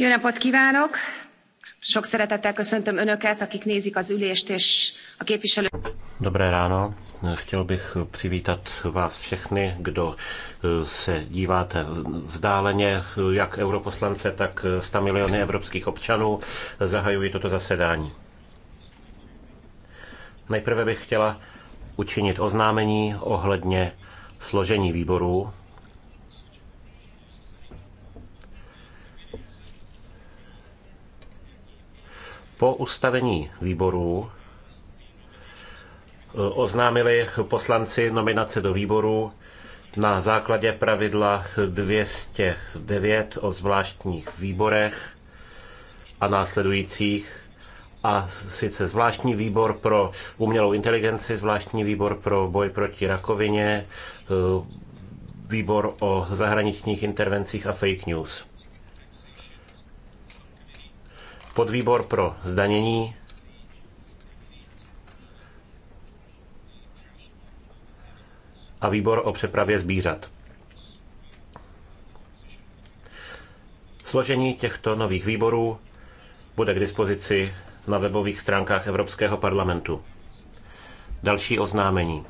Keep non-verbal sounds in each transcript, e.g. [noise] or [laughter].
Jó napot Sok szeretettel köszöntöm Önöket, akik nézik az ülést, és a képviselő... Dobré ráno. Chtěl bych přivítat vás všechny, kdo eh, se díváte vzdáleně, jak europoslance, tak 100 miliony evropských občanů. Zahajuji toto zasedání. Nejprve bych chtěla učinit oznámení ohledně složení výborů Po ustavení výborů e, oznámili poslanci nominace do výboru na základě pravidla 209 o zvláštních výborech a následujících a sice zvláštní výbor pro umělou inteligenci, zvláštní výbor pro boj proti rakovině, e, výbor o zahraničních intervencích a fake news podvýbor pro zdanění a výbor o přepravě zbířat. Složení těchto nových výborů bude k dispozici na webových stránkách Evropského parlamentu. Další oznámení.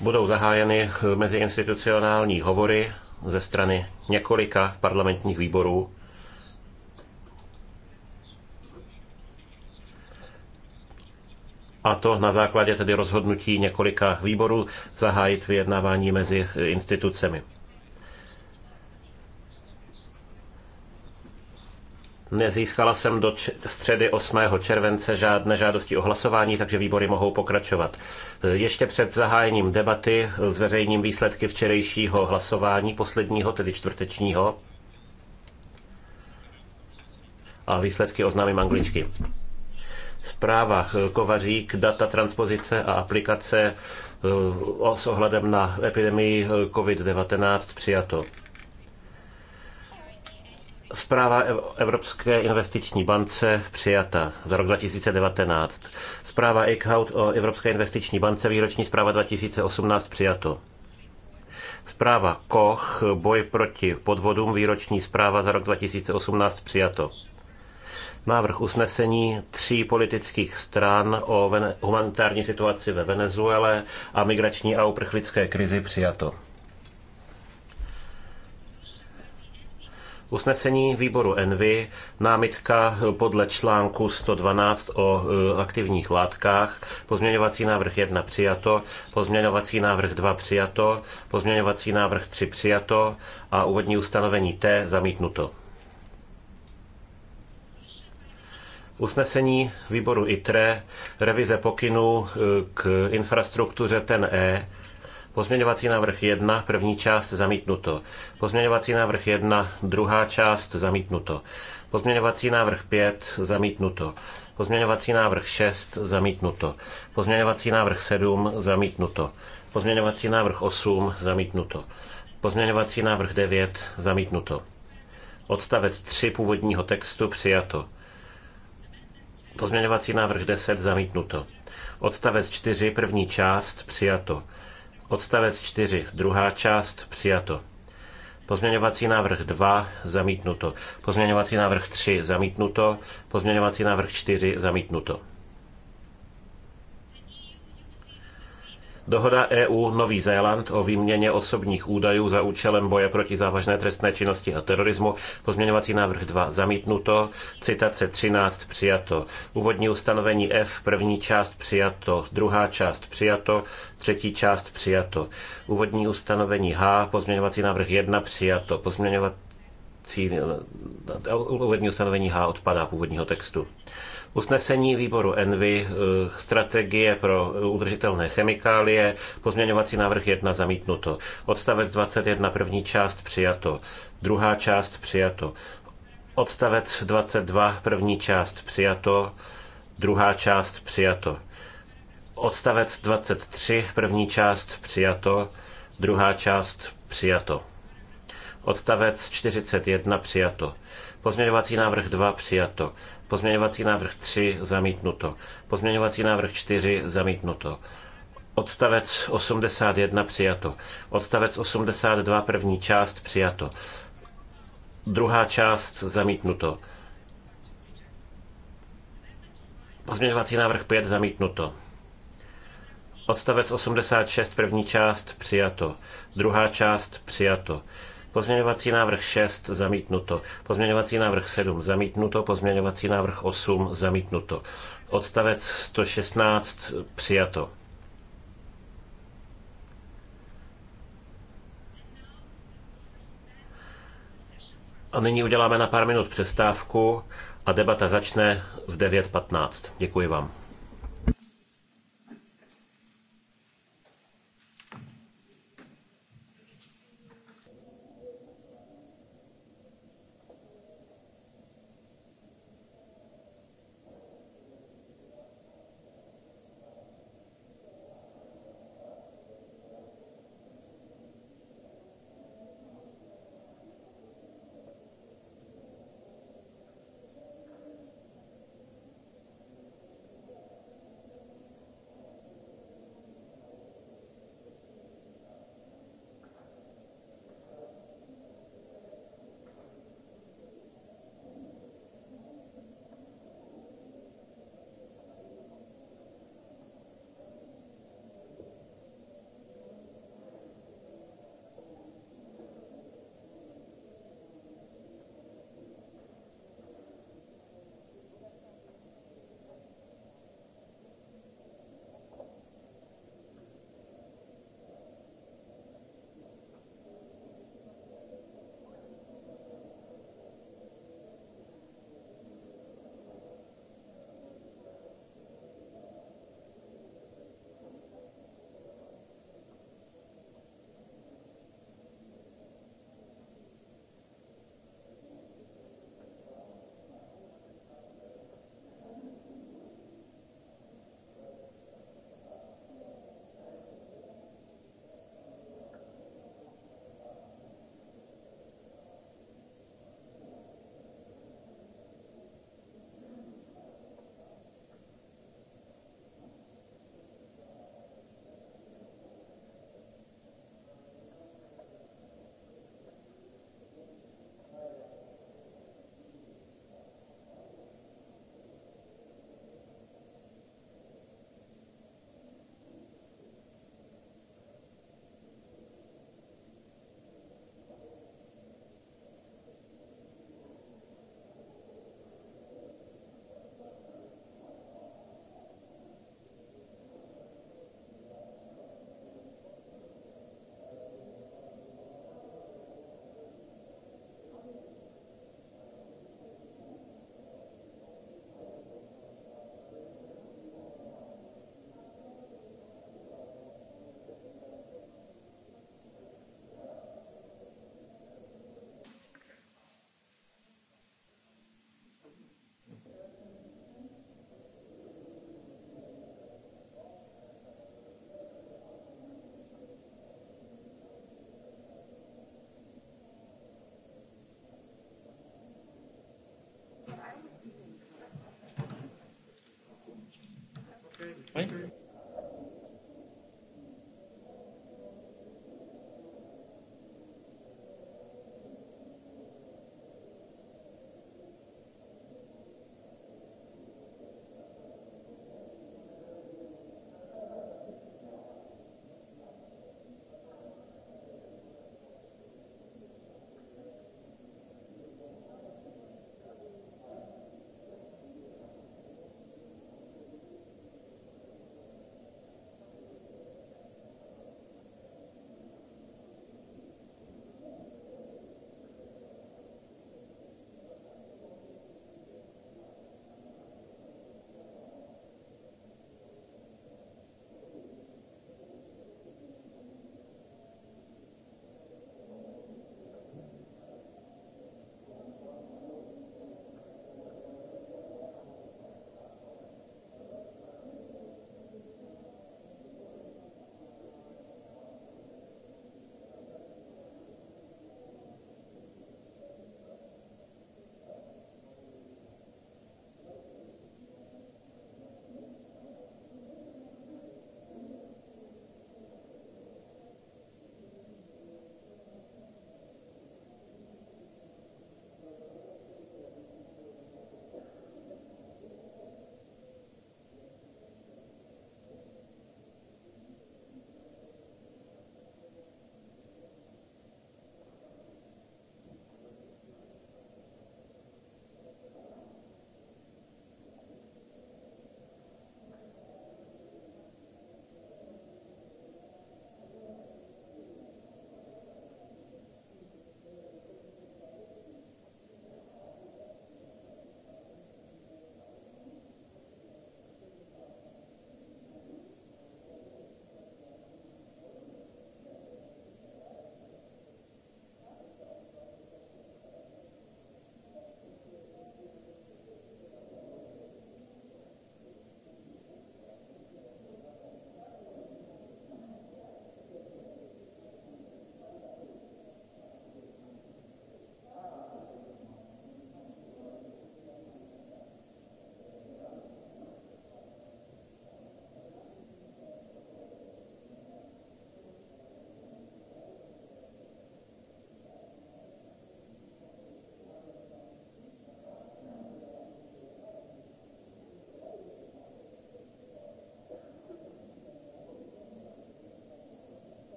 budou zahájeny eh, meziinstitucionální hovory ze strany několika parlamentních výborů. A to na základě tedy rozhodnutí několika výborů zahájit vyjednávání mezi eh, institucemi. Nezískala jsem do středy 8. července žádné žádosti o hlasování, takže výbory mohou pokračovat. Ještě před zahájením debaty zveřejním výsledky včerejšího hlasování, posledního, tedy čtvrtečního. A výsledky oznámím angličky zpráva Kovařík, data transpozice a aplikace eh, s ohledem na epidemii eh, COVID-19 přijato. Zpráva Evropské investiční bance přijata za rok 2019. Zpráva Eichhout o Evropské investiční bance výroční zpráva 2018 přijato. Zpráva Koch boj proti podvodům výroční zpráva za rok 2018 přijato. Návrh usnesení tří politických stran o humanitární situaci ve Venezuele a migrační a uprchlické krizi přijato. Usnesení výboru Envy, námitka podle článku 112 o e, aktivních látkách, pozměňovací návrh 1 přijato, pozměňovací návrh 2 přijato, pozměňovací návrh 3 přijato a úvodní ustanovení T zamítnuto. Usnesení výboru ITRE, revize pokynů e, k infrastruktuře TEN-E, Pozměňovací návrh 1, první část zamítnuto. Pozměňovací návrh 1, druhá část zamítnuto. Pozměňovací návrh 5, zamítnuto. Pozměňovací návrh 6, zamítnuto. Pozměňovací návrh 7, zamítnuto. Pozměňovací návrh 8, zamítnuto. Pozměňovací návrh 9, zamítnuto. Odstavec 3 původního textu přijato. Pozměňovací návrh 10 zamítnuto. Odstavec 4 první část přijato. Odstavec 4, druhá část, přijato. Pozměňovací návrh 2 zamítnuto. Pozměňovací návrh 3 zamítnuto. Pozměňovací návrh 4 zamítnuto. Dohoda EU Nový Zéland o výměně osobních údajů za účelem boje proti závažné trestné činnosti a terorismu. Pozměňovací návrh 2 zamítnuto. Citace 13 přijato. Úvodní ustanovení F první část přijato. Druhá část přijato. Třetí část přijato. Úvodní ustanovení H pozměňovací návrh 1 přijato. Pozměňovací úvodní ustanovení H odpadá původního textu. Usnesení výboru Envy, eh, strategie pro eh, udržitelné chemikálie, pozměňovací návrh 1 zamítnuto. Odstavec 21 první část přijato. Druhá část přijato. Odstavec 22 první část přijato. Druhá část přijato. Odstavec 23 první část přijato. Druhá část přijato. Odstavec 41 přijato. Pozměňovací návrh 2 přijato. Pozměňovací návrh 3 zamítnuto. Pozměňovací návrh 4 zamítnuto. Odstavec 81 přijato. Odstavec 82 první část přijato. Druhá část zamítnuto. Pozměňovací návrh 5 zamítnuto. Odstavec 86 první část přijato. Druhá část přijato. Pozměňovací návrh 6 zamítnuto. Pozměňovací návrh 7 zamítnuto. Pozměňovací návrh 8 zamítnuto. Odstavec 116 přijato. A nyní uděláme na pár minut přestávku a debata začne v 9.15. Děkuji vám. Oui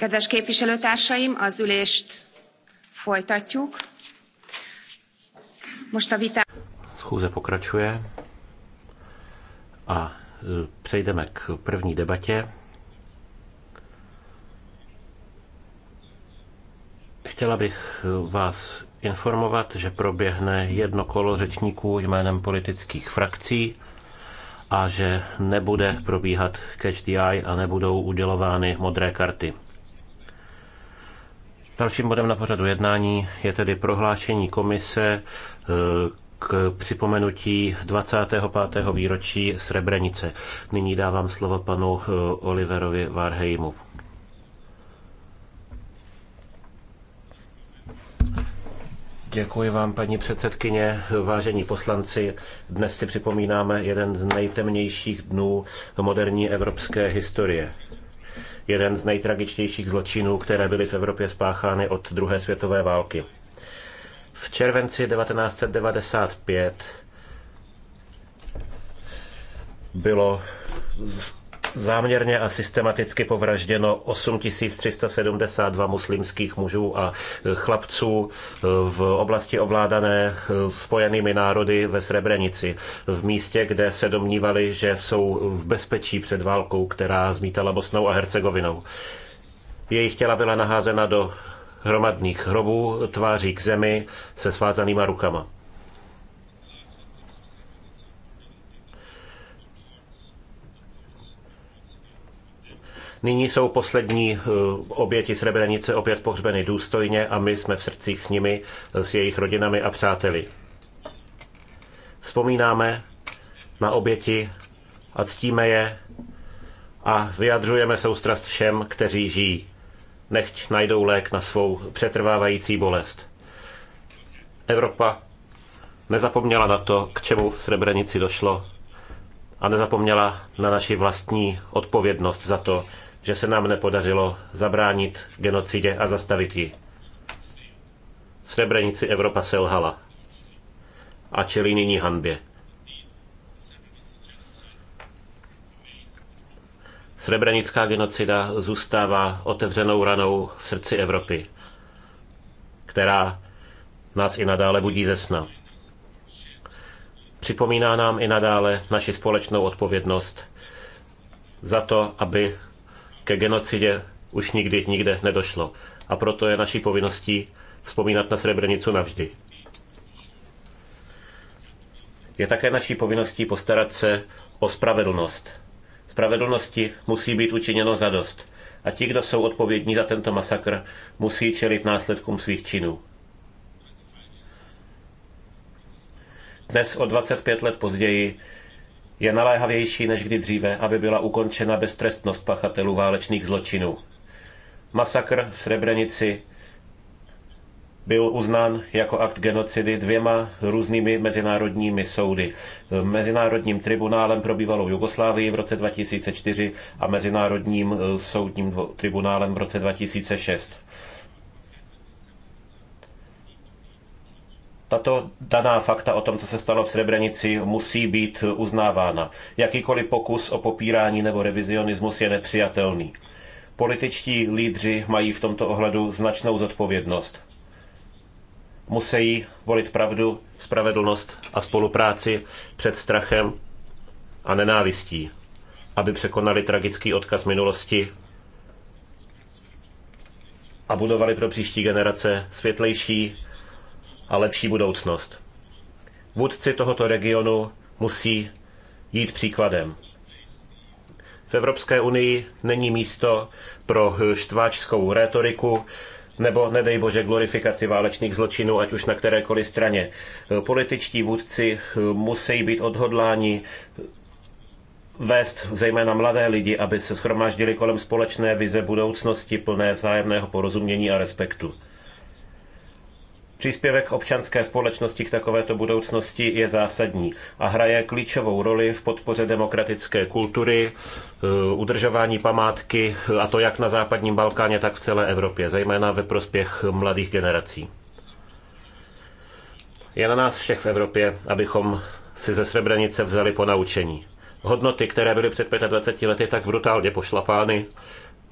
Kedves képviselőtársaim, az ülést folytatjuk. Most a vita... Schůze pokračuje a e, přejdeme k první debatě. Chtěla bych e, vás informovat, že proběhne jedno kolo řečníků jménem politických frakcí a že nebude probíhat catch the eye a nebudou udělovány modré karty. Dalším bodem na pořadu jednání je tedy prohlášení komise e, k připomenutí 25. výročí Srebrenice. Nyní dávám slovo panu e, Oliverovi Varheimu. Děkuji vám, paní předsedkyně, vážení poslanci. Dnes si připomínáme jeden z nejtemnějších dnů moderní evropské historie jeden z nejtragičtějších zločinů, které byly v Evropě spáchány od druhé světové války. V červenci 1995 bylo záměrně a systematicky povražděno 8372 muslimských mužů a chlapců v oblasti ovládané spojenými národy ve Srebrenici, v místě, kde se domnívali, že jsou v bezpečí před válkou, která zmítala Bosnou a Hercegovinou. Jejich těla byla naházena do hromadných hrobů, tváří k zemi se svázanýma rukama. Nyní jsou poslední eh, oběti Srebrenice opět pohřbeny důstojně a my jsme v srdcích s nimi, eh, s jejich rodinami a přáteli. Vzpomínáme na oběti a ctíme je a vyjadřujeme soustrast všem, kteří žijí. Nechť najdou lék na svou přetrvávající bolest. Evropa nezapomněla na to, k čemu v Srebrenici došlo a nezapomněla na naši vlastní odpovědnost za to, že se nám nepodařilo zabránit genocidě a zastavit ji. V Srebrenici Evropa selhala a čelí nyní hanbě. Srebrenická genocida zůstává otevřenou ranou v srdci Evropy, která nás i nadále budí ze sna. Připomíná nám i nadále naši společnou odpovědnost za to, aby ke genocidě už nikdy nikde nedošlo. A proto je naší povinností vzpomínat na Srebrenicu navždy. Je také naší povinností postarat se o spravedlnost. Spravedlnosti musí být učiněno zadost. A ti, kdo jsou odpovědní za tento masakr, musí čelit následkům svých činů. Dnes o 25 let později je naléhavější než kdy dříve, aby byla ukončena beztrestnost pachatelů válečných zločinů. Masakr v Srebrenici byl uznán jako akt genocidy dvěma různými mezinárodními soudy. Mezinárodním tribunálem pro bývalou Jugoslávii v roce 2004 a Mezinárodním eh, soudním tribunálem v roce 2006. Tato daná fakta o tom, co se stalo v Srebrenici, musí být uznávána. Jakýkoliv pokus o popírání nebo revizionismus je nepřijatelný. Političtí lídři mají v tomto ohledu značnou zodpovědnost. Musí volit pravdu, spravedlnost a spolupráci před strachem a nenávistí, aby překonali tragický odkaz minulosti a budovali pro příští generace světlejší, a lepší budoucnost. Vůdci tohoto regionu musí jít příkladem. V Evropské unii není místo pro štváčskou rétoriku, nebo nedej bože glorifikaci válečných zločinů, ať už na kterékoliv straně. Političtí vůdci musí být odhodláni vést zejména mladé lidi, aby se schromáždili kolem společné vize budoucnosti plné vzájemného porozumění a respektu. Příspěvek občanské společnosti k takovéto budoucnosti je zásadní a hraje klíčovou roli v podpoře demokratické kultury, eh, udržování památky, a to jak na západním Balkáně, tak v celé Evropě, zejména ve prospěch mladých generací. Je na nás všech v Evropě, abychom si ze Srebrenice vzali po naučení. Hodnoty, které byly před 25 lety tak brutálně pošlapány,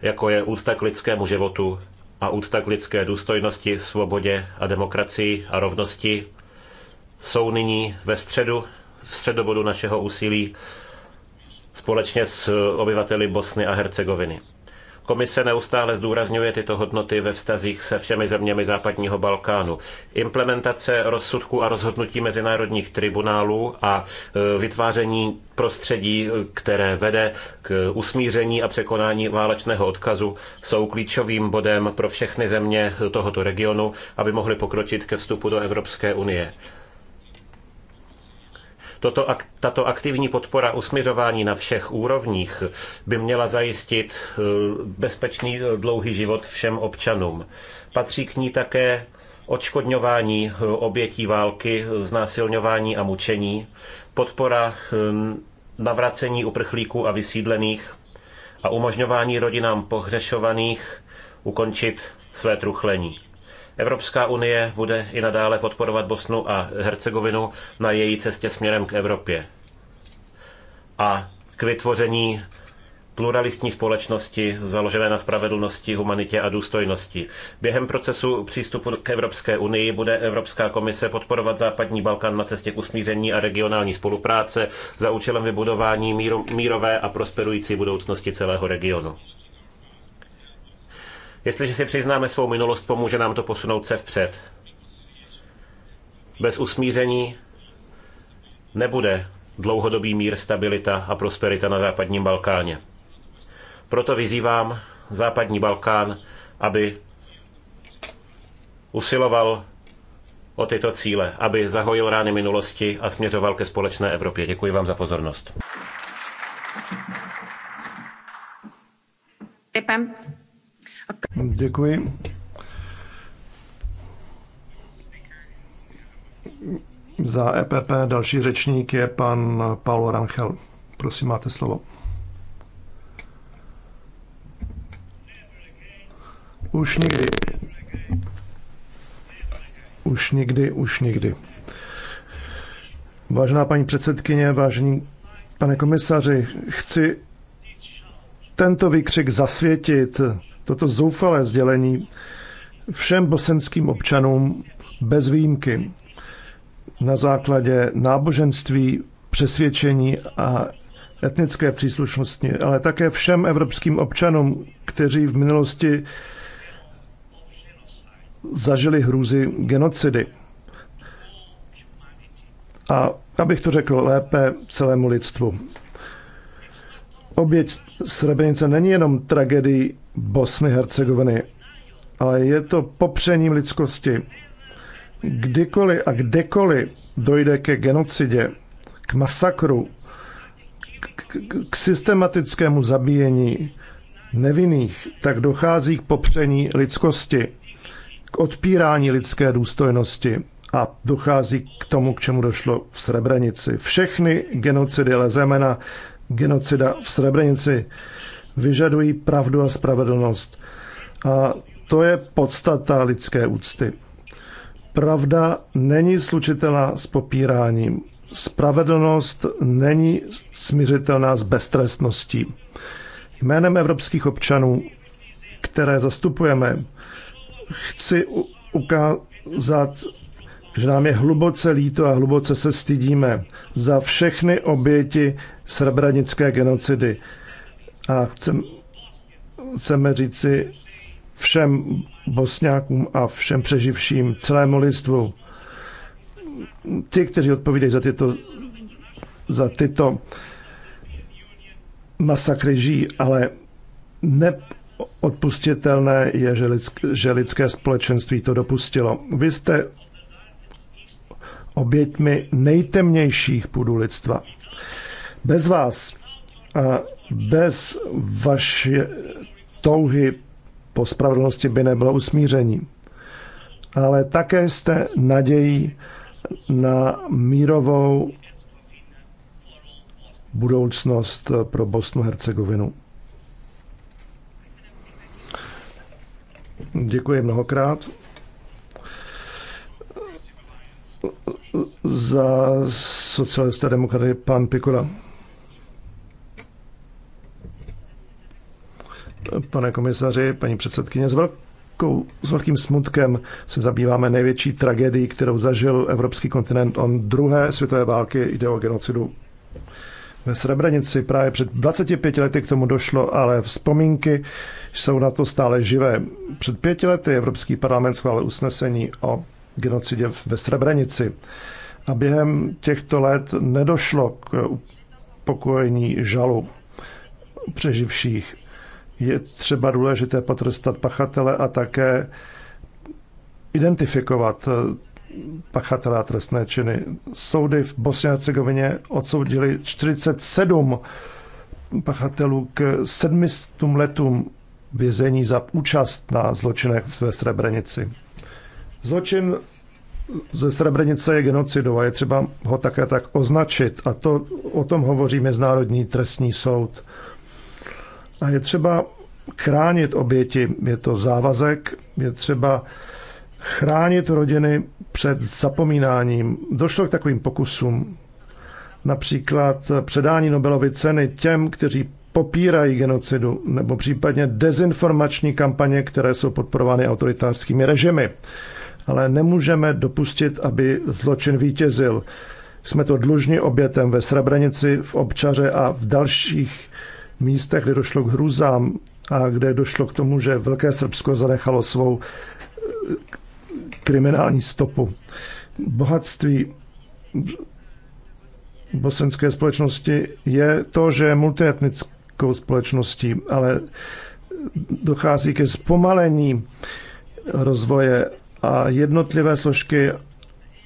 jako je úcta k lidskému životu, a úcta k lidské důstojnosti, svobodě a demokracii a rovnosti jsou nyní ve středu, v středobodu našeho úsilí společně s obyvateli Bosny a Hercegoviny. Komise neustále zdůrazňuje tyto hodnoty ve vztazích se všemi zeměmi západního Balkánu. Implementace rozsudků a rozhodnutí mezinárodních tribunálů a e, vytváření prostředí, e, které vede k usmíření a překonání válečného odkazu, jsou klíčovým bodem pro všechny země tohoto regionu, aby mohly pokročit ke vstupu do Evropské unie. Toto, tato aktivní podpora usmiřování na všech úrovních by měla zajistit eh, bezpečný eh, dlouhý život všem občanům. Patří k ní také odškodňování eh, obětí války, znásilňování a mučení, podpora navracení uprchlíků a vysídlených a umožňování rodinám pohřešovaných ukončit své truchlení. Evropská unie bude i nadále podporovat Bosnu a Hercegovinu na její cestě směrem k Evropě a k vytvoření pluralistní společnosti založené na spravedlnosti, humanitě a důstojnosti. Během procesu přístupu k Evropské unii bude Evropská komise podporovat západní Balkán na cestě k usmíření a regionální spolupráce za účelem vybudování mírové a prosperující budoucnosti celého regionu. Jestliže si přiznáme svou minulost, pomůže nám to posunout se vpřed. Bez usmíření nebude dlouhodobý mír, stabilita a prosperita na západním Balkáně. Proto vyzývám západní Balkán, aby usiloval o tyto cíle, aby zahojil rány minulosti a směřoval ke společné Evropě. Děkuji vám za pozornost. Děkujeme. Děkuji. Za EPP další řečník je pan Paulo Ranchel. Prosím, máte slovo. Už nikdy. Už nikdy, už nikdy. Vážená paní předsedkyně, vážení pane komisaři, chci tento výkřik zasvětit toto zoufalé sdělení všem bosenským občanům bez výjimky na základě náboženství, přesvědčení a etnické příslušnosti, ale také všem evropským občanům, kteří v minulosti zažili hrůzy genocidy. A abych to řekl lépe celému lidstvu. Oběť Srebrenice není jenom tragédií Bosny Hercegoviny. Ale je to popřením lidskosti. Kdykoliv a kdekoliv dojde ke genocidě, k masakru, k, k systematickému zabíjení nevinných, tak dochází k popření lidskosti, k odpírání lidské důstojnosti a dochází k tomu, k čemu došlo v Srebrenici. Všechny genocidy, ale zejména genocida v Srebrenici vyžadují pravdu a spravedlnost. A to je podstata lidské úcty. Pravda není slučitelná s popíráním. Spravedlnost není smířitelná s beztrestností. Jménem evropských občanů, které zastupujeme, chci ukázat, že nám je hluboce líto a hluboce se stydíme za všechny oběti srebranické genocidy. A chcem, chceme říci všem bosňákům a všem přeživším, celému listvu, ti, kteří odpovídají za tyto, za tyto masakry žijí, ale neodpustitelné je, že lidské, že lidské společenství to dopustilo. Vy jste oběťmi nejtemnějších půdů lidstva. Bez vás a bez vaše touhy po spravedlnosti by nebylo usmíření. Ale také jste nadějí na mírovou budoucnost pro Bosnu Hercegovinu. Děkuji mnohokrát za socialista demokraty pan Pikula. pane komisaři, paní předsedkyně, s, velkou, s velkým smutkem se zabýváme největší tragédií, kterou zažil evropský kontinent od druhé světové války, jde o genocidu ve Srebrenici. Právě před 25 lety k tomu došlo, ale vzpomínky jsou na to stále živé. Před pěti lety Evropský parlament schválil usnesení o genocidě ve Srebrenici. A během těchto let nedošlo k upokojení žalu přeživších je třeba důležité potrestat pachatele a také identifikovat eh, pachatele a trestné činy. Soudy v Bosně a Hercegovině odsoudili 47 pachatelů k 700 letům vězení za účast na zločinech ve Srebrenici. Zločin ze Srebrenice je genocidou a je třeba ho také tak označit. A to o tom hovoří Mezinárodní trestní soud. A je třeba chránit oběti, je to závazek, je třeba chránit rodiny před zapomínáním. Došlo k takovým pokusům, například předání Nobelovy ceny těm, kteří popírají genocidu, nebo případně dezinformační kampaně, které jsou podporovány autoritářskými režimy. Ale nemůžeme dopustit, aby zločin vítězil. Jsme to dlužni obětem ve Srebrenici, v Občaře a v dalších místech, kde došlo k hrůzám a kde došlo k tomu, že Velké Srbsko zanechalo svou eh, kriminální stopu. Bohatství bosenské společnosti je to, že je multietnickou společností, ale dochází ke zpomalení rozvoje a jednotlivé složky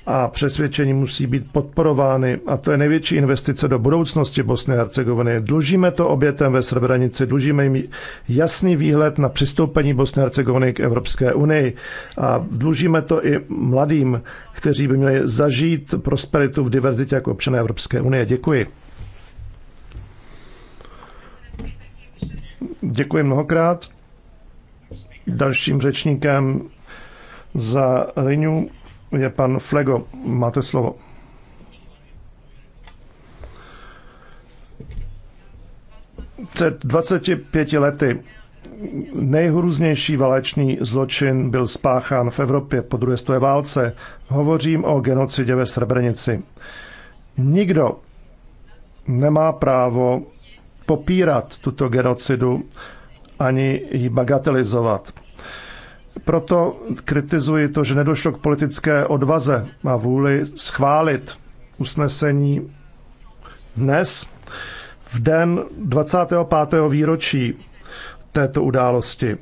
a přesvědčení musí být podporovány a to je největší investice do budoucnosti Bosny a Hercegoviny. Dlužíme to obětem ve Srebrenici, dlužíme jim jasný výhled na přistoupení Bosny a Hercegoviny k Evropské unii a dlužíme to i mladým, kteří by měli zažít prosperitu v diverzitě jako občané Evropské unie. Děkuji. Děkuji mnohokrát. Dalším řečníkem za Renew je pan Flego. Máte slovo. Před 25 lety nejhrůznější válečný zločin byl spáchán v Evropě po druhé světové válce. Hovořím o genocidě ve Srebrenici. Nikdo nemá právo popírat tuto genocidu ani ji bagatelizovat. Proto kritizuji to, že nedošlo k politické odvaze a vůli schválit usnesení dnes, v den 25. výročí této události.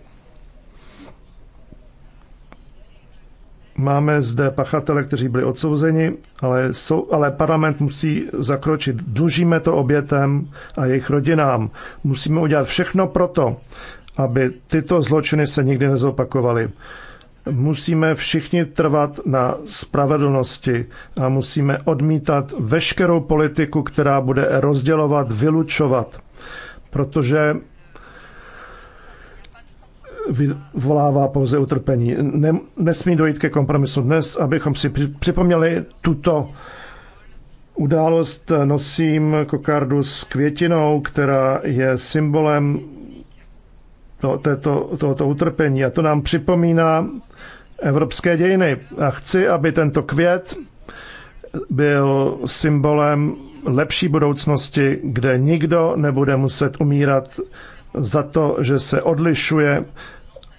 Máme zde pachatele, kteří byli odsouzeni, ale, jsou, ale parlament musí zakročit. Dlužíme to obětem a jejich rodinám. Musíme udělat všechno proto, aby tyto zločiny se nikdy nezopakovaly. Musíme všichni trvat na spravedlnosti a musíme odmítat veškerou politiku, která bude rozdělovat, vylučovat, protože vyvolává pouze utrpení. nesmí dojít ke kompromisu dnes, abychom si připomněli tuto událost. Nosím kokardu s květinou, která je symbolem to, to tohoto utrpení. A to nám připomíná evropské dějiny. A chci, aby tento květ byl symbolem lepší budoucnosti, kde nikdo nebude muset umírat za to, že se odlišuje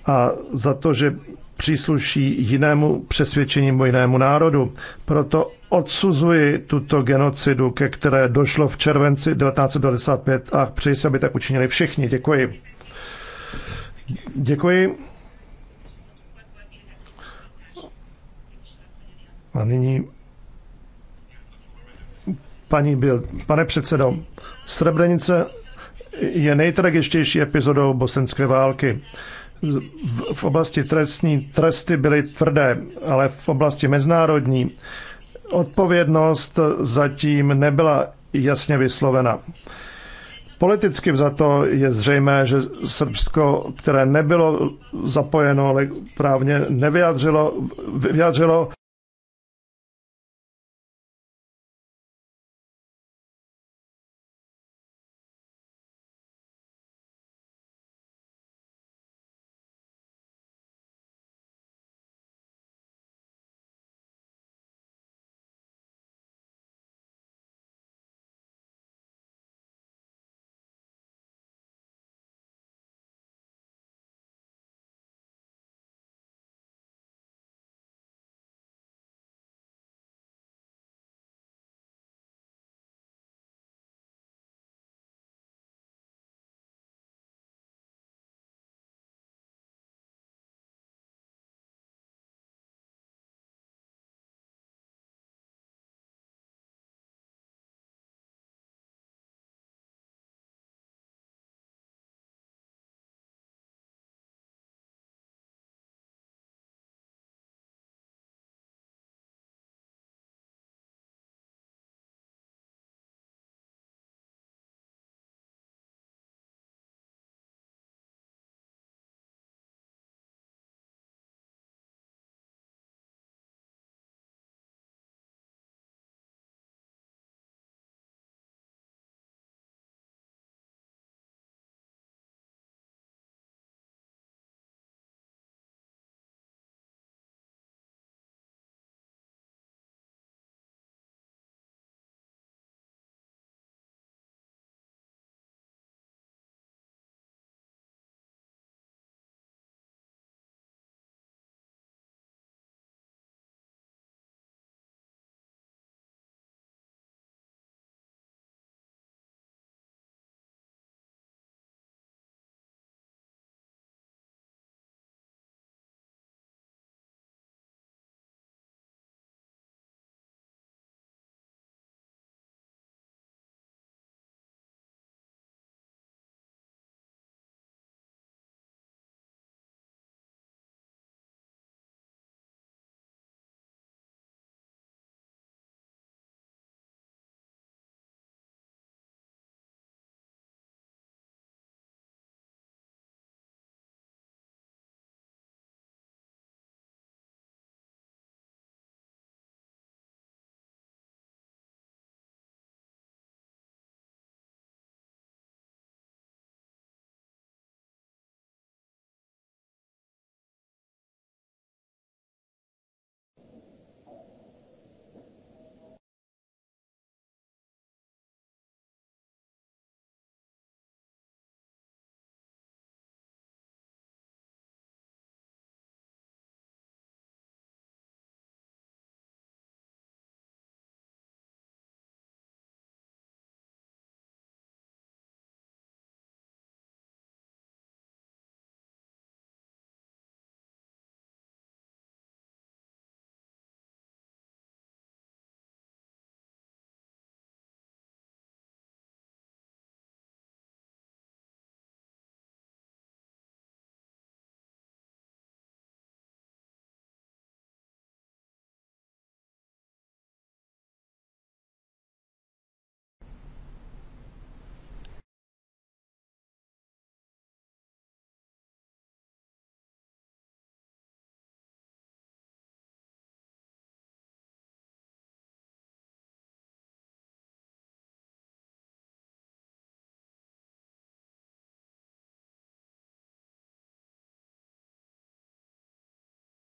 a za to, že přísluší jinému přesvědčení nebo jinému národu. Proto odsuzuji tuto genocidu, ke které došlo v červenci 1995 a přeji se, aby tak učinili všichni. Děkuji. Děkuji. A nyní paní Bill. Pane předsedo, Srebrenice je nejtragičtější epizodou bosenské války. V oblasti trestní tresty byly tvrdé, ale v oblasti mezinárodní odpovědnost zatím nebyla jasně vyslovena. Politicky za to je zřejmé, že Srbsko, které nebylo zapojeno, ale právně nevyjádřilo, vyjádřilo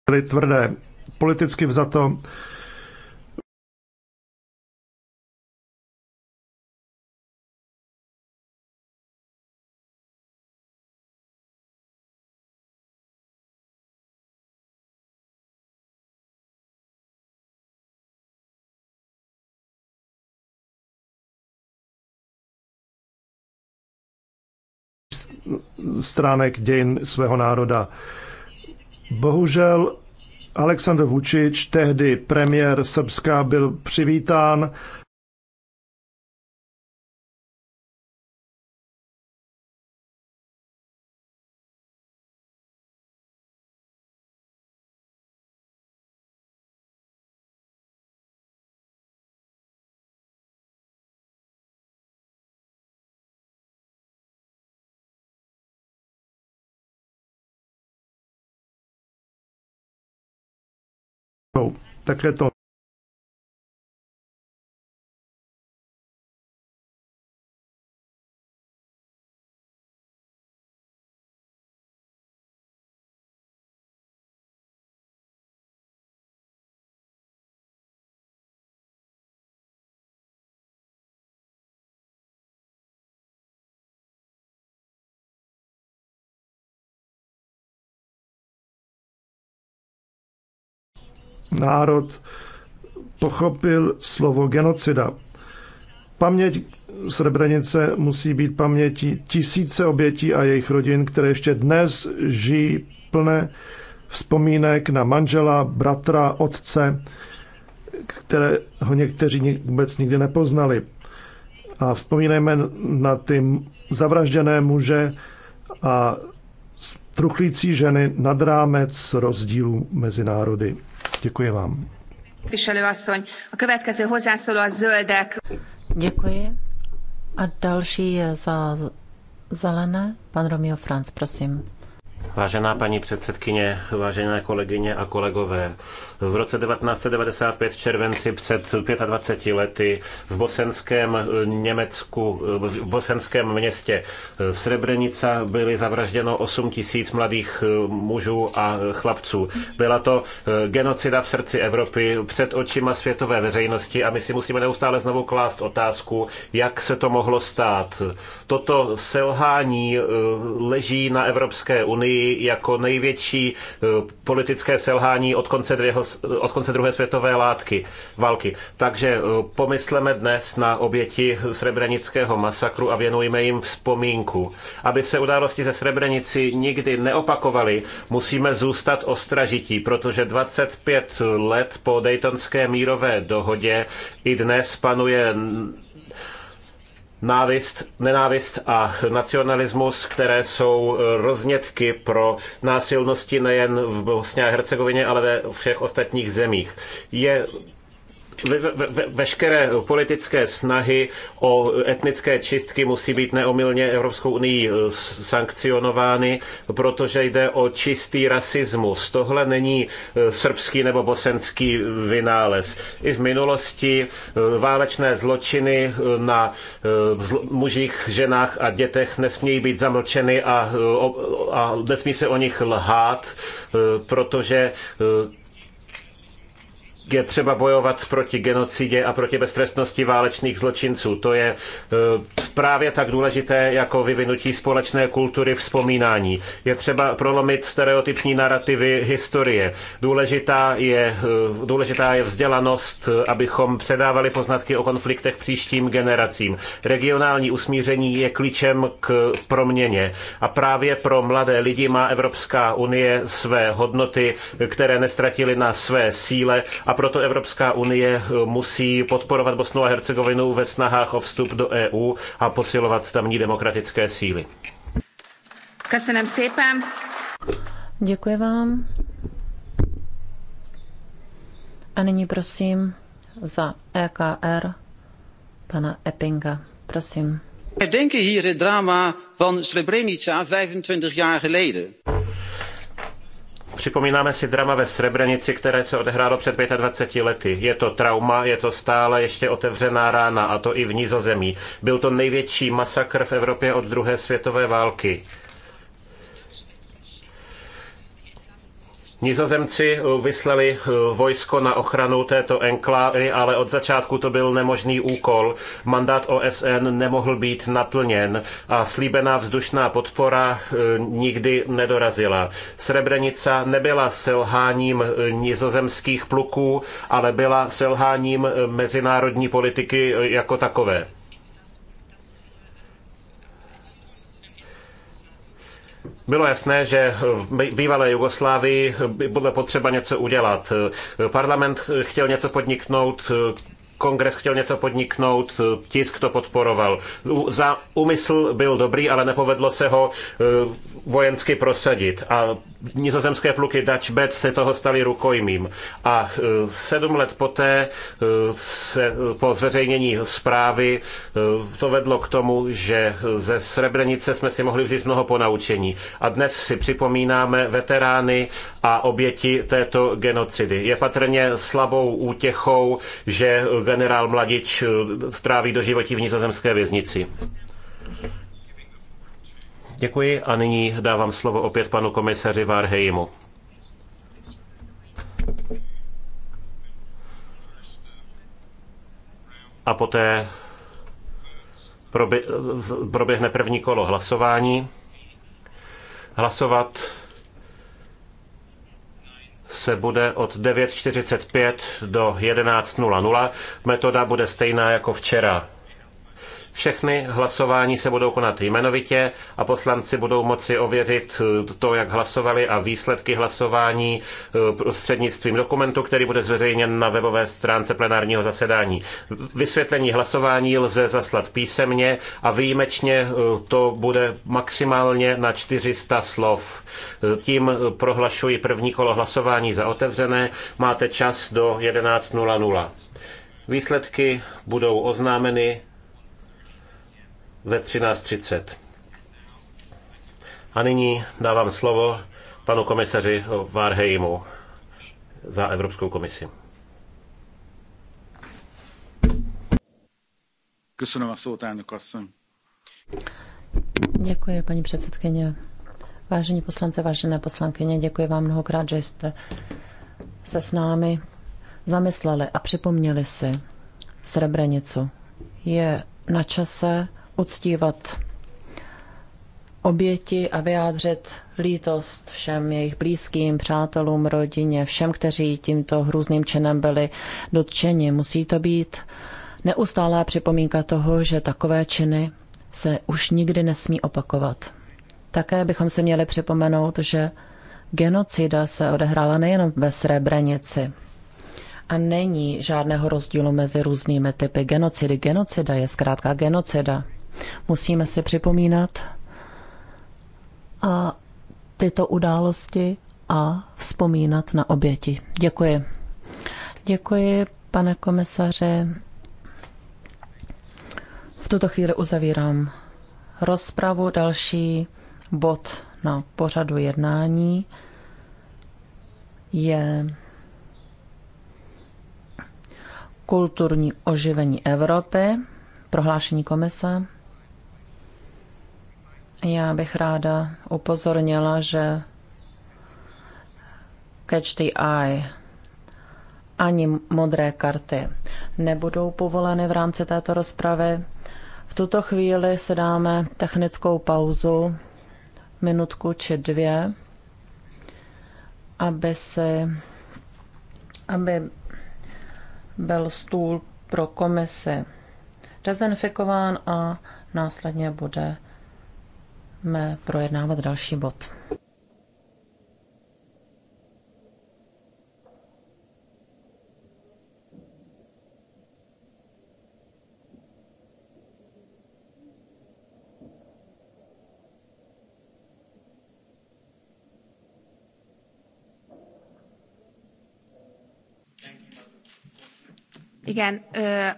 byly tvrdé. Politicky vzato stránek dějin svého národa. Bohužel Aleksandr Vučić, tehdy premiér Srbska, byl přivítán takhle to národ pochopil slovo genocida. Paměť Srebrenice musí být pamětí tisíce obětí a jejich rodin, které ještě dnes žijí plné vzpomínek na manžela, bratra, otce, které ho někteří vůbec nikdy nepoznali. A vzpomínejme na ty zavražděné muže a truchlící ženy nad rámec rozdílů mezi národy. Děkuji vám. Képviselőasszony, a következő hozzászóló a zöldek. Děkuji. A další je za zelené. Pan Romeo Franc, prosím. Vážená paní předsedkyně, vážené kolegyně a kolegové, v roce 1995 v červenci před 25 lety v bosenském Německu, v bosenském městě Srebrenica byly zavražděno 8 tisíc mladých mužů a chlapců. Byla to genocida v srdci Evropy před očima světové veřejnosti a my si musíme neustále znovu klást otázku, jak se to mohlo stát. Toto selhání leží na Evropské unii Itálii jako největší eh, politické selhání od konce, druhého, od konce druhé světové látky, války. Takže eh, pomysleme dnes na oběti srebrenického masakru a věnujme jim vzpomínku. Aby se události ze Srebrenici nikdy neopakovaly, musíme zůstat ostražití, protože 25 let po Daytonské mírové dohodě i dnes panuje návist, nenávist a nacionalismus, které jsou eh, roznětky pro násilnosti nejen v Bosně a Hercegovině, ale ve všech ostatních zemích. Je ve, ve, veškeré politické snahy o etnické čistky musí být neomylně Evropskou unii eh, sankcionovány, protože jde o čistý rasismus. Tohle není eh, srbský nebo bosenský vynález. I v minulosti eh, válečné zločiny na mužích, ženách a dětech nesmí být zamlčeny a, a nesmí se o nich lhát, protože je třeba bojovat proti genocidě a proti beztrestnosti válečných zločinců. To je eh, právě tak důležité jako vyvinutí společné kultury vzpomínání. Je třeba prolomit stereotypní narrativy historie. Důležitá je, eh, důležitá je vzdělanost, eh, abychom předávali poznatky o konfliktech příštím generacím. Regionální usmíření je klíčem k proměně. A právě pro mladé lidi má Evropská unie své hodnoty, které nestratily na své síle a proto Evropská unie eh, musí podporovat Bosnu a Hercegovinu ve snahách o vstup do EU a posilovat tamní demokratické síly. Děkuji vám. A nyní prosím za EKR pana Eppinga. Prosím. Denken hier het drama van Srebrenica 25 jaar geleden. Připomínáme si drama ve Srebrenici, které se odehrálo před 25 lety. Je to trauma, je to stále ještě otevřená rána, a to i v Nizozemí. Byl to největší masakr v Evropě od druhé světové války. Nizozemci eh, vyslali eh, vojsko na ochranu této enklávy, ale od začátku to byl nemožný úkol. Mandát OSN nemohl být naplněn a slíbená vzdušná podpora eh, nikdy nedorazila. Srebrenica nebyla selháním nizozemských pluků, ale byla selháním mezinárodní politiky jako takové. Bylo jasné, že v bývalé Jugoslávii bude potřeba něco udělat. Parlament chtěl něco podniknout, kongres chtěl něco podniknout, eh, tisk to podporoval. Za úmysl byl dobrý, ale nepovedlo se ho eh, vojensky prosadit. A nizozemské pluky Dutch Bed se toho stali rukojmím. A eh, sedm let poté, se, po zveřejnění zprávy, to vedlo k tomu, že ze Srebrenice jsme si mohli vzít mnoho ponaučení. A dnes si připomínáme veterány a oběti této genocidy. Je patrně slabou útěchou, že generál Mladič eh, stráví do životí v nizozemské věznici. Děkuji a nyní dávám slovo opět panu komisaři Varheimu. A poté proběhne první kolo hlasování. Hlasovat se bude od 9.45 do 11.00. Metoda bude stejná jako včera. Všechny hlasování se budou konat jmenovitě a poslanci budou moci ověřit eh, to, jak hlasovali a výsledky hlasování eh, prostřednictvím dokumentu, který bude zveřejněn na webové stránce plenárního zasedání. Vysvětlení hlasování lze zaslat písemně a výjimečně eh, to bude maximálně na 400 slov. Tím prohlašuji první kolo hlasování za otevřené. Máte čas do 11.00. Výsledky budou oznámeny ve 13.30. A nyní dávám slovo panu komisaři Varheimu za Evropskou komisi. Děkuji, paní předsedkyně. Vážení poslanci, vážené poslankyně, děkuji vám mnohokrát, že jste se s námi zamysleli a připomněli si Srebrenicu. Je na čase uctívat oběti a vyjádřit lítost všem jejich blízkým, přátelům, rodině, všem, kteří tímto hrůzným činem byli dotčeni. Musí to být neustálá připomínka toho, že takové činy se už nikdy nesmí opakovat. Také bychom se měli připomenout, že genocida se odehrála nejenom ve Srebrenici. A není žádného rozdílu mezi různými typy genocidy. Genocida je zkrátka genocida. Musíme si připomínat a tyto události a vzpomínat na oběti. Děkuji. Děkuji, pane komisaře. V tuto chvíli uzavírám rozpravu. Další bod na pořadu jednání je kulturní oživení Evropy, prohlášení komise. Já bych ráda upozornila, že catch the eye ani modré karty nebudou povoleny v rámci této rozpravy. V tuto chvíli se dáme technickou pauzu, minutku či dvě, aby, si, aby byl stůl pro komisi dezinfikován a následně bude budeme projednávat další bod. Igen,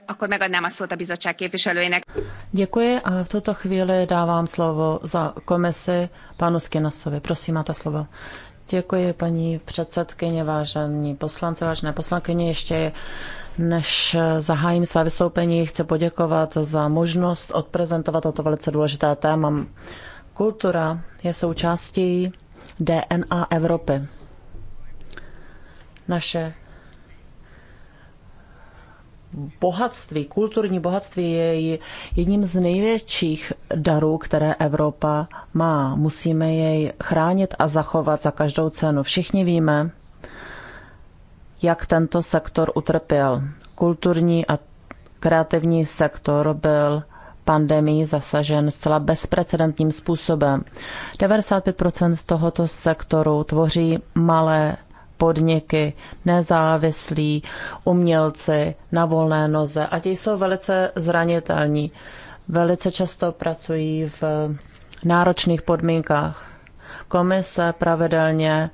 akkor megadnám a szót a bizottság képviselőjének. Děkuji a v tuto chvíli dávám slovo za komisi panu Skinasovi. Prosím, máte slovo. Děkuji, paní předsedkyně, vážení poslanci, vážené poslankyně. Ještě než zahájím své vystoupení, chci poděkovat za možnost odprezentovat toto velice důležité téma. Kultura je součástí DNA Evropy. Naše bohatství, kulturní bohatství je jedním z největších darů, které Evropa má. Musíme jej chránit a zachovat za každou cenu. Všichni víme, jak tento sektor utrpěl. Kulturní a kreativní sektor byl pandemii zasažen zcela bezprecedentním způsobem. 95 tohoto sektoru tvoří malé podniky, nezávislí, umělci na volné noze a ti jsou velice zranitelní. Velice často pracují v náročných podmínkách. Komise pravidelně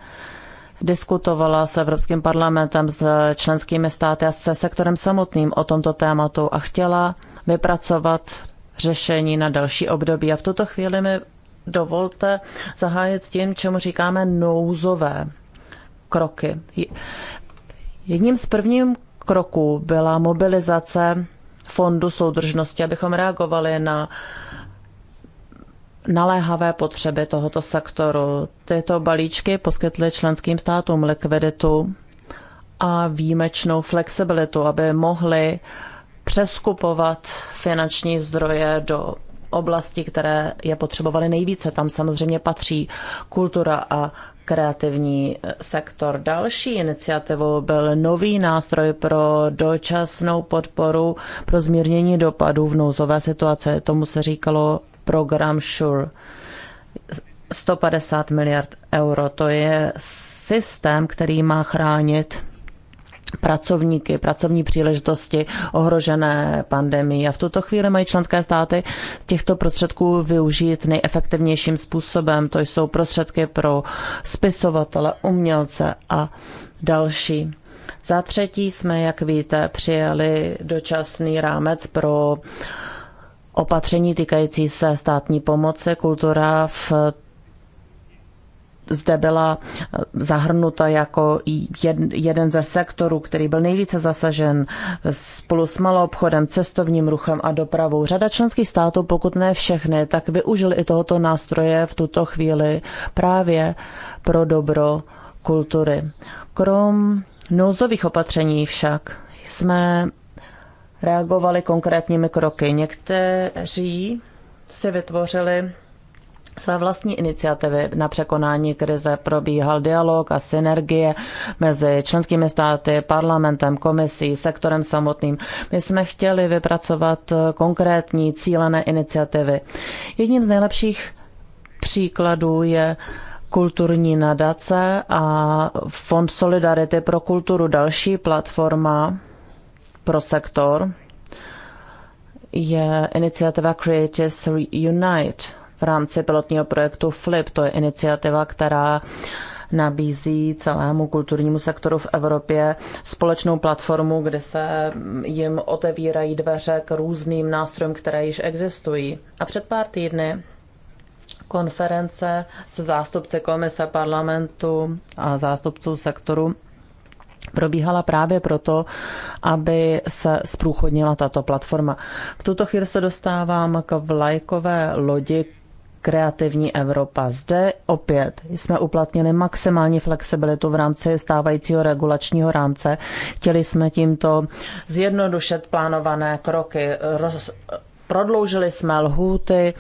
diskutovala s Evropským parlamentem, s členskými státy a se sektorem samotným o tomto tématu a chtěla vypracovat řešení na další období. A v tuto chvíli mi dovolte zahájit tím, čemu říkáme nouzové kroky. Jedním z prvním kroků byla mobilizace fondu soudržnosti, abychom reagovali na naléhavé potřeby tohoto sektoru. Tyto balíčky poskytly členským státům likviditu a výjimečnou flexibilitu, aby mohli přeskupovat finanční zdroje do oblasti, které je potřebovaly nejvíce. Tam samozřejmě patří kultura a kreativní eh, sektor. Další iniciativou byl nový nástroj pro dočasnou podporu pro zmírnění dopadů v nouzové situace. Tomu se říkalo program SURE. 150 miliard euro. To je systém, který má chránit pracovníky, pracovní příležitosti ohrožené pandemii. A v tuto chvíli mají členské státy těchto prostředků využít nejefektivnějším způsobem. To jsou prostředky pro spisovatele, umělce a další. Za třetí jsme, jak víte, přijali dočasný rámec pro opatření týkající se státní pomoci. Kultura v zde byla eh, zahrnuta jako jeden ze sektorů, který byl nejvíce zasažen eh, spolu s malou obchodem, cestovním ruchem a dopravou. Řada členských států, pokud ne všechny, tak využili i tohoto nástroje v tuto chvíli právě pro dobro kultury. Krom nouzových opatření však jsme reagovali konkrétními kroky. Někteří si vytvořili své vlastní iniciativy na překonání krize probíhal dialog a synergie mezi členskými státy, parlamentem, komisí, sektorem samotným. My jsme chtěli vypracovat konkrétní cílené iniciativy. Jedním z nejlepších příkladů je kulturní nadace a Fond Solidarity pro kulturu, další platforma pro sektor, je iniciativa Creatives Unite v rámci pilotního projektu FLIP. To je iniciativa, která nabízí celému kulturnímu sektoru v Evropě společnou platformu, kde se jim otevírají dveře k různým nástrojům, které již existují. A před pár týdny konference se zástupci komise parlamentu a zástupců sektoru probíhala právě proto, aby se sprůchodnila tato platforma. V tuto chvíli se dostávám k vlajkové lodi kreativní Evropa. Zde opět jsme uplatnili maximální flexibilitu v rámci stávajícího regulačního rámce. Chtěli jsme tímto zjednodušit plánované kroky, roz, Prodloužili jsme lhůty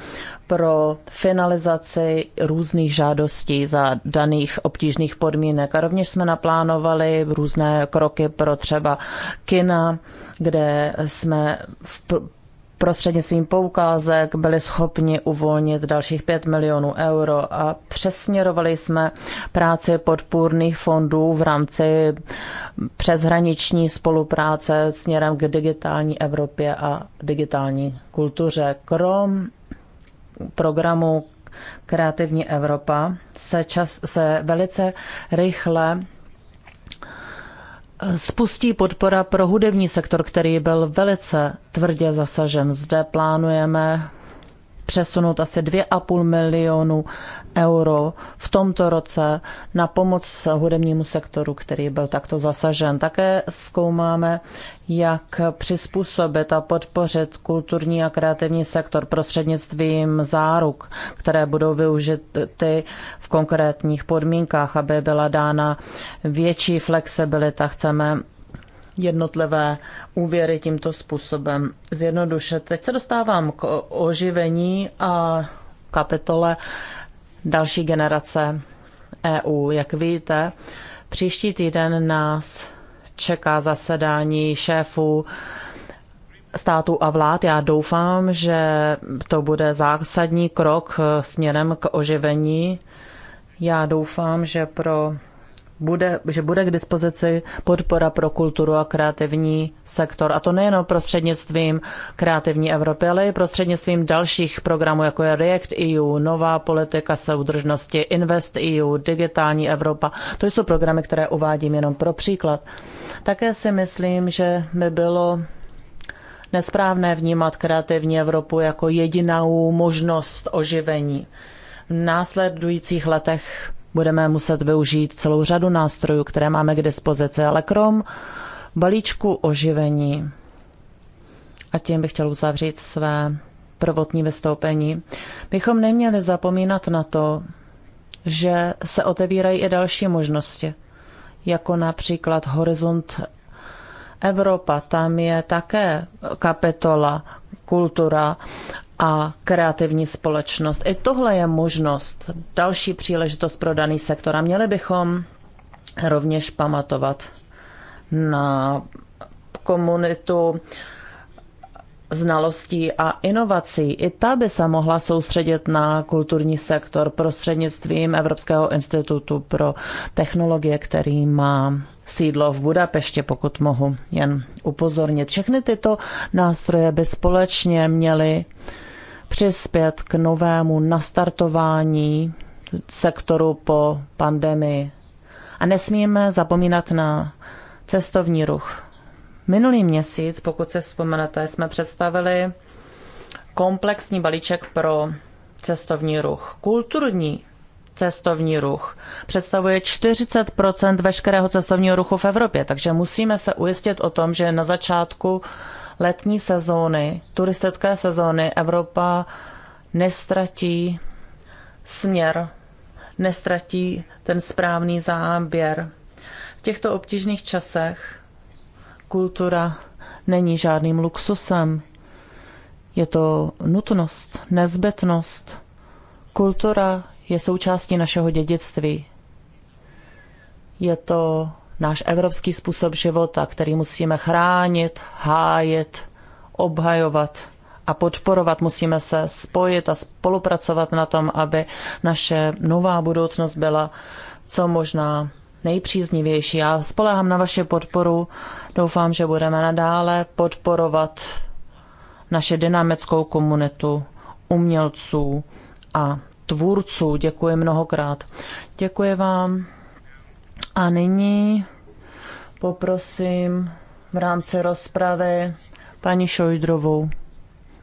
pro finalizaci různých žádostí za daných obtížných podmínek a rovněž jsme naplánovali různé kroky pro třeba kina, kde jsme v prostřednictvím poukázek byli schopni uvolnit dalších 5 milionů euro a přesměrovali jsme práci podpůrných fondů v rámci přeshraniční spolupráce směrem k digitální Evropě a digitální kultuře. Krom programu Kreativní Evropa se, čas, se velice rychle spustí podpora pro hudební sektor, který byl velice tvrdě zasažen. Zde plánujeme přesunout asi 2,5 milionu euro v tomto roce na pomoc hudebnímu sektoru, který byl takto zasažen. Také zkoumáme, jak přizpůsobit a podpořit kulturní a kreativní sektor prostřednictvím záruk, které budou využity v konkrétních podmínkách, aby byla dána větší flexibilita. Chceme jednotlivé úvěry tímto způsobem zjednodušit. Teď se dostávám k oživení a kapitole další generace EU. Jak víte, příští týden nás čeká zasedání šéfů států a vlád. Já doufám, že to bude zásadní krok směrem k oživení. Já doufám, že pro bude, že bude k dispozici podpora pro kulturu a kreativní sektor. A to nejen prostřednictvím kreativní Evropy, ale i prostřednictvím dalších programů, jako je React EU, Nová politika soudržnosti, Invest EU, Digitální Evropa. To jsou programy, které uvádím jenom pro příklad. Také si myslím, že by bylo nesprávné vnímat kreativní Evropu jako jedinou možnost oživení. V následujících letech budeme muset využít celou řadu nástrojů, které máme k dispozici, ale krom balíčku oživení. A tím bych chtěl uzavřít své prvotní vystoupení. Bychom neměli zapomínat na to, že se otevírají i další možnosti, jako například Horizont Evropa. Tam je také kapitola kultura a kreativní společnost. I tohle je možnost, další příležitost pro daný sektor. A měli bychom rovněž pamatovat na komunitu znalostí a inovací. I ta by se mohla soustředit na kulturní sektor prostřednictvím Evropského institutu pro technologie, který má sídlo v Budapešti, pokud mohu jen upozornit. Všechny tyto nástroje by společně měly přispět k novému nastartování sektoru po pandemii. A nesmíme zapomínat na cestovní ruch. Minulý měsíc, pokud se vzpomenete, jsme představili komplexní balíček pro cestovní ruch. Kulturní cestovní ruch představuje 40 veškerého cestovního ruchu v Evropě, takže musíme se ujistit o tom, že na začátku letní sezóny, turistické sezóny, Evropa nestratí směr, nestratí ten správný záběr. V těchto obtížných časech kultura není žádným luxusem. Je to nutnost, nezbytnost. Kultura je součástí našeho dědictví. Je to náš evropský způsob života, který musíme chránit, hájit, obhajovat a podporovat. Musíme se spojit a spolupracovat na tom, aby naše nová budoucnost byla co možná nejpříznivější. Já spolehám na vaši podporu. Doufám, že budeme nadále podporovat naše dynamickou komunitu umělců a tvůrců. Děkuji mnohokrát. Děkuji vám. A nyní poprosím v rámci rozpravy paní Šojdrovou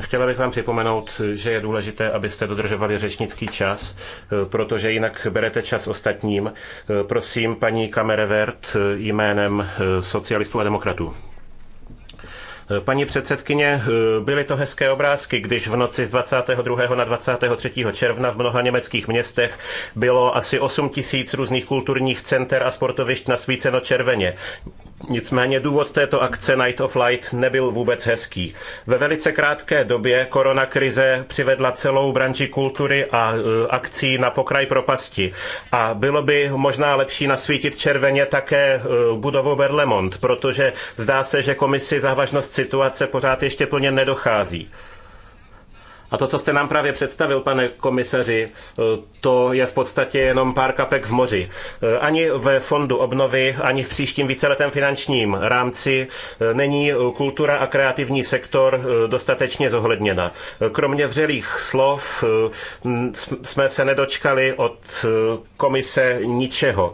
Chtěla bych vám připomenout, že je důležité, abyste dodržovali řečnický čas, eh, protože jinak berete čas ostatním. Eh, prosím, paní Kamerevert eh, jménem socialistů a demokratů. Paní předsedkyně, byly to hezké obrázky, když v noci z 22. na 23. června v mnoha německých městech bylo asi 8 tisíc různých kulturních center a sportovišť nasvíceno červeně. Nicméně důvod této akce Night of Light nebyl vůbec hezký. Ve velice krátké době korona krize přivedla celou branži kultury a e, akcí na pokraj propasti. A bylo by možná lepší nasvítit červeně také e, budovu Berlemont, protože zdá se, že komisi závažnost situace pořád ještě plně nedochází. A to, co jste nám právě představil, pane komisaři, e, to je v podstatě jenom pár kapek v moři. E, ani ve fondu obnovy, ani v příštím víceletém finančním rámci e, není kultura a kreativní sektor dostatečně zohledněna. Kromě vřelých slov jsme se nedočkali od komise ničeho.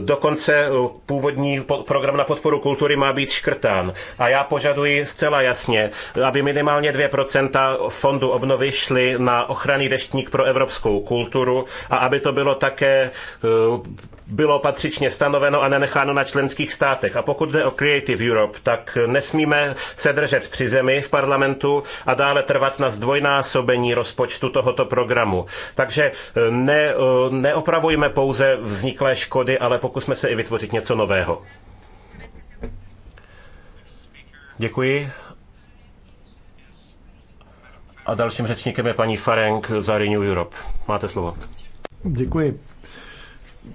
Dokonce původní program na podporu kultury má být škrtán. A já požaduji zcela jasně, aby minimálně 2% fondu obnovy obnovy šly na ochranný deštník pro evropskou kulturu a aby to bylo také eh, bylo patřičně stanoveno a nenecháno na členských státech. A pokud jde o Creative Europe, tak nesmíme se držet při zemi v parlamentu a dále trvat na zdvojnásobení rozpočtu tohoto programu. Takže eh, ne, eh, neopravujme pouze vzniklé škody, ale pokusme se i vytvořit něco nového. Děkuji. A dalším řečníkem je paní Farenk za Renew Europe. Máte slovo. Děkuji.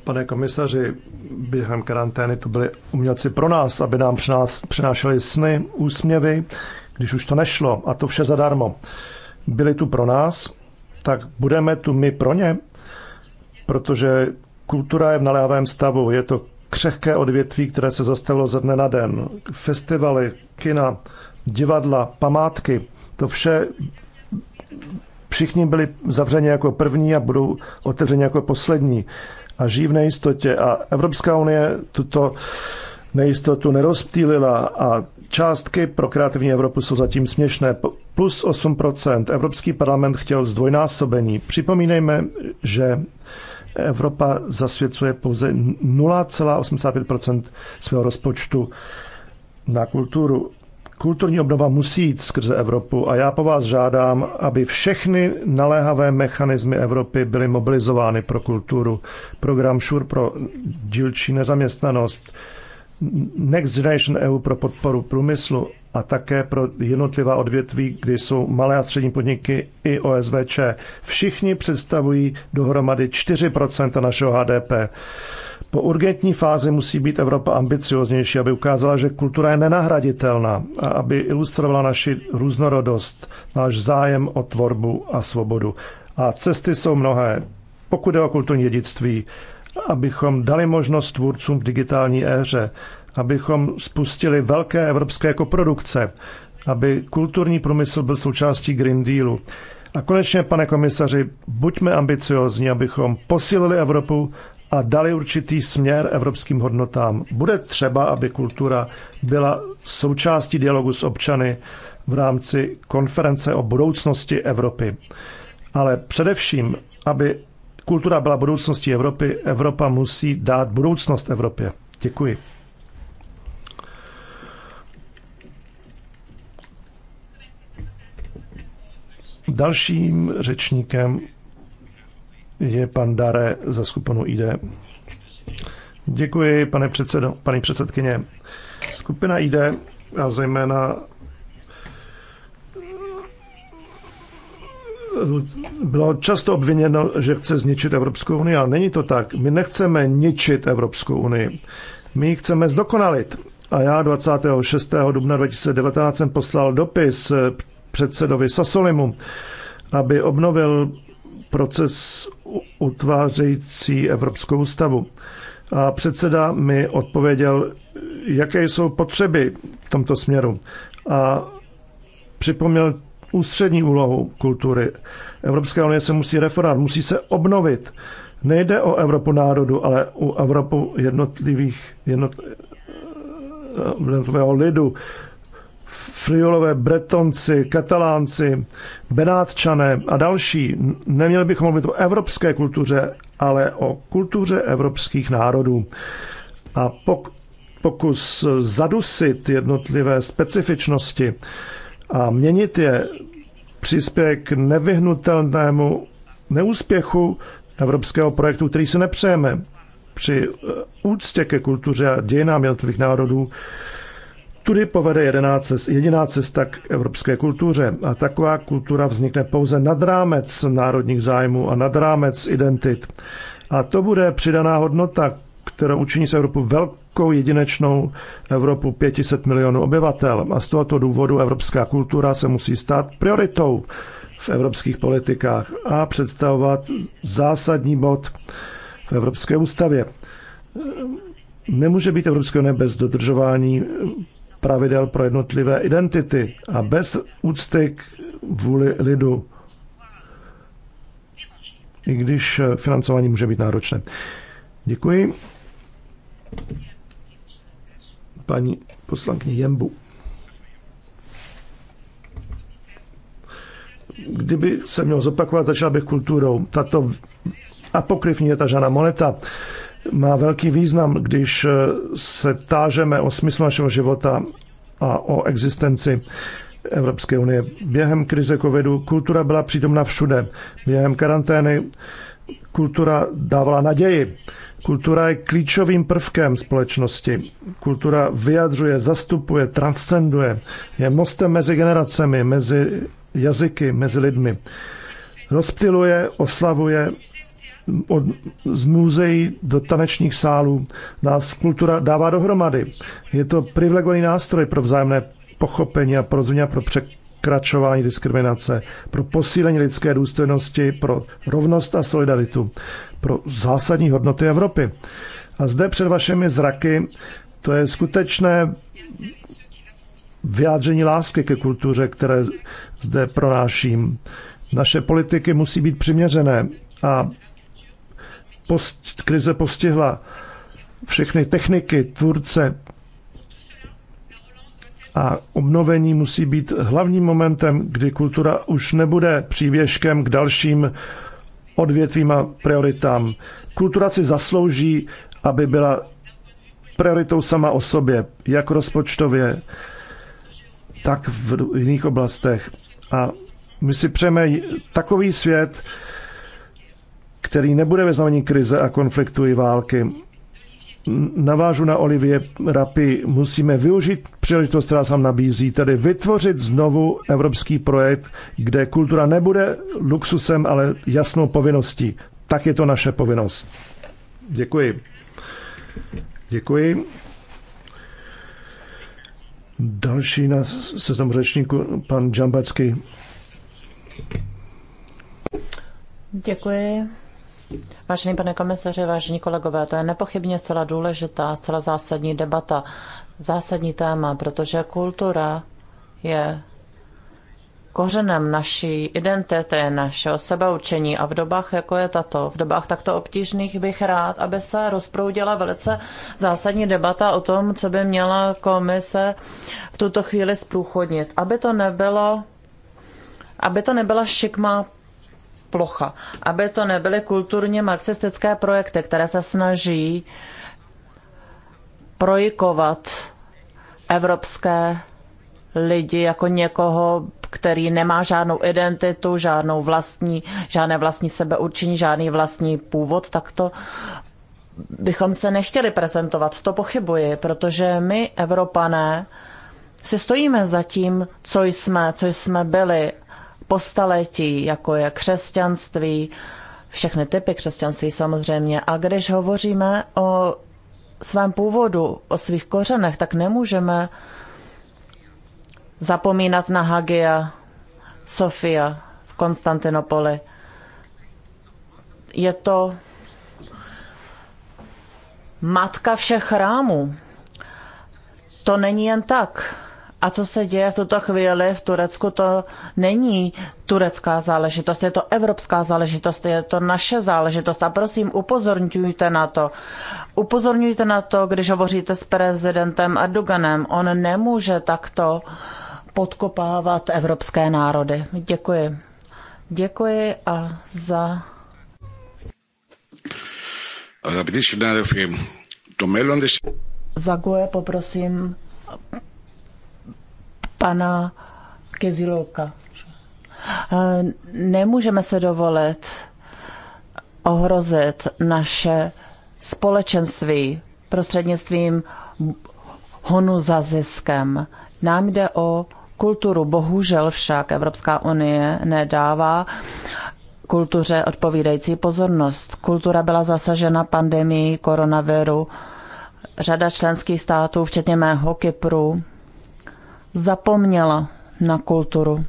Pane komisaři, během karantény to byli umělci pro nás, aby nám přinášeli sny, úsměvy, když už to nešlo a to vše zadarmo. Byli tu pro nás, tak budeme tu my pro ně, protože kultura je v naléhavém stavu. Je to křehké odvětví, které se zastavilo ze dne na den. Festivaly, kina, divadla, památky, to vše všichni byli zavřeni jako první a budou otevřeni jako poslední a žijí v nejistotě. A Evropská unie tuto nejistotu nerozptýlila a částky pro kreativní Evropu jsou zatím směšné. Plus 8%. Evropský parlament chtěl zdvojnásobení. Připomínejme, že Evropa zasvěcuje pouze 0,85% svého rozpočtu na kulturu. Kulturní obnova musí jít skrze Evropu a já po vás žádám, aby všechny naléhavé mechanismy Evropy byly mobilizovány pro kulturu. Program ŠUR pro dílčí nezaměstnanost, Next Generation EU pro podporu průmyslu a také pro jednotlivá odvětví, kdy jsou malé a střední podniky i OSVČ. Všichni představují dohromady 4 našeho HDP. Po urgentní fázi musí být Evropa ambicioznější, aby ukázala, že kultura je nenahraditelná a aby ilustrovala naši různorodost, náš zájem o tvorbu a svobodu. A cesty jsou mnohé. Pokud je o kulturní dědictví, abychom dali možnost tvůrcům v digitální éře, abychom spustili velké evropské koprodukce, aby kulturní průmysl byl součástí Green Dealu. A konečně, pane komisaři, buďme ambiciozní, abychom posílili Evropu a dali určitý směr evropským hodnotám. Bude třeba, aby kultura byla součástí dialogu s občany v rámci konference o budoucnosti Evropy. Ale především, aby kultura byla budoucností Evropy, Evropa musí dát budoucnost Evropě. Děkuji. Dalším řečníkem je pan Dare za skupinu ID. Děkuji, pane předsedo, paní předsedkyně. Skupina ID a zejména bylo často obviněno, že chce zničit Evropskou unii, ale není to tak. My nechceme ničit Evropskou unii. My ji chceme zdokonalit. A já 26. dubna 2019 jsem poslal dopis předsedovi Sasolimu, aby obnovil proces utvářející Evropskou ústavu. A předseda mi odpověděl, jaké jsou potřeby v tomto směru. A připomněl ústřední úlohu kultury. Evropská unie se musí reformovat, musí se obnovit. Nejde o Evropu národu, ale o Evropu jednotlivých, eh, jednotlivého lidu, Friolové, Bretonci, Katalánci, Benátčané a další. Neměli bychom mluvit o evropské kultuře, ale o kultuře evropských národů. A pok- pokus zadusit jednotlivé specifičnosti a měnit je přispěje k nevyhnutelnému neúspěchu evropského projektu, který si nepřejeme. Při eh, úctě ke kultuře a dějinám jednotlivých národů Tudy povede jediná cesta, jediná cesta k evropské kultuře a taková kultura vznikne pouze nad rámec národních zájmů a nad rámec identit. A to bude přidaná hodnota, která učiní z Evropu velkou jedinečnou Evropu 500 milionů obyvatel. A z tohoto důvodu evropská kultura se musí stát prioritou v evropských politikách a představovat zásadní bod v Evropské ústavě. Nemůže být Evropské unie bez dodržování pravidel pro jednotlivé identity a bez úcty k vůli lidu, i když financování může být náročné. Děkuji. Paní poslankyně Jembu. Kdyby se měl zopakovat, začal bych kulturou. Tato apokryfní je ta Žana Moneta má velký význam, když eh, se tážeme o smysl našeho života a o existenci Evropské unie. Během krize covidu kultura byla přítomna všude. Během karantény kultura dávala naději. Kultura je klíčovým prvkem společnosti. Kultura vyjadřuje, zastupuje, transcenduje. Je mostem mezi generacemi, mezi jazyky, mezi lidmi. Rozptiluje, oslavuje od, z muzeí do tanečních sálů. Nás kultura dává dohromady. Je to privilegovaný nástroj pro vzájemné pochopení a porozumění a pro překračování diskriminace, pro posílení lidské důstojnosti, pro rovnost a solidaritu, pro zásadní hodnoty Evropy. A zde před vašimi zraky to je skutečné vyjádření lásky ke kultuře, které zde pronáším. Naše politiky musí být přiměřené a post, krize postihla všechny techniky, tvůrce a obnovení musí být hlavním momentem, kdy kultura už nebude přívěžkem k dalším odvětvím a prioritám. Kultura si zaslouží, aby byla prioritou sama o sobě, jak rozpočtově, tak v jiných oblastech. A my si přejeme takový svět, který nebude ve znamení krize a konfliktu i války. Navážu na Olivie Rapy, musíme využít příležitost, která se nám nabízí, tedy vytvořit znovu evropský projekt, kde kultura nebude luxusem, ale jasnou povinností. Tak je to naše povinnost. Děkuji. Děkuji. Další na seznamu řečníku, pan Džambacký. Děkuji, Vážený pane komisaři, vážení kolegové, to je nepochybně celá důležitá, celá zásadní debata, zásadní téma, protože kultura je kořenem naší identity, našeho sebeučení a v dobách, jako je tato, v dobách takto obtížných bych rád, aby se rozproudila velice zásadní debata o tom, co by měla komise v tuto chvíli zprůchodnit. Aby to nebylo aby to nebyla šikma plocha. Aby to nebyly kulturně marxistické projekty, které se snaží projikovat evropské lidi jako někoho, který nemá žádnou identitu, žádnou vlastní, žádné vlastní sebeurčení, žádný vlastní původ, tak to bychom se nechtěli prezentovat. To pochybuji, protože my, Evropané, si stojíme za tím, co jsme, co jsme byli po staletí, jako je křesťanství, všechny typy křesťanství samozřejmě. A když hovoříme o svém původu, o svých kořenech, tak nemůžeme zapomínat na Hagia Sofia v Konstantinopoli. Je to matka všech chrámů. To není jen tak. A co se děje v tuto chvíli v Turecku, to není turecká záležitost, je to evropská záležitost, je to naše záležitost. A prosím, upozorňujte na to. Upozorňujte na to, když hovoříte s prezidentem Erdoganem. On nemůže takto podkopávat evropské národy. Děkuji. Děkuji a za... Αγαπητοί poprosím pana Kezilolka. Eh, nemůžeme se dovolit ohrozit naše společenství prostřednictvím honu za ziskem. Nám jde o kulturu. Bohužel však Evropská unie nedává kultuře odpovídající pozornost. Kultura byla zasažena pandemií koronaviru. Řada členských států, včetně mého Kypru, zapomněla na kulturu.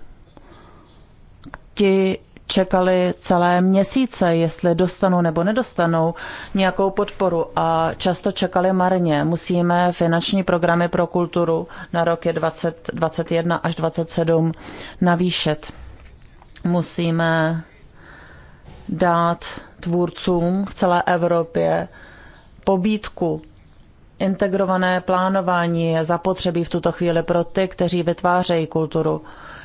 Ti čekali celé měsíce, jestli dostanou nebo nedostanou nějakou podporu a často čekali marně. Musíme finanční programy pro kulturu na roky 2021 až 2027 navýšet. Musíme dát tvůrcům v celé Evropě pobídku integrované plánování je zapotřebí v tuto chvíli pro ty, kteří vytvářejí kulturu.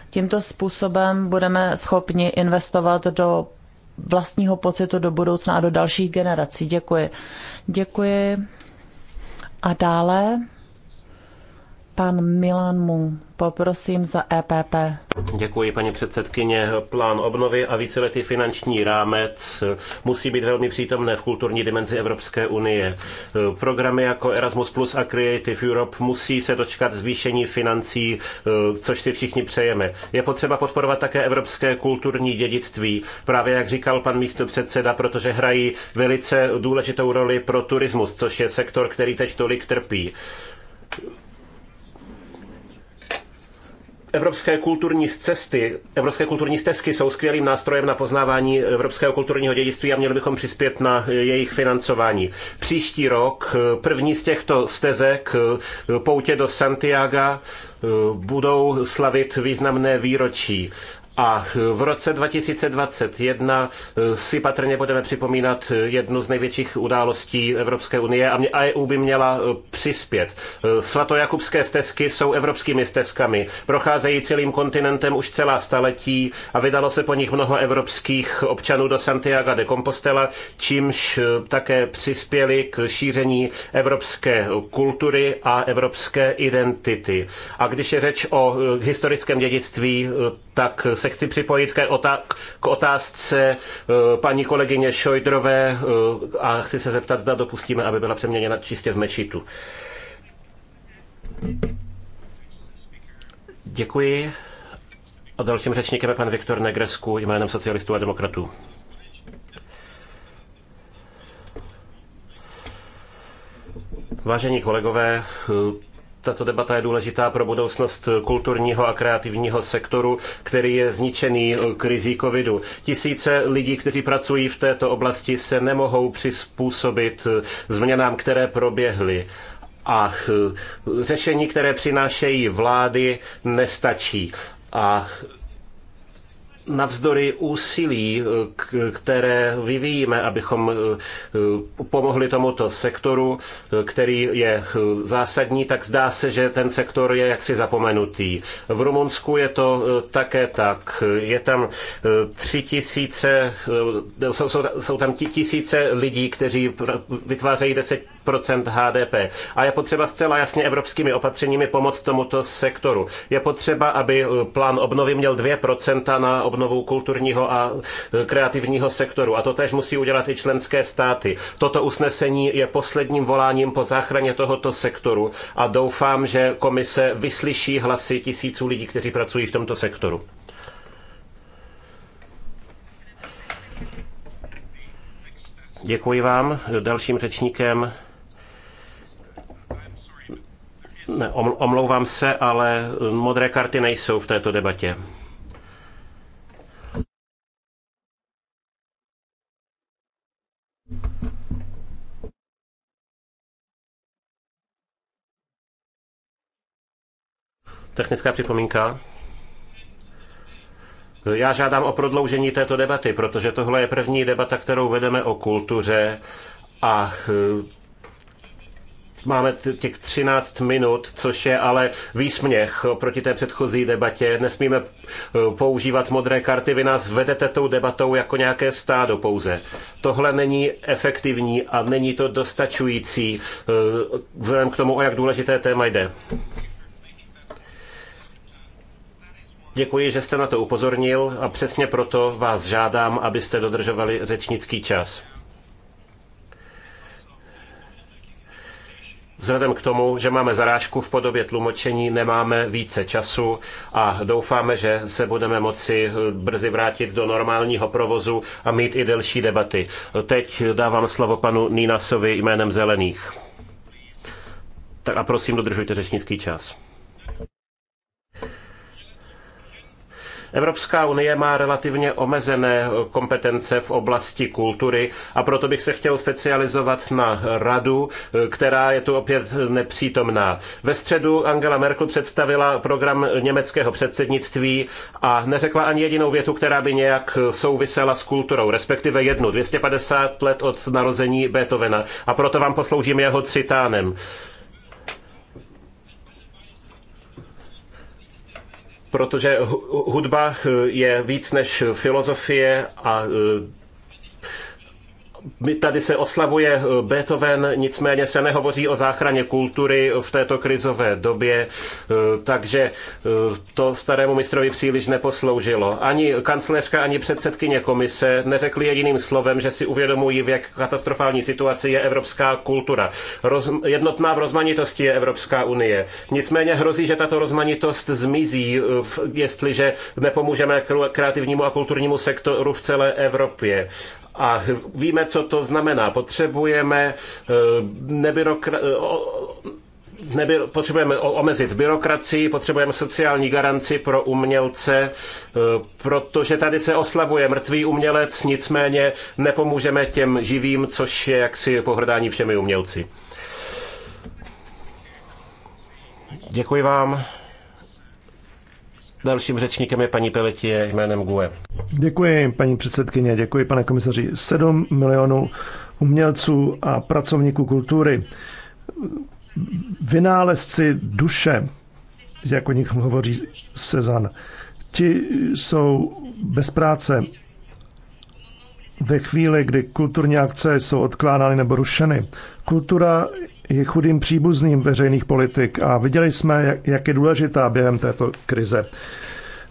Tímto způsobem budeme schopni investovat do vlastního pocitu do budoucna a do dalších generací. Děkuji. Děkuji. A dále Pan Milan Mu, poprosím za EPP. Děkuji, paní předsedkyně. Plán obnovy a víceletý finanční rámec musí být velmi přítomné v kulturní dimenzi Evropské unie. Programy jako Erasmus Plus a Creative Europe musí se dočkat zvýšení financí, což si všichni přejeme. Je potřeba podporovat také evropské kulturní dědictví, právě jak říkal pan místopředseda, protože hrají velice důležitou roli pro turismus, což je sektor, který teď tolik trpí Evropské kulturní cesty, evropské kulturní stezky jsou skvělým nástrojem na poznávání evropského kulturního dědictví a měli bychom přispět na jejich financování. Příští rok první z těchto stezek poutě do Santiago budou slavit významné výročí. A v roce 2021 eh, si patrně budeme připomínat eh, jednu z největších událostí Evropské unie a EU by měla eh, přispět. Svatojakubské stezky jsou evropskými stezkami. Procházejí celým kontinentem už celá staletí a vydalo se po nich mnoho evropských občanů do Santiago de Compostela, čímž také přispěli k šíření evropské kultury a evropské identity. A když je řeč o historickém dědictví, tak se se chci připojit k, otá- k otázce eh, paní kolegyně Šojdrové eh, a chci se zeptat, zda dopustíme, aby byla přeměněna čistě v mešitu. Děkuji. A dalším řečníkem je pan Viktor Negresku jménem socialistů a demokratů. Vážení kolegové, eh, tato debata je důležitá pro budoucnost kulturního a kreativního sektoru, který je zničený krizí covidu. Tisíce lidí, kteří pracují v této oblasti, se nemohou přizpůsobit změnám, které proběhly a řešení, které přinášejí vlády, nestačí. A navzdory úsilí, eh, které vyvíjíme, abychom eh, pomohli tomuto sektoru, eh, který je zásadní, tak zdá se, že ten sektor je jaksi zapomenutý. V Rumunsku je to také tak. Je tam tři tisíce, jsou, jsou, jsou tam tisíce lidí, kteří vytvářejí deset procent HDP. A je potřeba zcela jasně evropskými opatřeními pomoct tomuto sektoru. Je potřeba, aby eh, plán obnovy měl 2% na obnovu kulturního a eh, kreativního sektoru. A to tež musí udělat i členské státy. Toto usnesení je posledním voláním po záchraně tohoto sektoru a doufám, že komise vyslyší hlasy tisíců lidí, kteří pracují v tomto sektoru. Děkuji vám. Dalším řečníkem ne, omlouvám se, ale eh, modré karty nejsou v této debatě. Technická připomínka. Já žádám o prodloužení této debaty, protože tohle je první debata, kterou vedeme o kultuře a eh, máme těch 13 minut, což je ale výsměch proti té předchozí debatě. Nesmíme eh, používat modré karty, vy nás vedete tou debatou jako nějaké stádo pouze. Tohle není efektivní a není to dostačující eh, vzhledem k tomu, o jak důležité téma jde. Děkuji, že jste na to upozornil a přesně proto vás žádám, abyste dodržovali řečnický čas. Vzhledem k tomu, že máme zarážku v podobě tlumočení, nemáme více času a doufáme, že se budeme moci eh, brzy vrátit do normálního provozu a mít i delší debaty. Teď dávám slovo panu Nínasovi jménem Zelených. Tak a prosím, dodržujte řečnický čas. Evropská unie má relativně omezené eh, kompetence v oblasti kultury a proto bych se chtěl specializovat na radu, eh, která je tu opět nepřítomná. Ve středu Angela Merkel představila program německého předsednictví a neřekla ani jedinou větu, která by nějak eh, souvisela s kulturou, respektive jednu, 250 let od narození Beethovena. A proto vám posloužím jeho citánem. protože hudba eh, je víc než filozofie a eh, my tady se oslavuje eh, Beethoven, nicméně se nehovoří o záchraně kultury v této krizové době, eh, takže eh, to starému mistrovi příliš neposloužilo. Ani kancléřka, ani předsedkyně komise neřekli jediným slovem, že si uvědomují, v jak katastrofální situaci je evropská kultura. Roz, jednotná v rozmanitosti je Evropská unie. Nicméně hrozí, že tato rozmanitost zmizí, jestliže nepomůžeme kreativnímu a kulturnímu sektoru v celé Evropě. A víme, co to znamená. Potřebujeme eh, nebyrokra eh, potřebujeme omezit byrokracii, potřebujeme sociální garanci pro umělce, eh, protože tady se oslavuje mrtvý umělec, nicméně nepomůžeme těm živým, což je jaksi pohrdání všemi umělci. Děkuji vám. Dalším řečníkem je paní Peletě jménem GUE. Děkuji, paní předsedkyně, děkuji, pane komisaři. 7 milionů umělců a pracovníků kultury, vynálezci duše, jak o nich hovoří Sezan, ti jsou bez práce ve chvíli, kdy kulturní akce jsou odkládány nebo rušeny. Kultura i chudým příbuzným veřejných politik a viděli jsme, jak je důležitá během této krize.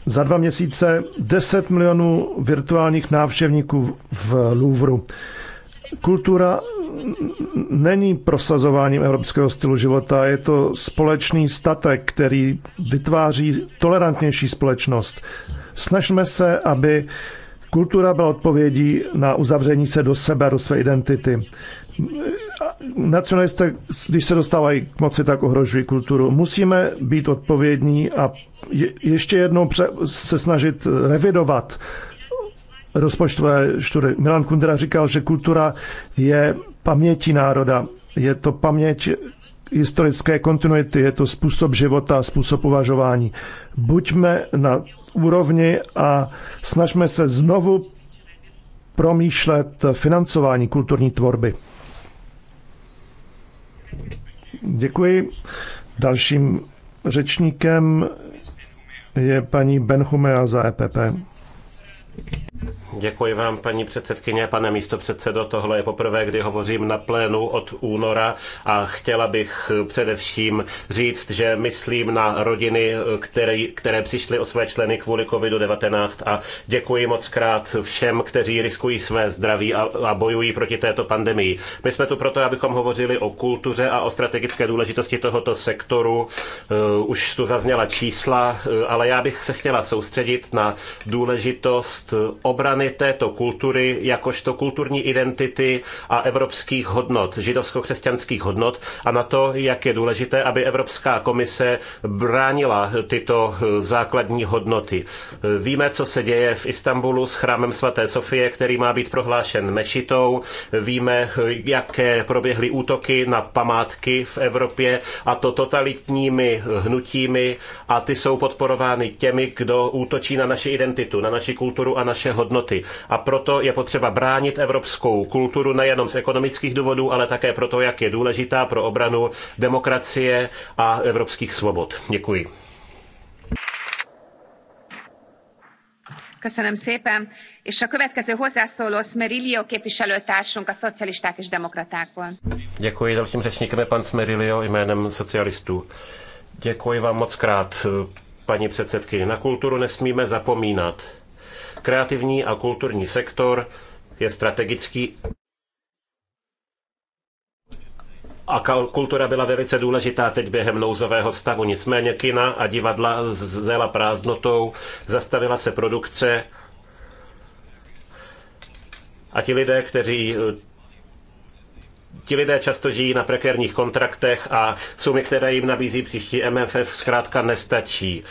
Za dva měsíce 10 milionů virtuálních návštěvníků v Louvru. Kultura není prosazováním evropského stylu života, je to společný statek, který vytváří tolerantnější společnost. Snažme se, aby kultura byla odpovědí na uzavření se do sebe, do své identity nacionalisté, když se dostávají k moci, tak ohrožují kulturu. Musíme být odpovědní a je, ještě jednou pře, se snažit revidovat rozpočtové štury. Milan Kundera říkal, že kultura je pamětí národa. Je to paměť historické kontinuity, je to způsob života, způsob uvažování. Buďme na úrovni a snažme se znovu promýšlet financování kulturní tvorby. Děkuji. Dalším řečníkem je paní Benchumea za EPP. Děkuji vám, paní předsedkyně, pane místopředsedo. Tohle je poprvé, kdy hovořím na plénu od února a chtěla bych především říct, že myslím na rodiny, které, které přišly o své členy kvůli COVID-19 a děkuji moc krát všem, kteří riskují své zdraví a, a bojují proti této pandemii. My jsme tu proto, abychom hovořili o kultuře a o strategické důležitosti tohoto sektoru. Uh, už tu zazněla čísla, uh, ale já bych se chtěla soustředit na důležitost ob obrany této kultury jakožto kulturní identity a evropských hodnot, židovsko-křesťanských hodnot a na to, jak je důležité, aby Evropská komise bránila tyto základní hodnoty. Víme, co se děje v Istanbulu s chrámem svaté Sofie, který má být prohlášen mešitou. Víme, jaké proběhly útoky na památky v Evropě a to totalitními hnutími a ty jsou podporovány těmi, kdo útočí na naši identitu, na naši kulturu a naše hodnoty hodnoty. A proto je potřeba bránit evropskou kulturu nejenom z ekonomických důvodů, ale také proto, jak je důležitá pro obranu demokracie a evropských svobod. Děkuji. Köszönöm szépen. És a következő hozzászóló Smerilio képviselőtársunk a szocialisták és demokratákból. Děkuji, dalším řečníkem je pan Smerilio jménem socialistů. Děkuji vám moc krát, paní předsedkyně. Na kulturu nesmíme zapomínat. Kreativní a kulturní sektor je strategický a kultura byla velice důležitá teď během nouzového stavu. Nicméně kina a divadla zela prázdnotou, zastavila se produkce a ti lidé, kteří ti lidé často žijí na prekérních kontraktech a sumy, které jim nabízí příští MFF, zkrátka nestačí.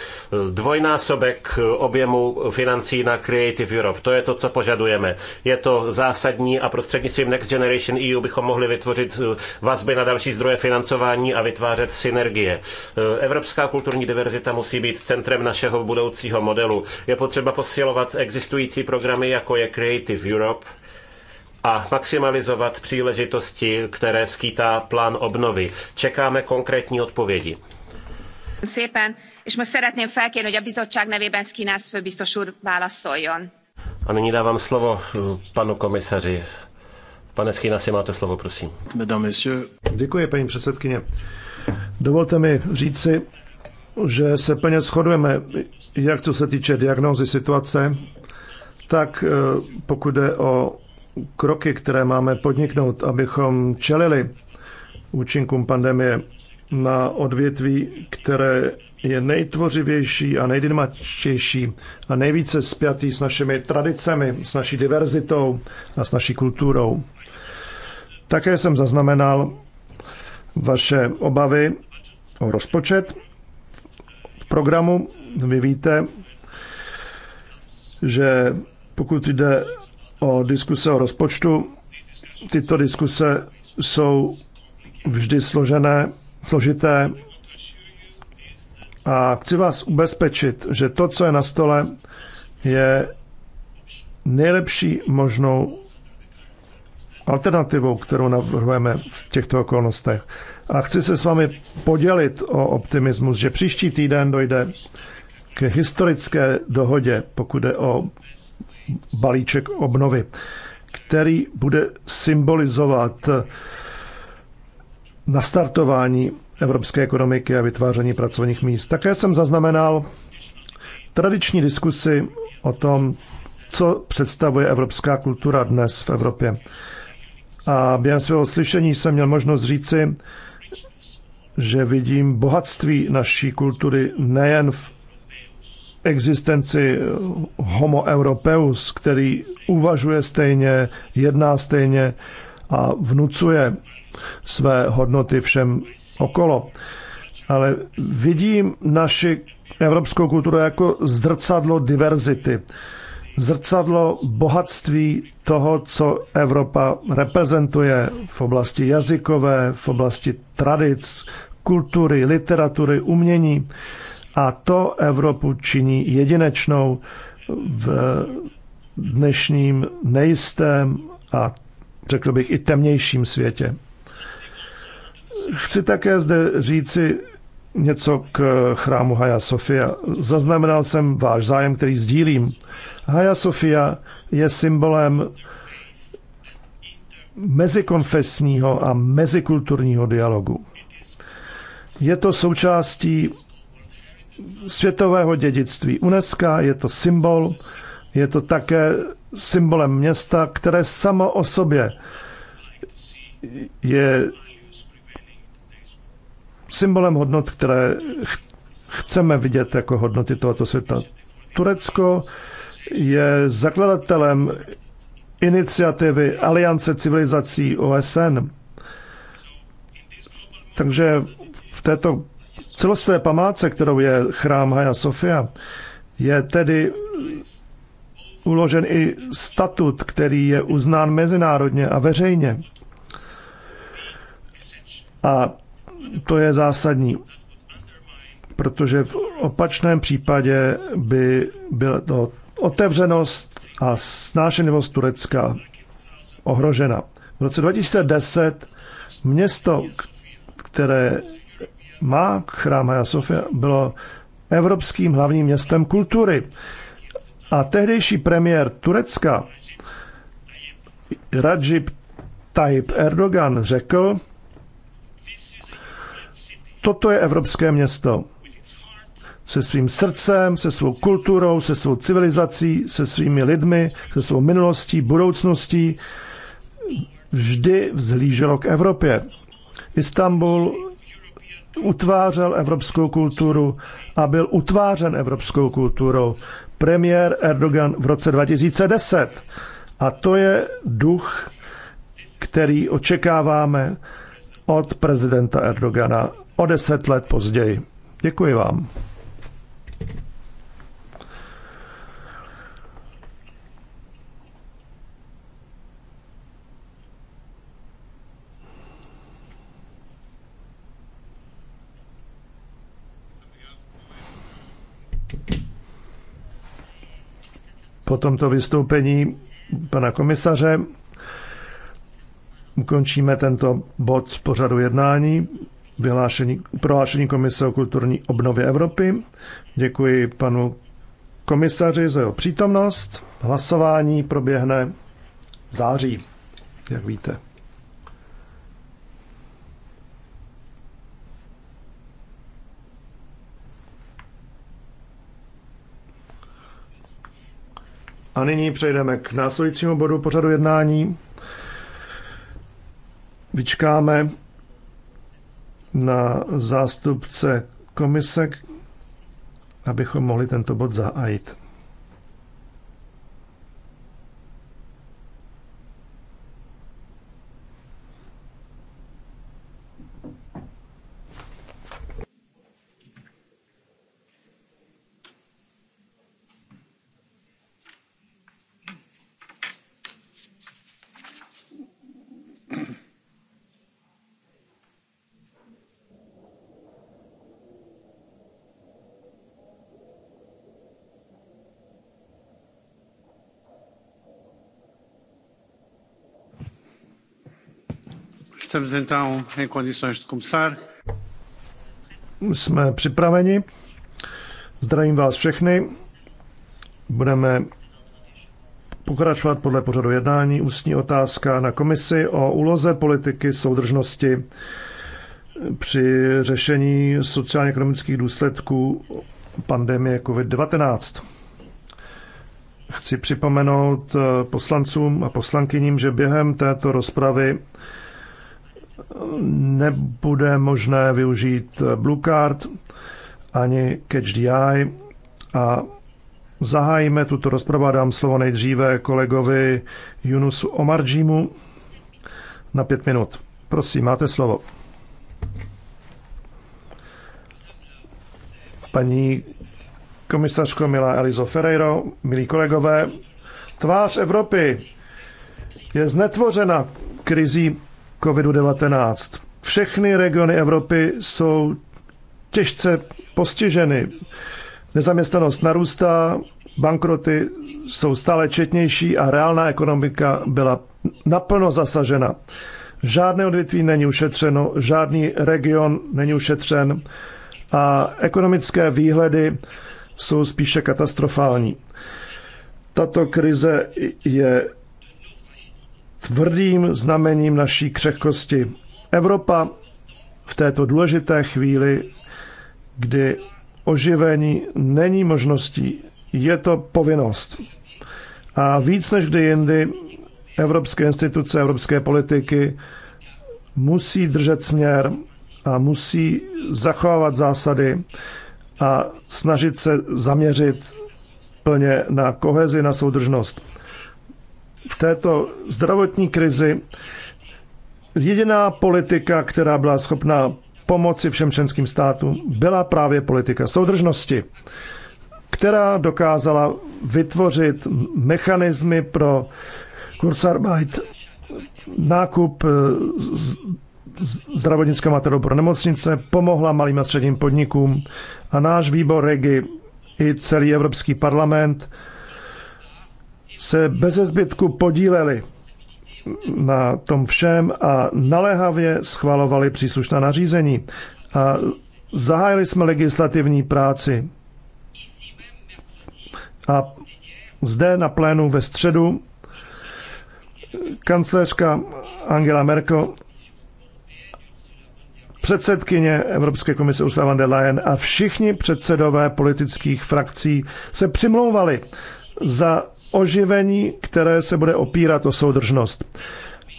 Dvojnásobek objemu financí na Creative Europe, to je to, co požadujeme. Je to zásadní a prostřednictvím Next Generation EU bychom mohli vytvořit eh, vazby na další zdroje financování a vytvářet synergie. Eh, evropská kulturní diverzita musí být centrem našeho budoucího modelu. Je potřeba posilovat existující programy, jako je Creative Europe, a maximalizovat příležitosti, které skýtá plán obnovy. Čekáme konkrétní odpovědi. Szépen, és most szeretném felkérni, hogy a bizottság nevében Skinász főbiztos úr válaszoljon. A nyní dávám slovo eh, panu komisaři. Pane Skinasi, máte slovo, prosím. Děkuji, paní předsedkyně. Dovolte mi říci, že se plně shodujeme, jak co se týče diagnózy situace, tak eh, pokud jde o kroky, které máme podniknout, abychom čelili účinkům pandemie na odvětví, které je nejtvořivější a nejdynamičtější a nejvíce spjatý s našimi tradicemi, s naší diverzitou a s naší kulturou. Také jsem zaznamenal vaše obavy o rozpočet. V programu vy víte, že pokud jde o diskuse o rozpočtu. Tyto diskuse jsou vždy složené, složité a chci vás ubezpečit, že to, co je na stole, je nejlepší možnou alternativou, kterou navrhujeme v těchto okolnostech. A chci se s vámi podělit o optimismus, že příští týden dojde k historické dohodě, pokud je o balíček obnovy, který bude symbolizovat nastartování evropské ekonomiky a vytváření pracovních míst. Také jsem zaznamenal tradiční diskusy o tom, co představuje evropská kultura dnes v Evropě. A během svého slyšení jsem měl možnost říci, že vidím bohatství naší kultury nejen v existenci homo europeus, který uvažuje stejně, jedná stejně a vnucuje své hodnoty všem okolo. Ale vidím naši evropskou kulturu jako zrcadlo diverzity, zrcadlo bohatství toho, co Evropa reprezentuje v oblasti jazykové, v oblasti tradic, kultury, literatury, umění. A to Evropu činí jedinečnou v dnešním nejistém a řekl bych i temnějším světě. Chci také zde říci něco k chrámu Haja Sofia. Zaznamenal jsem váš zájem, který sdílím. Haja Sofia je symbolem mezikonfesního a mezikulturního dialogu. Je to součástí světového dědictví UNESCO, je to symbol, je to také symbolem města, které samo o sobě je symbolem hodnot, které ch- chceme vidět jako hodnoty tohoto světa. Turecko je zakladatelem iniciativy Aliance civilizací OSN. Takže v této celostové památce, kterou je chrám Haja Sofia, je tedy uložen i statut, který je uznán mezinárodně a veřejně. A to je zásadní, protože v opačném případě by byla to otevřenost a snášenlivost Turecka ohrožena. V roce 2010 město, které má chrám Hagia Sofia bylo evropským hlavním městem kultury. A tehdejší premiér Turecka Rajib Tayyip Erdogan řekl, toto je evropské město. Se svým srdcem, se svou kulturou, se svou civilizací, se svými lidmi, se svou minulostí, budoucností, vždy vzhlíželo k Evropě. Istanbul utvářel evropskou kulturu a byl utvářen evropskou kulturou. Premiér Erdogan v roce 2010. A to je duch, který očekáváme od prezidenta Erdogana o deset let později. Děkuji vám. po tomto vystoupení pana komisaře ukončíme tento bod pořadu jednání vyhlášení, prohlášení Komise o kulturní obnově Evropy. Děkuji panu komisaři za jeho přítomnost. Hlasování proběhne v září, jak víte. A nyní přejdeme k následujícímu bodu pořadu jednání. Vyčkáme na zástupce komise, abychom mohli tento bod zahájit. Estamos então em condições de começar. Jsme připraveni. Zdravím vás všechny. Budeme pokračovat podle pořadu jednání. Ústní otázka na komisi o úloze politiky soudržnosti při řešení sociálně-ekonomických důsledků pandemie COVID-19. Chci připomenout eh, poslancům a poslankyním, že během této rozpravy nebude možné využít Blue Card ani Catch the Eye a zahájíme tuto rozpravu a dám slovo nejdříve kolegovi Junusu Omarjimu na pět minut. Prosím, máte slovo. Paní komisařko Milá Elizo Ferreiro, milí kolegové, tvář Evropy je znetvořena krizí COVID-19. Všechny regiony Evropy jsou těžce postiženy. Nezaměstnanost narůstá, bankroty jsou stále četnější a reálná ekonomika byla naplno zasažena. Žádné odvětví není ušetřeno, žádný region není ušetřen a ekonomické výhledy jsou spíše katastrofální. Tato krize je tvrdým znamením naší křehkosti. Evropa v této důležité chvíli, kdy oživení není možností, je to povinnost. A víc než kdy jindy evropské instituce, evropské politiky musí držet směr a musí zachovávat zásady a snažit se zaměřit plně na kohezi, na soudržnost v této zdravotní krizi jediná politika, která byla schopná pomoci všem členským státům, byla právě politika soudržnosti, která dokázala vytvořit mechanismy pro Kurzarbeit, nákup eh, zdravotnického materiálu pro nemocnice, pomohla malým a středním podnikům a náš výbor Regi i celý Evropský parlament se bez zbytku podíleli na tom všem a naléhavě schvalovali příslušná nařízení. A zahájili jsme legislativní práci. A zde na plénu ve středu kancléřka Angela Merkel, předsedkyně Evropské komise Ursula von der Leyen a všichni předsedové politických frakcí se přimlouvali za oživení, které se bude opírat o soudržnost.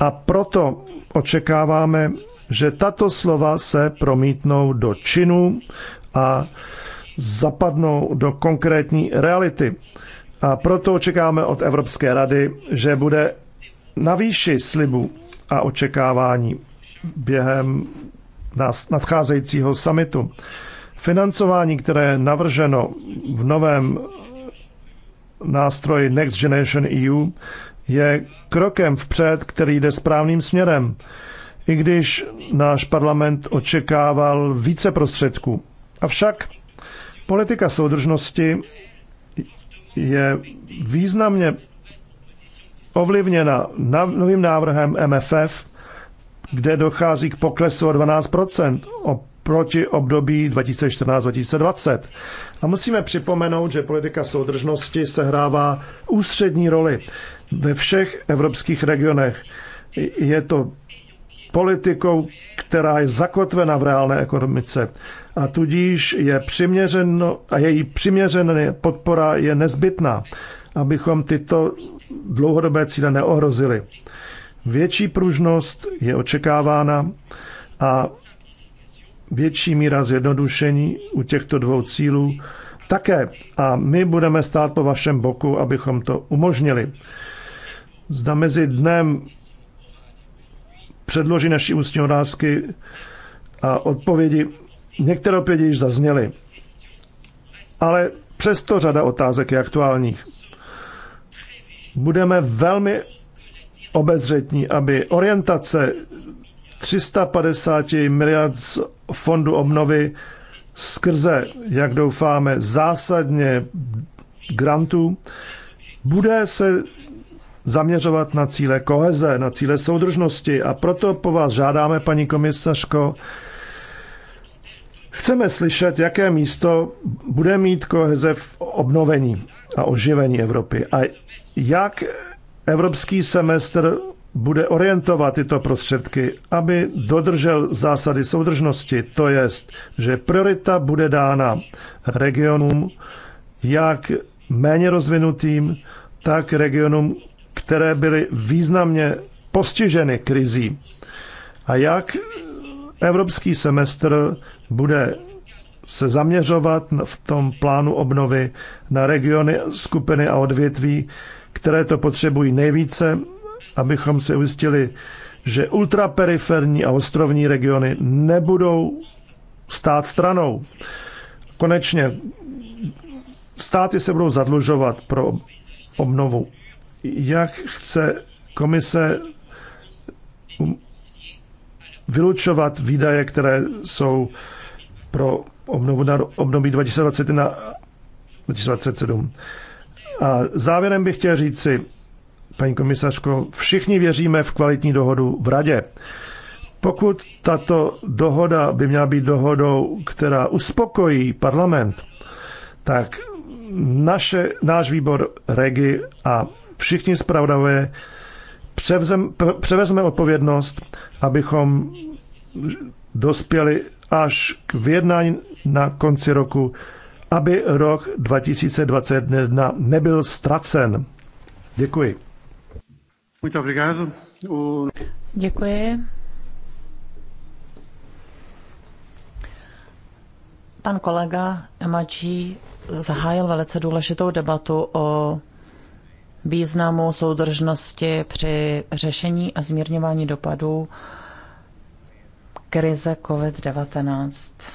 A proto očekáváme, že tato slova se promítnou do činů a zapadnou do konkrétní reality. A proto očekáváme od Evropské rady, že bude na výši slibu a očekávání během nadcházejícího samitu. Financování, které je navrženo v novém nástroj Next Generation EU je krokem vpřed, který jde správným směrem, i když náš parlament očekával více prostředků. Avšak politika soudržnosti je významně ovlivněna novým návrhem MFF, kde dochází k poklesu o 12 oproti období 2014-2020. A musíme připomenout, že politika soudržnosti sehrává ústřední roli ve všech evropských regionech. Je to politikou, která je zakotvena v reálné ekonomice. A tudíž je přiměřeno, a její přiměřená podpora je nezbytná, abychom tyto dlouhodobé cíle neohrozili. Větší pružnost je očekávána a větší míra zjednodušení u těchto dvou cílů také. A my budeme stát po vašem boku, abychom to umožnili. Zda mezi dnem předloží naši ústní otázky a odpovědi. Některé odpovědi již zazněly, ale přesto řada otázek je aktuálních. Budeme velmi obezřetní, aby orientace 350 miliard z fondu obnovy skrze, jak doufáme, zásadně grantů, bude se zaměřovat na cíle koheze, na cíle soudržnosti a proto po vás žádáme, paní komisařko, chceme slyšet, jaké místo bude mít koheze v obnovení a oživení Evropy a jak evropský semestr bude orientovat tyto prostředky, aby dodržel zásady soudržnosti, to jest, že priorita bude dána regionům, jak méně rozvinutým, tak regionům, které byly významně postiženy krizí. A jak evropský semestr bude se zaměřovat v tom plánu obnovy na regiony, skupiny a odvětví, které to potřebují nejvíce abychom se ujistili, že ultraperiferní a ostrovní regiony nebudou stát stranou. Konečně státy se budou zadlužovat pro obnovu. Jak chce komise vylučovat výdaje, které jsou pro obnovu na období 2021 2027. A závěrem bych chtěl říci, Paní komisařko, všichni věříme v kvalitní dohodu v Radě. Pokud tato dohoda by měla být dohodou, která uspokojí parlament, tak naše, náš výbor Regi a všichni zpravodajové převezme odpovědnost, abychom dospěli až k vyjednání na konci roku, aby rok 2021 nebyl ztracen. Děkuji. Muito obrigado. O... Děkuji. Pan kolega Emaji zahájil velice důležitou debatu o významu soudržnosti při řešení a zmírňování dopadů krize COVID-19.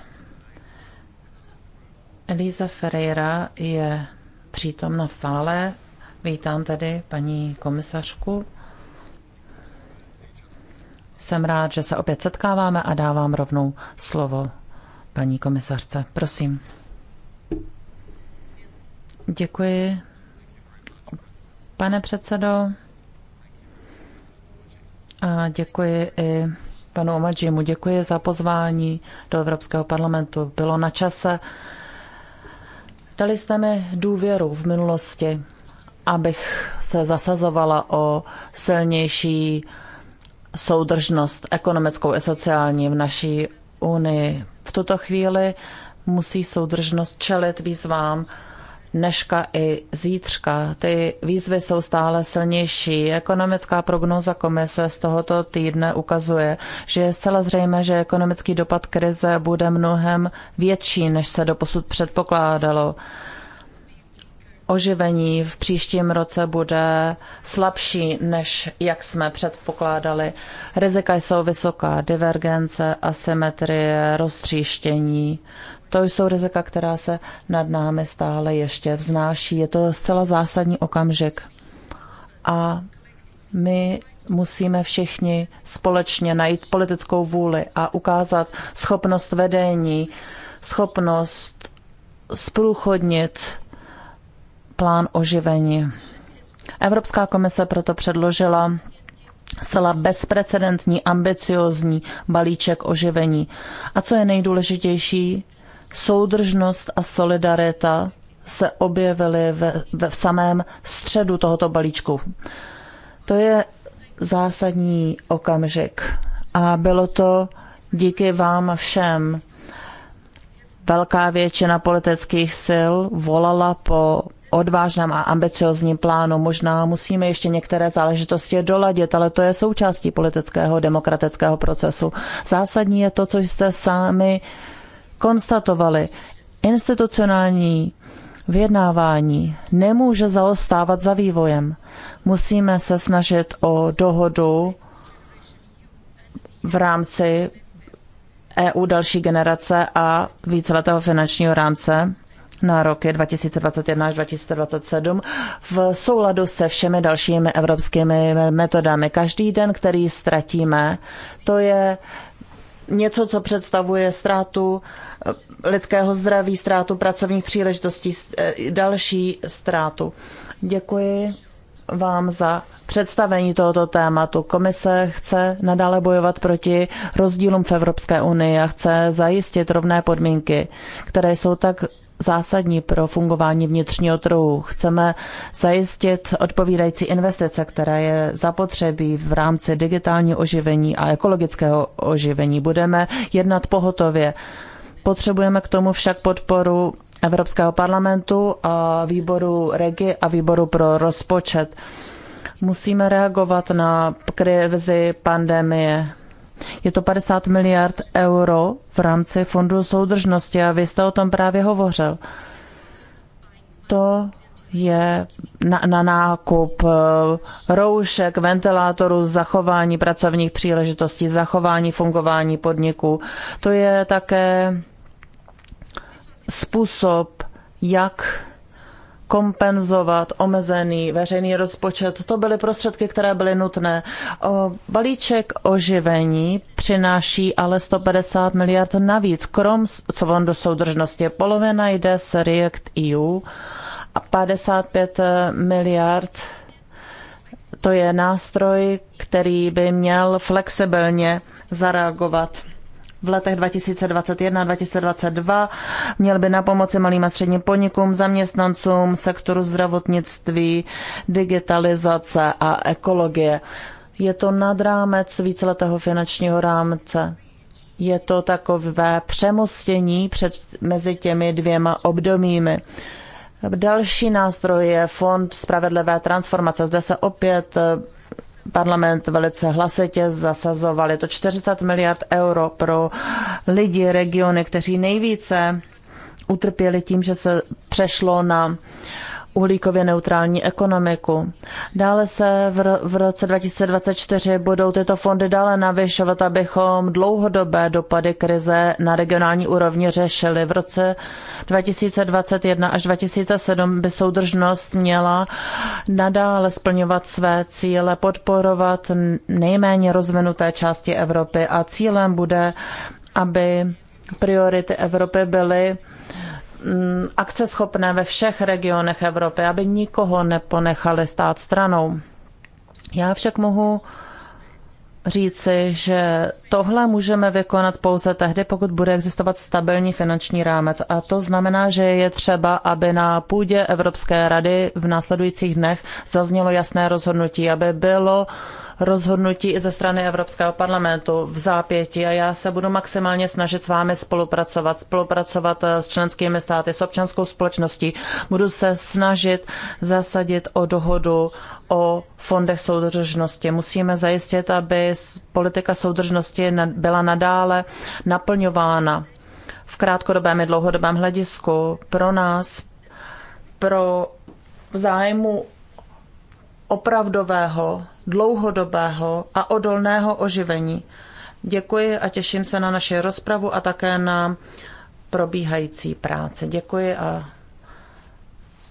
Elisa Ferreira je přítomna v sále. Vítám tedy paní komisařku. Jsem rád, že se opět setkáváme a dávám rovnou slovo paní komisařce. Prosím. Děkuji. Pane předsedo, a děkuji i panu Omadžimu, děkuji za pozvání do Evropského parlamentu. Bylo na čase. Dali jste mi důvěru v minulosti, abych se zasazovala o silnější soudržnost ekonomickou i sociální v naší unii. V tuto chvíli musí soudržnost čelit výzvám dneška i zítřka. Ty výzvy jsou stále silnější. Ekonomická prognóza komise z tohoto týdne ukazuje, že je zcela zřejmé, že ekonomický dopad krize bude mnohem větší, než se doposud předpokládalo oživení v příštím roce bude slabší, než jak jsme předpokládali. Rizika jsou vysoká, divergence, asymetrie, roztříštění. To jsou rizika, která se nad námi stále ještě vznáší. Je to zcela zásadní okamžik. A my musíme všichni společně najít politickou vůli a ukázat schopnost vedení, schopnost sprůchodnit plán oživení. Evropská komise proto předložila zcela bezprecedentní, ambiciozní balíček oživení. A co je nejdůležitější, soudržnost a solidarita se objevily ve, ve v samém středu tohoto balíčku. To je zásadní okamžik a bylo to díky vám všem. Velká většina politických sil volala po odvážném a ambiciozním plánu. Možná musíme ještě některé záležitosti doladit, ale to je součástí politického demokratického procesu. Zásadní je to, co jste sami konstatovali. Institucionální vyjednávání nemůže zaostávat za vývojem. Musíme se snažit o dohodu v rámci EU další generace a víceletého finančního rámce na roky 2021 až 2027 v souladu se všemi dalšími evropskými metodami. Každý den, který ztratíme, to je něco, co představuje ztrátu eh, lidského zdraví, ztrátu pracovních příležitostí, eh, další ztrátu. Děkuji vám za představení tohoto tématu. Komise chce nadále bojovat proti rozdílům v Evropské unii a chce zajistit rovné podmínky, které jsou tak zásadní pro fungování vnitřního trhu. Chceme zajistit odpovídající investice, které je zapotřebí v rámci digitálního oživení a ekologického oživení. Budeme jednat pohotově. Potřebujeme k tomu však podporu Evropského parlamentu a výboru REGI a výboru pro rozpočet. Musíme reagovat na krizi pandemie. Je to 50 miliard euro v rámci fondu soudržnosti a vy jste o tom právě hovořil. To je na, na nákup eh, roušek, ventilátorů, zachování pracovních příležitostí, zachování fungování podniků. To je také způsob, jak kompenzovat omezený veřejný rozpočet. To byly prostředky, které byly nutné. O balíček oživení přináší ale 150 miliard navíc, krom co on do soudržnosti. Polovina jde z React EU a 55 eh, miliard to je nástroj, který by měl flexibilně zareagovat v letech 2021 a 2022. Měl by na pomoci malým a středním podnikům, zaměstnancům, sektoru zdravotnictví, digitalizace a ekologie. Je to nad rámec víceletého finančního rámce. Je to takové přemostění před, mezi těmi dvěma obdobími. Další nástroj je Fond spravedlivé transformace. Zde se opět parlament velice hlasitě zasazoval. Je to 40 miliard euro pro lidi, regiony, kteří nejvíce utrpěli tím, že se přešlo na uh, uhlíkově neutrální ekonomiku. Dále se v, v roce 2024 budou tyto fondy dále navyšovat, abychom dlouhodobé dopady krize na regionální úrovni řešili. V roce 2021 až 2007 by soudržnost měla nadále splňovat své cíle, podporovat nejméně rozvinuté části Evropy a cílem bude, aby priority Evropy byly Mm, akceschopné ve všech regionech Evropy, aby nikoho neponechali stát stranou. Já však mohu říci, že tohle můžeme vykonat pouze tehdy, pokud bude existovat stabilní finanční rámec. A to znamená, že je třeba, aby na půdě Evropské rady v následujících dnech zaznělo jasné rozhodnutí, aby bylo uh, rozhodnutí ze strany Evropského parlamentu v zápěti a já se budu maximálně snažit s vámi spolupracovat, spolupracovat eh, s členskými státy, s občanskou společností. Budu se snažit zasadit o dohodu o fondech soudržnosti. Musíme zajistit, aby politika soudržnosti byla nadále naplňována v krátkodobém i dlouhodobém hledisku pro nás, pro zájmu opravdového dlouhodobého a odolného oživení. Děkuji a těším se na naši rozpravu a také na probíhající práce. Děkuji a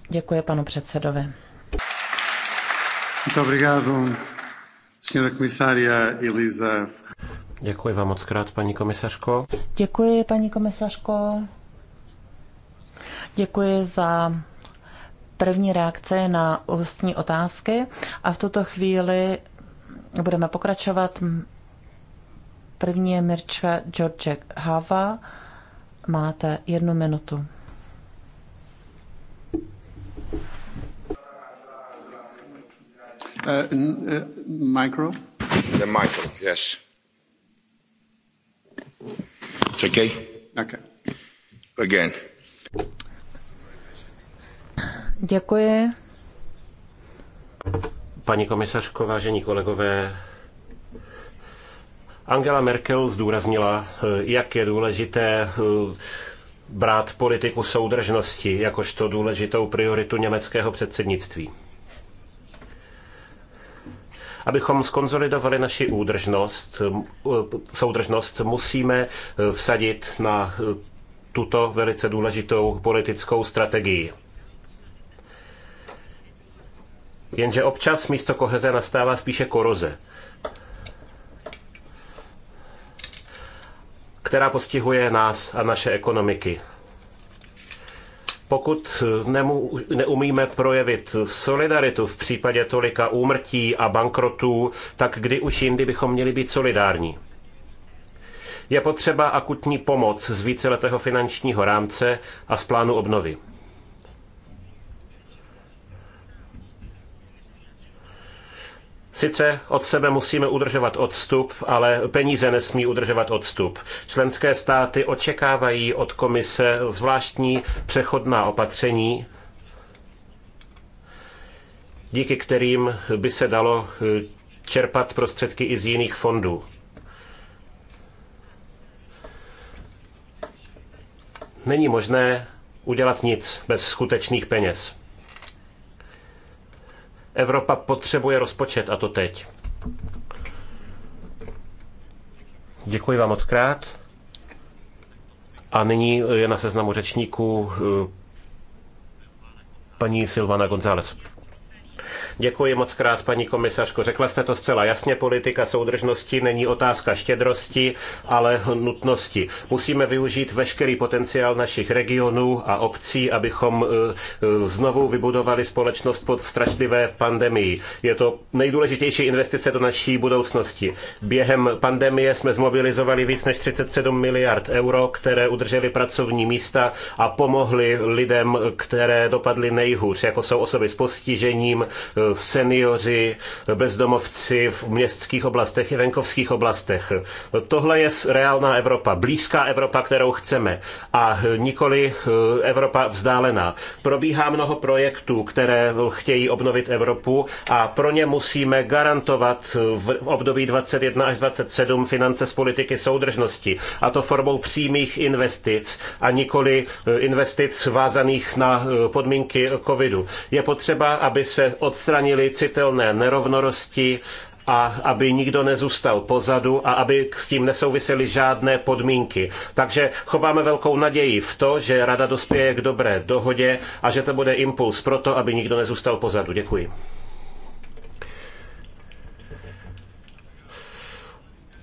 děkuji panu předsedovi. Děkuji vám moc krát, paní komisařko. Děkuji, paní komisařko. Děkuji za první reakce na ústní otázky a v tuto chvíli budeme pokračovat. První je Mirčka Georgek Hava. Máte jednu minutu. Uh, uh, micro? The micro, yes. It's okay? Okay. Again. Děkuji. Paní komisařko, vážení kolegové, Angela Merkel zdůraznila, eh, jak je důležité eh, brát politiku soudržnosti jakožto důležitou prioritu německého předsednictví. Abychom skonzolidovali naši údržnost, eh, soudržnost, musíme vsadit na tuto velice důležitou politickou strategii. Jenže občas místo koheze nastává spíše koroze, která postihuje nás a naše ekonomiky. Pokud nemu, neumíme projevit solidaritu v případě tolika úmrtí a bankrotů, tak kdy už jindy bychom měli být solidární? Je potřeba akutní pomoc z víceletého finančního rámce a z plánu obnovy. Sice od sebe musíme udržovat odstup, ale peníze nesmí udržovat odstup. Členské státy očekávají od komise zvláštní přechodná opatření, díky kterým by se dalo eh, čerpat prostředky i z jiných fondů. Není možné udělat nic bez skutečných peněz. Evropa potřebuje rozpočet a to teď. Děkuji vám moc krát. A nyní je na seznamu řečníků eh, paní Silvana González. Děkuji moc krát, paní komisařko. Řekla jste to zcela jasně, politika soudržnosti není otázka štědrosti, ale nutnosti. Musíme využít veškerý potenciál našich regionů a obcí, abychom e, e, znovu vybudovali společnost pod strašlivé pandemii. Je to nejdůležitější investice do naší budoucnosti. Během pandemie jsme zmobilizovali víc než 37 miliard euro, které udržely pracovní místa a pomohly lidem, které dopadly nejhůř, jako jsou osoby s postižením, e, seniori, bezdomovci v městských oblastech i venkovských oblastech. Tohle je reálná Evropa, blízká Evropa, kterou chceme a nikoli eh, Evropa vzdálená. Probíhá mnoho projektů, které chtějí obnovit Evropu a pro ně musíme garantovat v období 21 až 27 finance z politiky soudržnosti a to formou přímých investic a nikoli eh, investic vázaných na eh, podmínky covidu. Je potřeba, aby se odstranili odstranili citelné nerovnorosti a aby nikdo nezůstal pozadu a aby s tím nesouvisely žádné podmínky. Takže chováme velkou naději v to, že Rada dospěje k dobré dohodě a že to bude impuls pro to, aby nikdo nezůstal pozadu. Děkuji.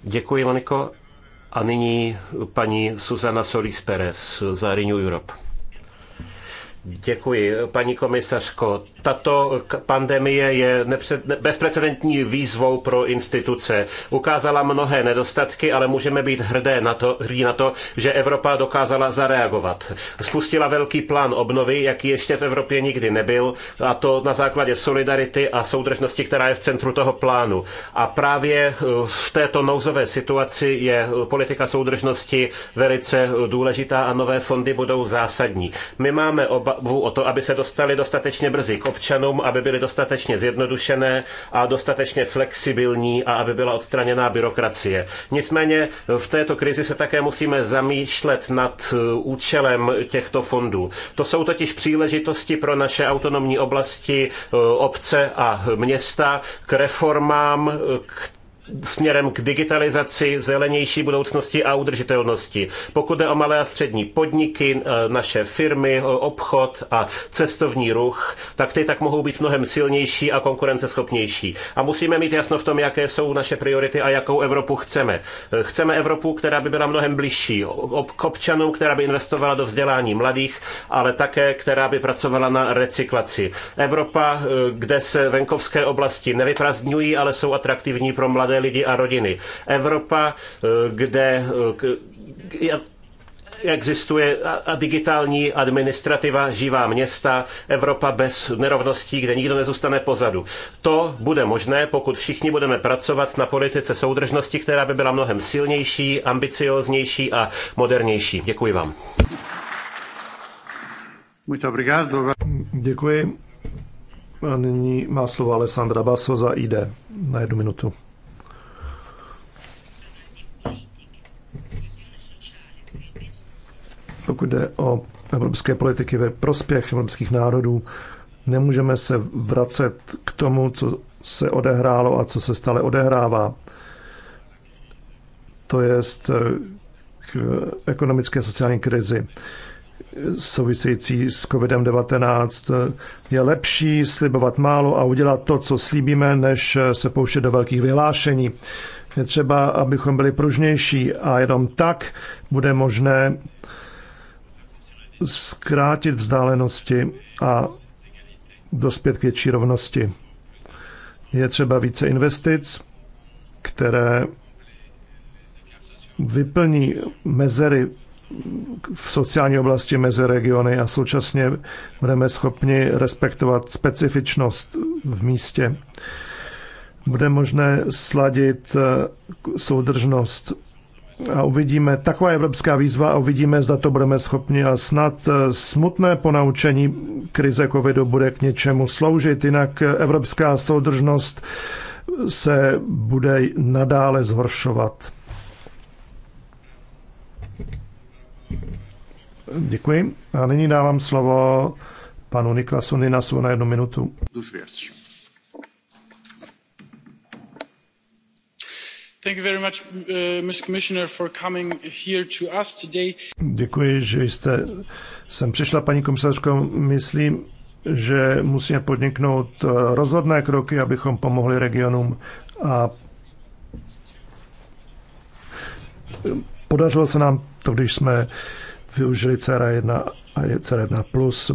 Děkuji, Moniko. A nyní paní Susana Solis Perez za Renew Europe. Děkuji, paní komisařko. Tato pandemie je nepřed, ne, bezprecedentní výzvou pro instituce. Ukázala mnohé nedostatky, ale můžeme být hrdé na to, hrdí na to, že Evropa dokázala zareagovat. Spustila velký plán obnovy, jaký ještě v Evropě nikdy nebyl, a to na základě solidarity a soudržnosti, která je v centru toho plánu. A právě eh, v této nouzové situaci je eh, politika soudržnosti velice eh, důležitá a nové fondy budou zásadní. My máme oba obavu o to, aby se dostaly dostatečně brzy k občanům, aby byly dostatečně zjednodušené a dostatečně flexibilní a aby byla odstraněná byrokracie. Nicméně v této krizi se také musíme zamýšlet nad e, účelem těchto fondů. To jsou totiž příležitosti pro naše autonomní oblasti, e, obce a města k reformám, k směrem k digitalizaci, zelenější budoucnosti a udržitelnosti. Pokud jde o malé a střední podniky, eh, naše firmy, obchod a cestovní ruch, tak ty tak mohou být mnohem silnější a konkurenceschopnější. A musíme mít jasno v tom, jaké jsou naše priority a jakou Evropu chceme. Eh, chceme Evropu, která by byla mnohem bližší k občanům, která by investovala do vzdělání mladých, ale také, která by pracovala na recyklaci. Evropa, eh, kde se venkovské oblasti nevyprazdňují, ale jsou atraktivní pro mladé mladé lidi a rodiny. Evropa, eh, kde eh, existuje a digitální administrativa, živá města, Evropa bez nerovností, kde nikdo nezůstane pozadu. To bude možné, pokud všichni budeme pracovat na politice soudržnosti, která by byla mnohem silnější, ambicióznější a modernější. Děkuji vám. Děkuji. A nyní má slovo Alessandra Basso za ID na jednu minutu. Pokud jde o evropské politiky ve prospěch evropských národů, nemůžeme se vracet k tomu, co se odehrálo a co se stále odehrává. To je eh, k ekonomické a sociální krizi související s COVID-19. Je lepší slibovat málo a udělat to, co slíbíme, než eh, se pouštět do velkých vyhlášení. Je třeba, abychom byli pružnější a jenom tak bude možné zkrátit vzdálenosti a dospět k větší rovnosti. Je třeba více investic, které vyplní mezery v sociální oblasti mezi regiony a současně budeme schopni respektovat specifičnost v místě. Bude možné sladit soudržnost a uvidíme taková evropská výzva a uvidíme, zda to budeme schopni a snad eh, smutné ponaučení krize covidu bude k něčemu sloužit, jinak eh, evropská soudržnost se bude nadále zhoršovat. Děkuji. A nyní dávám slovo panu Niklasu Ninasu na jednu minutu. Děkuji, že jste sem přišla, paní komisařko. Myslím, že musíme podniknout eh, rozhodné kroky, abychom pomohli regionům a podařilo se nám to, když jsme využili CR1 a CR1+. Plus.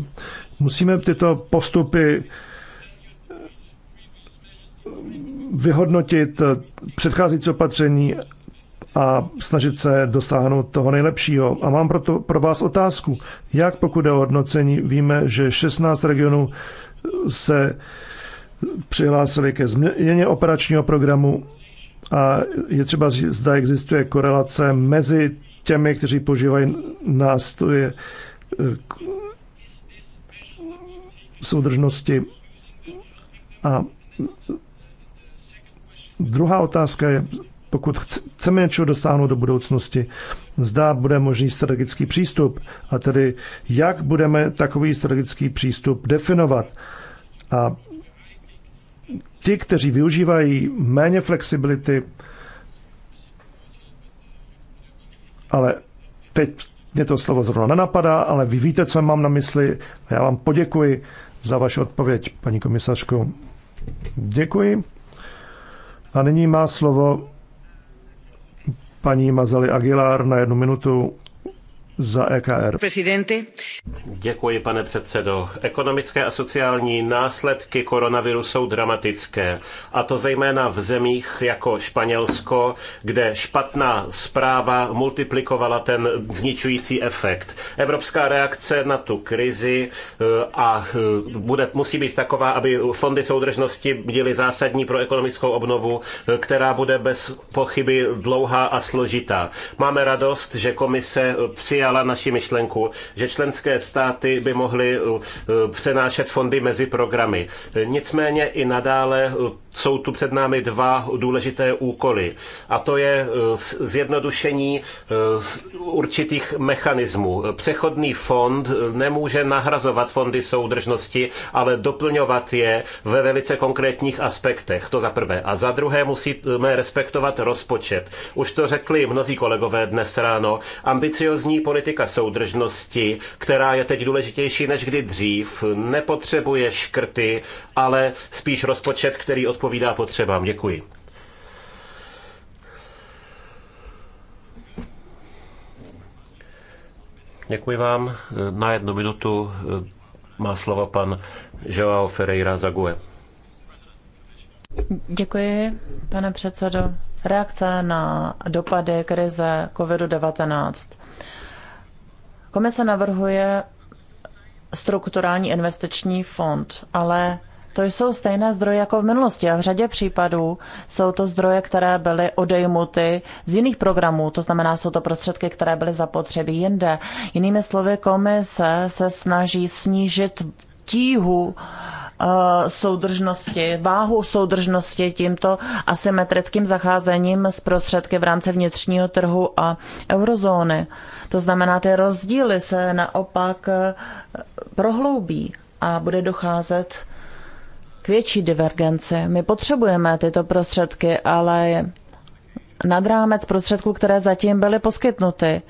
Musíme tyto postupy vyhodnotit eh, předcházející opatření a snažit se dosáhnout toho nejlepšího. A mám proto pro vás otázku. Jak pokud je o hodnocení, víme, že 16 regionů se přihlásili ke změně operačního programu a je třeba říct, zda existuje korelace mezi těmi, kteří požívají nástroje eh, soudržnosti a Druhá otázka je, pokud chceme něčeho dosáhnout do budoucnosti, zda bude možný strategický přístup a tedy jak budeme takový strategický přístup definovat. A ti, kteří využívají méně flexibility, ale teď mě to slovo zrovna nenapadá, ale vy víte, co mám na mysli a já vám poděkuji za vaši odpověď, paní komisařko. Děkuji. A nyní má slovo paní Mazali Aguilar na jednu minutu za EKR. Děkuji, pane předsedo. Ekonomické a sociální následky koronaviru jsou dramatické. A to zejména v zemích jako Španělsko, kde špatná zpráva multiplikovala ten zničující efekt. Evropská reakce na tu krizi eh, a eh, bude, musí být taková, aby fondy soudržnosti byly zásadní pro ekonomickou obnovu, eh, která bude bez pochyby dlouhá a složitá. Máme radost, že komise přijala přijala naši myšlenku, že členské státy by mohly eh, přenášet fondy mezi programy. Nicméně i nadále eh, jsou tu před námi dva důležité úkoly. A to je eh, zjednodušení určitých mechanismů. Přechodný fond nemůže nahrazovat fondy soudržnosti, ale doplňovat je ve velice konkrétních aspektech. To za prvé. A za druhé musíme respektovat rozpočet. Už to řekli mnozí kolegové dnes ráno. Ambiciozní politika soudržnosti, která je teď důležitější než kdy dřív, nepotřebuje škrty, ale spíš rozpočet, který odpovídá potřebám. Děkuji. Děkuji vám. Na jednu minutu eh, má slovo pan Joao Ferreira Zague. Děkuji, pane předsedo. Reakce na dopady krize COVID-19. Komise navrhuje strukturální investiční fond, ale to jsou stejné zdroje jako v minulosti a v řadě případů jsou to zdroje, které byly odejmuty z jiných programů, to znamená, jsou to prostředky, které byly zapotřebí jinde. Jinými slovy, komise se snaží snížit tíhu uh, soudržnosti, váhu soudržnosti tímto asymetrickým zacházením s prostředky v rámci vnitřního trhu a eurozóny. To znamená, ty rozdíly se naopak eh, prohloubí a bude docházet k větší divergenci. My potřebujeme tyto prostředky, ale nad rámec prostředků, které zatím byly poskytnuty.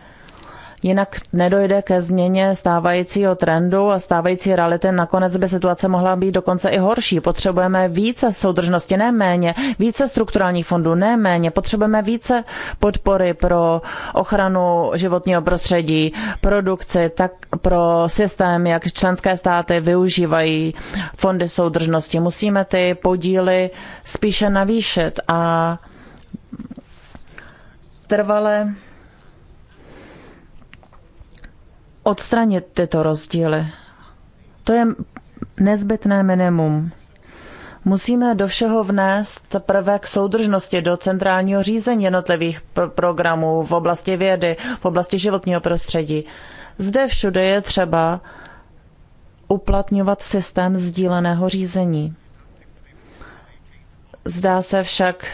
Jinak nedojde ke změně stávajícího trendu a stávající reality. Nakonec by situace mohla být dokonce i horší. Potřebujeme více soudržnosti, ne méně, více strukturálních fondů, ne méně. Potřebujeme více podpory pro ochranu životního prostředí, produkci, tak pro systém, jak členské státy využívají fondy soudržnosti. Musíme ty podíly spíše navýšit a trvale odstranit tyto rozdíly. To je nezbytné minimum. Musíme do všeho vnést prvek soudržnosti do centrálního řízení jednotlivých programů v oblasti vědy, v oblasti životního prostředí. Zde všude je třeba uplatňovat systém sdíleného řízení. Zdá se však,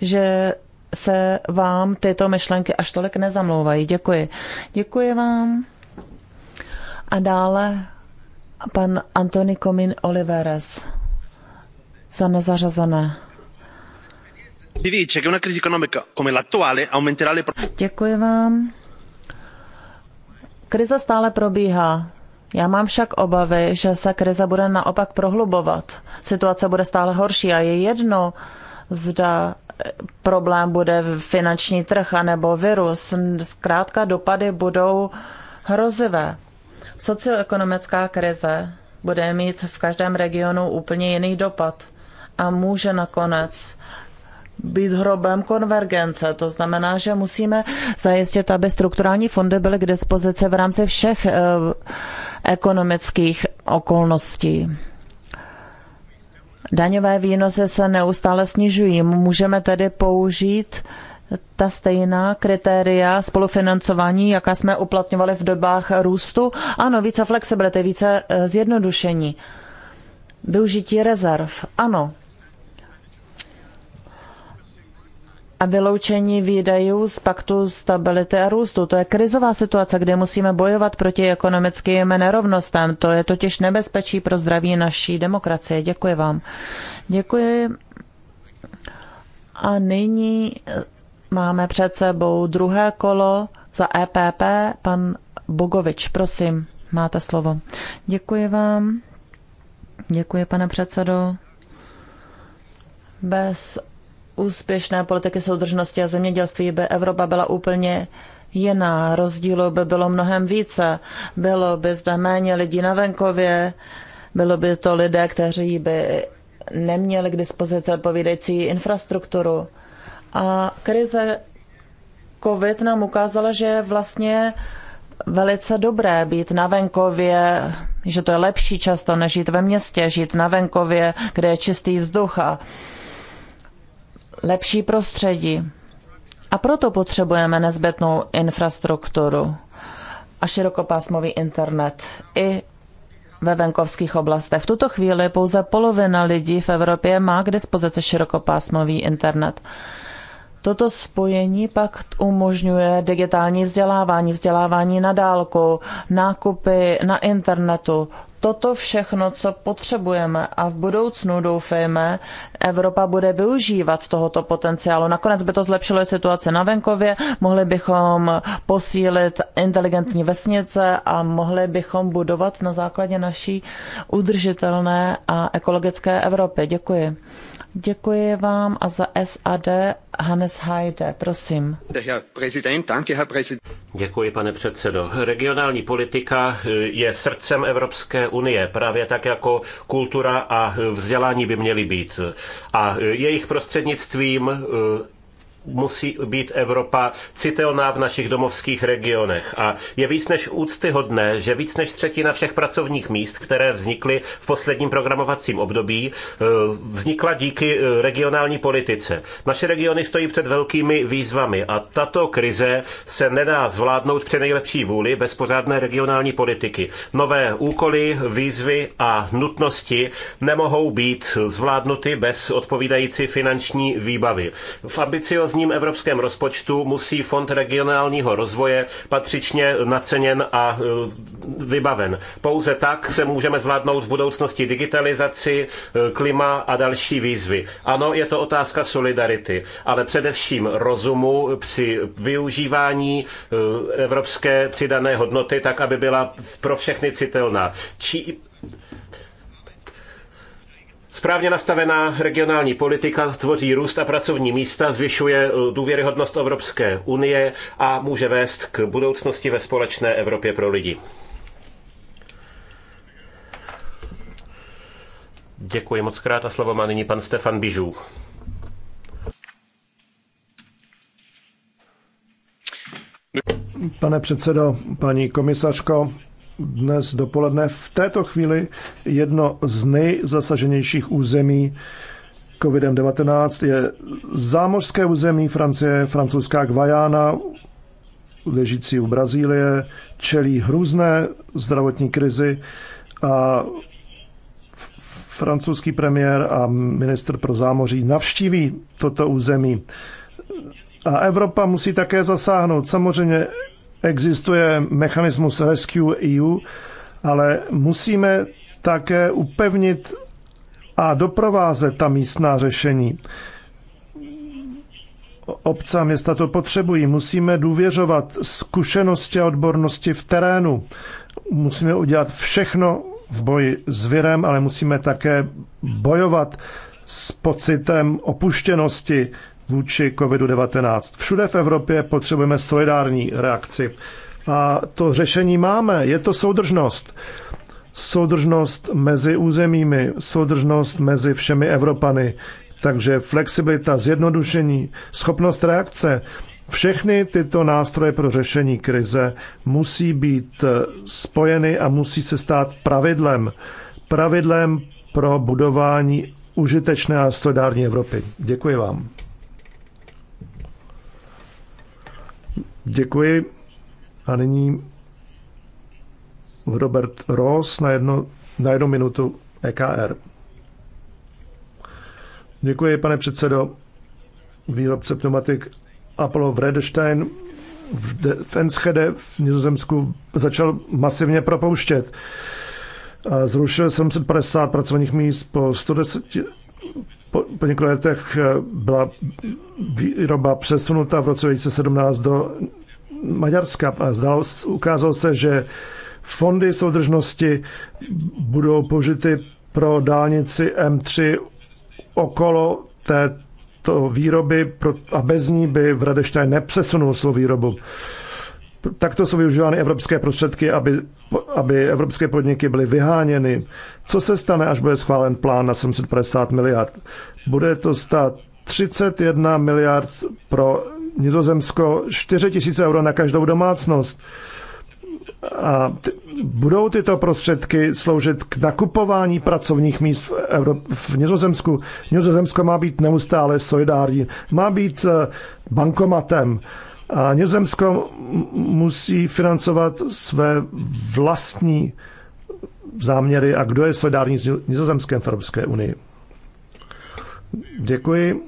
že se vám tyto myšlenky až tolik nezamlouvají. Děkuji. Děkuji vám. A dále pan Antony Komin Oliveres za nezařazené. Děkuji vám. Krize stále probíhá. Já mám však obavy, že se krize bude naopak prohlubovat. Situace bude stále horší a je jedno, zda eh, problém bude finanční trh anebo virus. Zkrátka dopady budou hrozivé. Socioekonomická krize bude mít v každém regionu úplně jiný dopad a může nakonec být hrobem konvergence. To znamená, že musíme zajistit, aby strukturální fondy byly k dispozici v rámci všech eh, ekonomických okolností. Daňové výnosy se neustále snižují. Můžeme tedy použít ta stejná kritéria spolufinancování, jaká jsme uplatňovali v dobách růstu. Ano, více flexibility, více eh, zjednodušení. Využití rezerv, ano. A vyloučení výdajů z paktu stability a růstu. To je krizová situace, kde musíme bojovat proti ekonomickým nerovnostem. To je totiž nebezpečí pro zdraví naší demokracie. Děkuji vám. Děkuji. A nyní eh, Máme před sebou druhé kolo za EPP. Pan Bogovič, prosím, máte slovo. Děkuji vám. Děkuji, pane předsedo. Bez úspěšné politiky soudržnosti a zemědělství by Evropa byla úplně jiná. Rozdílu by bylo mnohem více. Bylo by zde méně lidí na venkově, bylo by to lidé, kteří by neměli k dispozici odpovídající infrastrukturu. A krize COVID nám ukázala, že je vlastně velice dobré být na venkově, že to je lepší často než žít ve městě, žít na venkově, kde je čistý vzduch a lepší prostředí. A proto potřebujeme nezbytnou infrastrukturu a širokopásmový internet i ve venkovských oblastech. V tuto chvíli pouze polovina lidí v Evropě má k dispozici širokopásmový internet. Toto spojení pak umožňuje digitální vzdělávání, vzdělávání na dálku, nákupy na internetu. Toto všechno, co potřebujeme a v budoucnu doufejme, Evropa bude využívat tohoto potenciálu. Nakonec by to zlepšilo situaci na venkově, mohli bychom posílit inteligentní vesnice a mohli bychom budovat na základě naší udržitelné a ekologické Evropy. Děkuji. Děkuji vám a za SAD Hannes Heide, prosím. Děkuji, pane předsedo. Regionální politika eh, je srdcem Evropské unie, právě tak jako kultura a eh, vzdělání by měly být. A eh, jejich prostřednictvím musí být Evropa citelná v našich domovských regionech. A je víc než úctyhodné, že víc než třetina všech pracovních míst, které vznikly v posledním programovacím období, eh, vznikla díky eh, regionální politice. Naše regiony stojí před velkými výzvami a tato krize se nedá zvládnout při nejlepší vůli bez pořádné regionální politiky. Nové úkoly, výzvy a nutnosti nemohou být zvládnuty bez odpovídající finanční výbavy. V ambiciozní vlastním evropském rozpočtu musí Fond regionálního rozvoje patřičně naceněn a e, vybaven. Pouze tak se můžeme zvládnout v budoucnosti digitalizaci, e, klima a další výzvy. Ano, je to otázka solidarity, ale především rozumu při využívání e, evropské přidané hodnoty tak, aby byla pro všechny citelná. Správně nastavená regionální politika tvoří růst a pracovní místa, zvyšuje eh, důvěryhodnost Evropské unie a může vést k budoucnosti ve společné Evropě pro lidi. Děkuji moc krát a slovo má nyní pan Stefan Bižů. Pane předsedo, paní komisařko, dnes dopoledne. V této chvíli jedno z nejzasaženějších území COVID-19 je zámořské území Francie, francouzská Guajana ležící u Brazílie, čelí hrůzné zdravotní krizi a francouzský premiér a minister pro zámoří navštíví toto území. A Evropa musí také zasáhnout. Samozřejmě existuje mechanismus Rescue EU, ale musíme také upevnit a doprovázet ta místná řešení. Obce a města to potřebují. Musíme důvěřovat zkušenosti a odbornosti v terénu. Musíme udělat všechno v boji s virem, ale musíme také bojovat s pocitem opuštěnosti vůči COVID-19. Všude v Evropě potřebujeme solidární reakci. A to řešení máme, je to soudržnost. Soudržnost mezi územími, soudržnost mezi všemi Evropany. Takže flexibilita, zjednodušení, schopnost reakce, všechny tyto nástroje pro řešení krize musí být eh, spojeny a musí se stát pravidlem. Pravidlem pro budování užitečné a solidární Evropy. Děkuji vám. Děkuji. A nyní Robert Ross na, jednu, na jednu minutu EKR. Děkuji, pane předsedo. Výrobce pneumatik Apollo Vredestein v, v Enschede v Nizozemsku začal masivně propouštět. A zrušil 750 pracovních míst po 110 po, po několika letech eh, byla výroba přesunuta v roce 2017 do Maďarska. Zdalo, ukázalo se, že fondy soudržnosti budou použity pro dálnici M3 okolo této výroby a bez ní by v Radeštaj nepřesunul svou výrobu. Takto jsou využívány evropské prostředky, aby, aby evropské podniky byly vyháněny. Co se stane, až bude schválen plán na 750 miliard? Bude to stát 31 miliard pro Nizozemsko 4 tisíce euro na každou domácnost. A budou tyto prostředky sloužit k nakupování pracovních míst v, Euro, v Nizozemsku? Nizozemsko má být neustále solidární, má být eh, bankomatem. A Nizozemsko musí financovat své vlastní záměry a kdo je solidární s Nizozemskem v Evropské unii. Děkuji.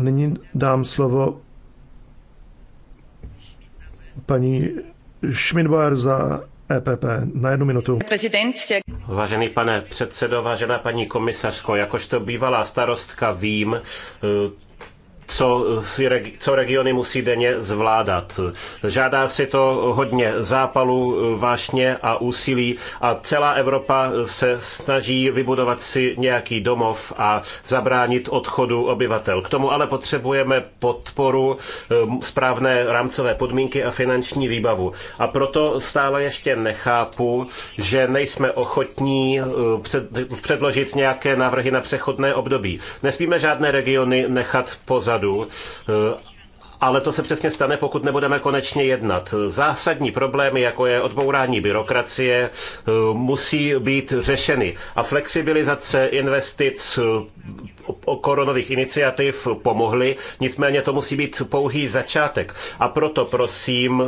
Nyní dám slovo paní Schmidbauer za EPP na jednu minutu. Vážený pane předsedo, vážená paní komisařko, jakožto bývalá starostka vím, eh, co, co regiony musí denně zvládat. Žádá si to hodně zápalu, vášně a úsilí a celá Evropa se snaží vybudovat si nějaký domov a zabránit odchodu obyvatel. K tomu ale potřebujeme podporu, eh, správné rámcové podmínky a finanční výbavu. A proto stále ještě nechápu, že nejsme ochotní eh, předložit nějaké návrhy na přechodné období. Nesmíme žádné regiony nechat pozadu úřadů eh, ale to se přesně stane, pokud nebudeme konečně jednat. Zásadní problémy, jako je odbourání byrokracie, eh, musí být řešeny. A flexibilizace investic eh, koronových iniciativ pomohly, nicméně to musí být pouhý začátek. A proto prosím,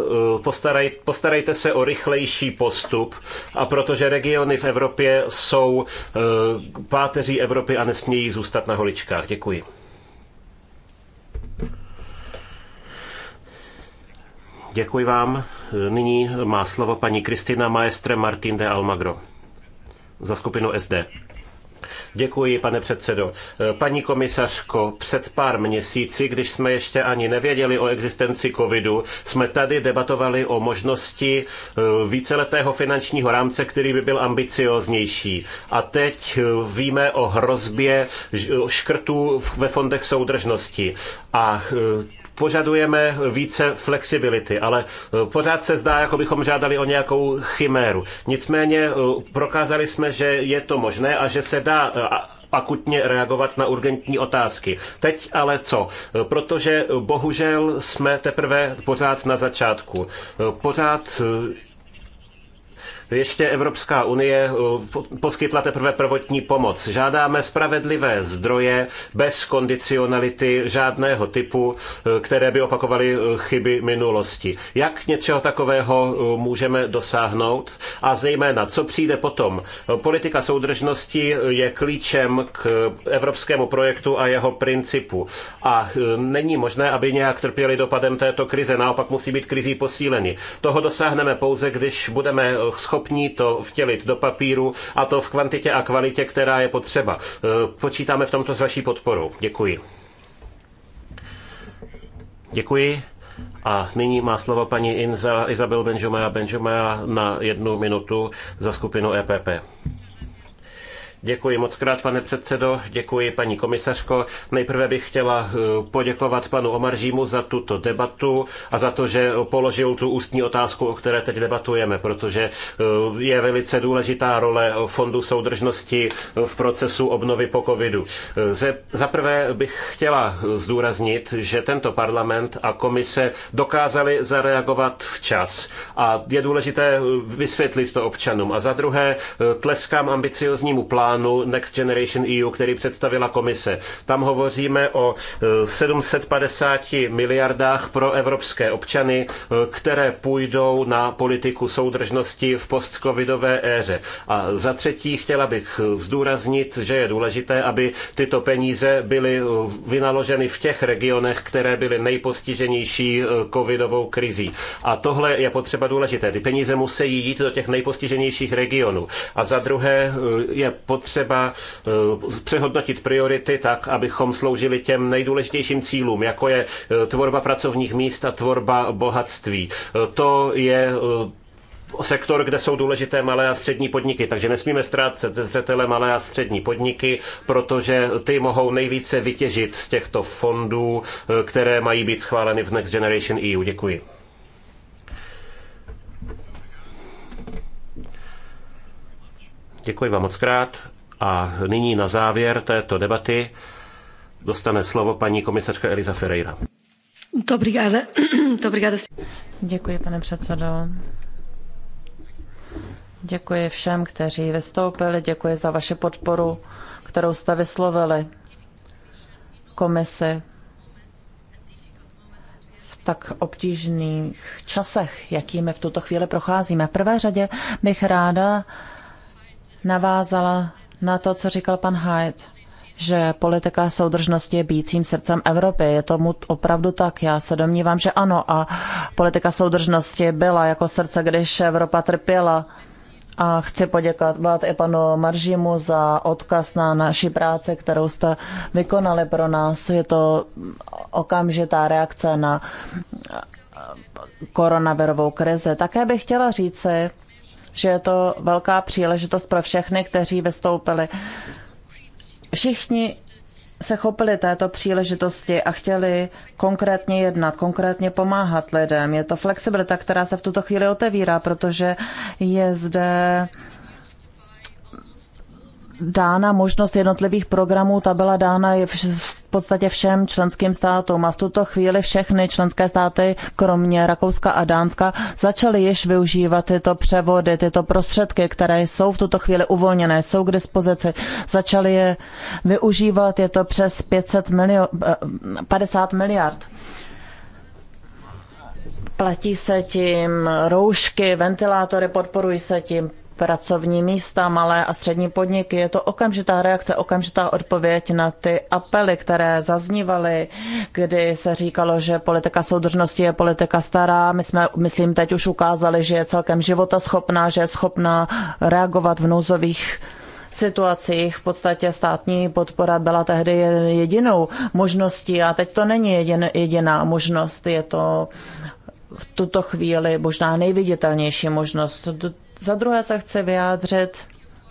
postaraj, postarejte se o rychlejší postup a protože regiony v Evropě jsou páteří Evropy a nesmějí zůstat na holičkách. Děkuji. Děkuji vám. Nyní má slovo paní Kristina Maestre Martín de Almagro za skupinu SD. Děkuji, pane předsedo. Paní komisařko, před pár měsíci, když jsme ještě ani nevěděli o existenci covidu, jsme tady debatovali o možnosti eh, víceletého finančního rámce, který by byl ambicióznější. A teď eh, víme o hrozbě škrtů ve fondech soudržnosti. A eh, Požadujeme více flexibility, ale eh, pořád se zdá, jako bychom žádali o nějakou chiméru. Nicméně eh, prokázali jsme, že je to možné a že se dá eh, akutně reagovat na urgentní otázky. Teď ale co? Protože bohužel jsme teprve pořád na začátku. Pořád ještě Evropská unie eh, poskytla teprve prvotní pomoc. Žádáme spravedlivé zdroje bez kondicionality žádného typu, eh, které by opakovaly eh, chyby minulosti. Jak něčeho takového můžeme dosáhnout a zejména, co přijde potom? Politika soudržnosti je klíčem k evropskému projektu a jeho principu. A není možné, aby nějak trpěli dopadem této krize. Naopak musí být krizí posíleni. Toho dosáhneme pouze, když budeme schopni schopni to vtělit do papíru a to v kvantitě a kvalitě, která je potřeba. E, počítáme v tomto s vaší podporou. Děkuji. Děkuji. A nyní má slovo paní Inza, Isabel Benjomea Benjomea na jednu minutu za skupinu EPP. Děkuji moc krát, pane předsedo, děkuji paní komisařko. Nejprve bych chtěla eh, poděkovat panu Omaržímu za tuto debatu a za to, že položil tu ústní otázku, o které teď debatujeme, protože eh, je velice důležitá role Fondu soudržnosti v procesu obnovy po covidu. Eh, za prvé bych chtěla zdůraznit, že tento parlament a komise dokázali zareagovat včas a je důležité vysvětlit to občanům. A za druhé tleskám ambicioznímu plánu, plánu Next Generation EU, který představila komise. Tam hovoříme o 750 eh, miliardách pro evropské občany, eh, které půjdou na politiku soudržnosti v postcovidové éře. A za třetí chtěla bych eh, zdůraznit, že je důležité, aby tyto peníze byly vynaloženy v těch regionech, které byly nejpostiženější covidovou krizí. A tohle je potřeba důležité. Ty peníze musí jít do těch nejpostiženějších regionů. A za druhé je potřeba eh, přehodnotit priority tak, abychom sloužili těm nejdůležitějším cílům, jako je eh, tvorba pracovních míst a tvorba bohatství. Eh, to je sektor, kde jsou důležité malé a střední podniky, takže nesmíme ztrácet ze zřetele malé a střední podniky, protože ty mohou nejvíce vytěžit z těchto fondů, které mají být schváleny v Next Generation EU. Děkuji. Děkuji vám moc krát a nyní na závěr této debaty dostane slovo paní komisařka Eliza Ferreira. [clears throat] Děkuji, pane předsedo. Děkuji všem, kteří vystoupili, děkuji za vaši podporu, kterou jste vyslovili komisi v tak obtížných časech, jakými v tuto chvíli procházíme. V prvé řadě bych ráda navázala na to, co říkal pan Hyde, že politika soudržnosti je bícím srdcem Evropy. Je tomu opravdu tak. Já se domnívám, že ano. A politika soudržnosti byla jako srdce, když Evropa trpěla. A chci poděkovat i panu Maržimu za odkaz na naši práci, kterou jste vykonali pro nás. Je to okamžitá reakce na koronavirovou krizi. Také bych chtěla říci, že je to velká příležitost pro všechny, kteří vystoupili. Všichni se chopili této příležitosti a chtěli konkrétně jednat, konkrétně pomáhat lidem. Je to flexibilita, která se v tuto chvíli otevírá, protože je zde dána možnost jednotlivých programů, ta byla dána v v podstatě všem členským státům a v tuto chvíli všechny členské státy, kromě Rakouska a Dánska, začaly již využívat tyto převody, tyto prostředky, které jsou v tuto chvíli uvolněné, jsou k dispozici, začaly je využívat, je to přes 500 milio, 50 eh, miliard. Platí se tím roušky, ventilátory, podporují se tím pracovní místa, malé a střední podniky. Je to okamžitá reakce, okamžitá odpověď na ty apely, které zaznívaly, kdy se říkalo, že politika soudržnosti je politika stará. My jsme, myslím, teď už ukázali, že je celkem životaschopná, že je schopná reagovat v nouzových situacích. V podstatě státní podpora byla tehdy jedinou možností a teď to není jediná možnost. Je to v tuto chvíli možná nejviditelnější možnost. Za druhé se chci vyjádřit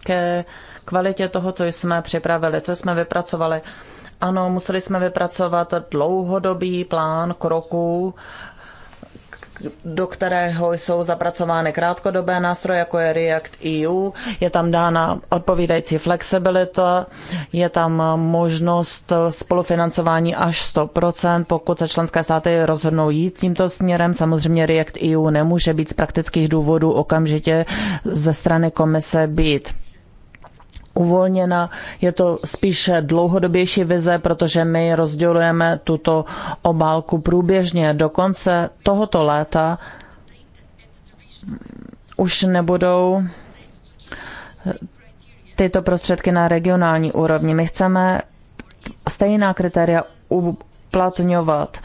ke kvalitě toho, co jsme připravili, co jsme vypracovali. Ano, museli jsme vypracovat dlouhodobý plán kroků do kterého jsou zapracovány krátkodobé nástroje, jako je React EU. Je tam dána odpovídající flexibilita, je tam možnost spolufinancování až 100%, pokud se členské státy rozhodnou jít tímto směrem. Samozřejmě React EU nemůže být z praktických důvodů okamžitě ze strany komise být uvolněna. Je to spíše dlouhodobější vize, protože my rozdělujeme tuto obálku průběžně. Do konce tohoto léta už nebudou eh, tyto prostředky na regionální úrovni. My chceme stejná kritéria uplatňovat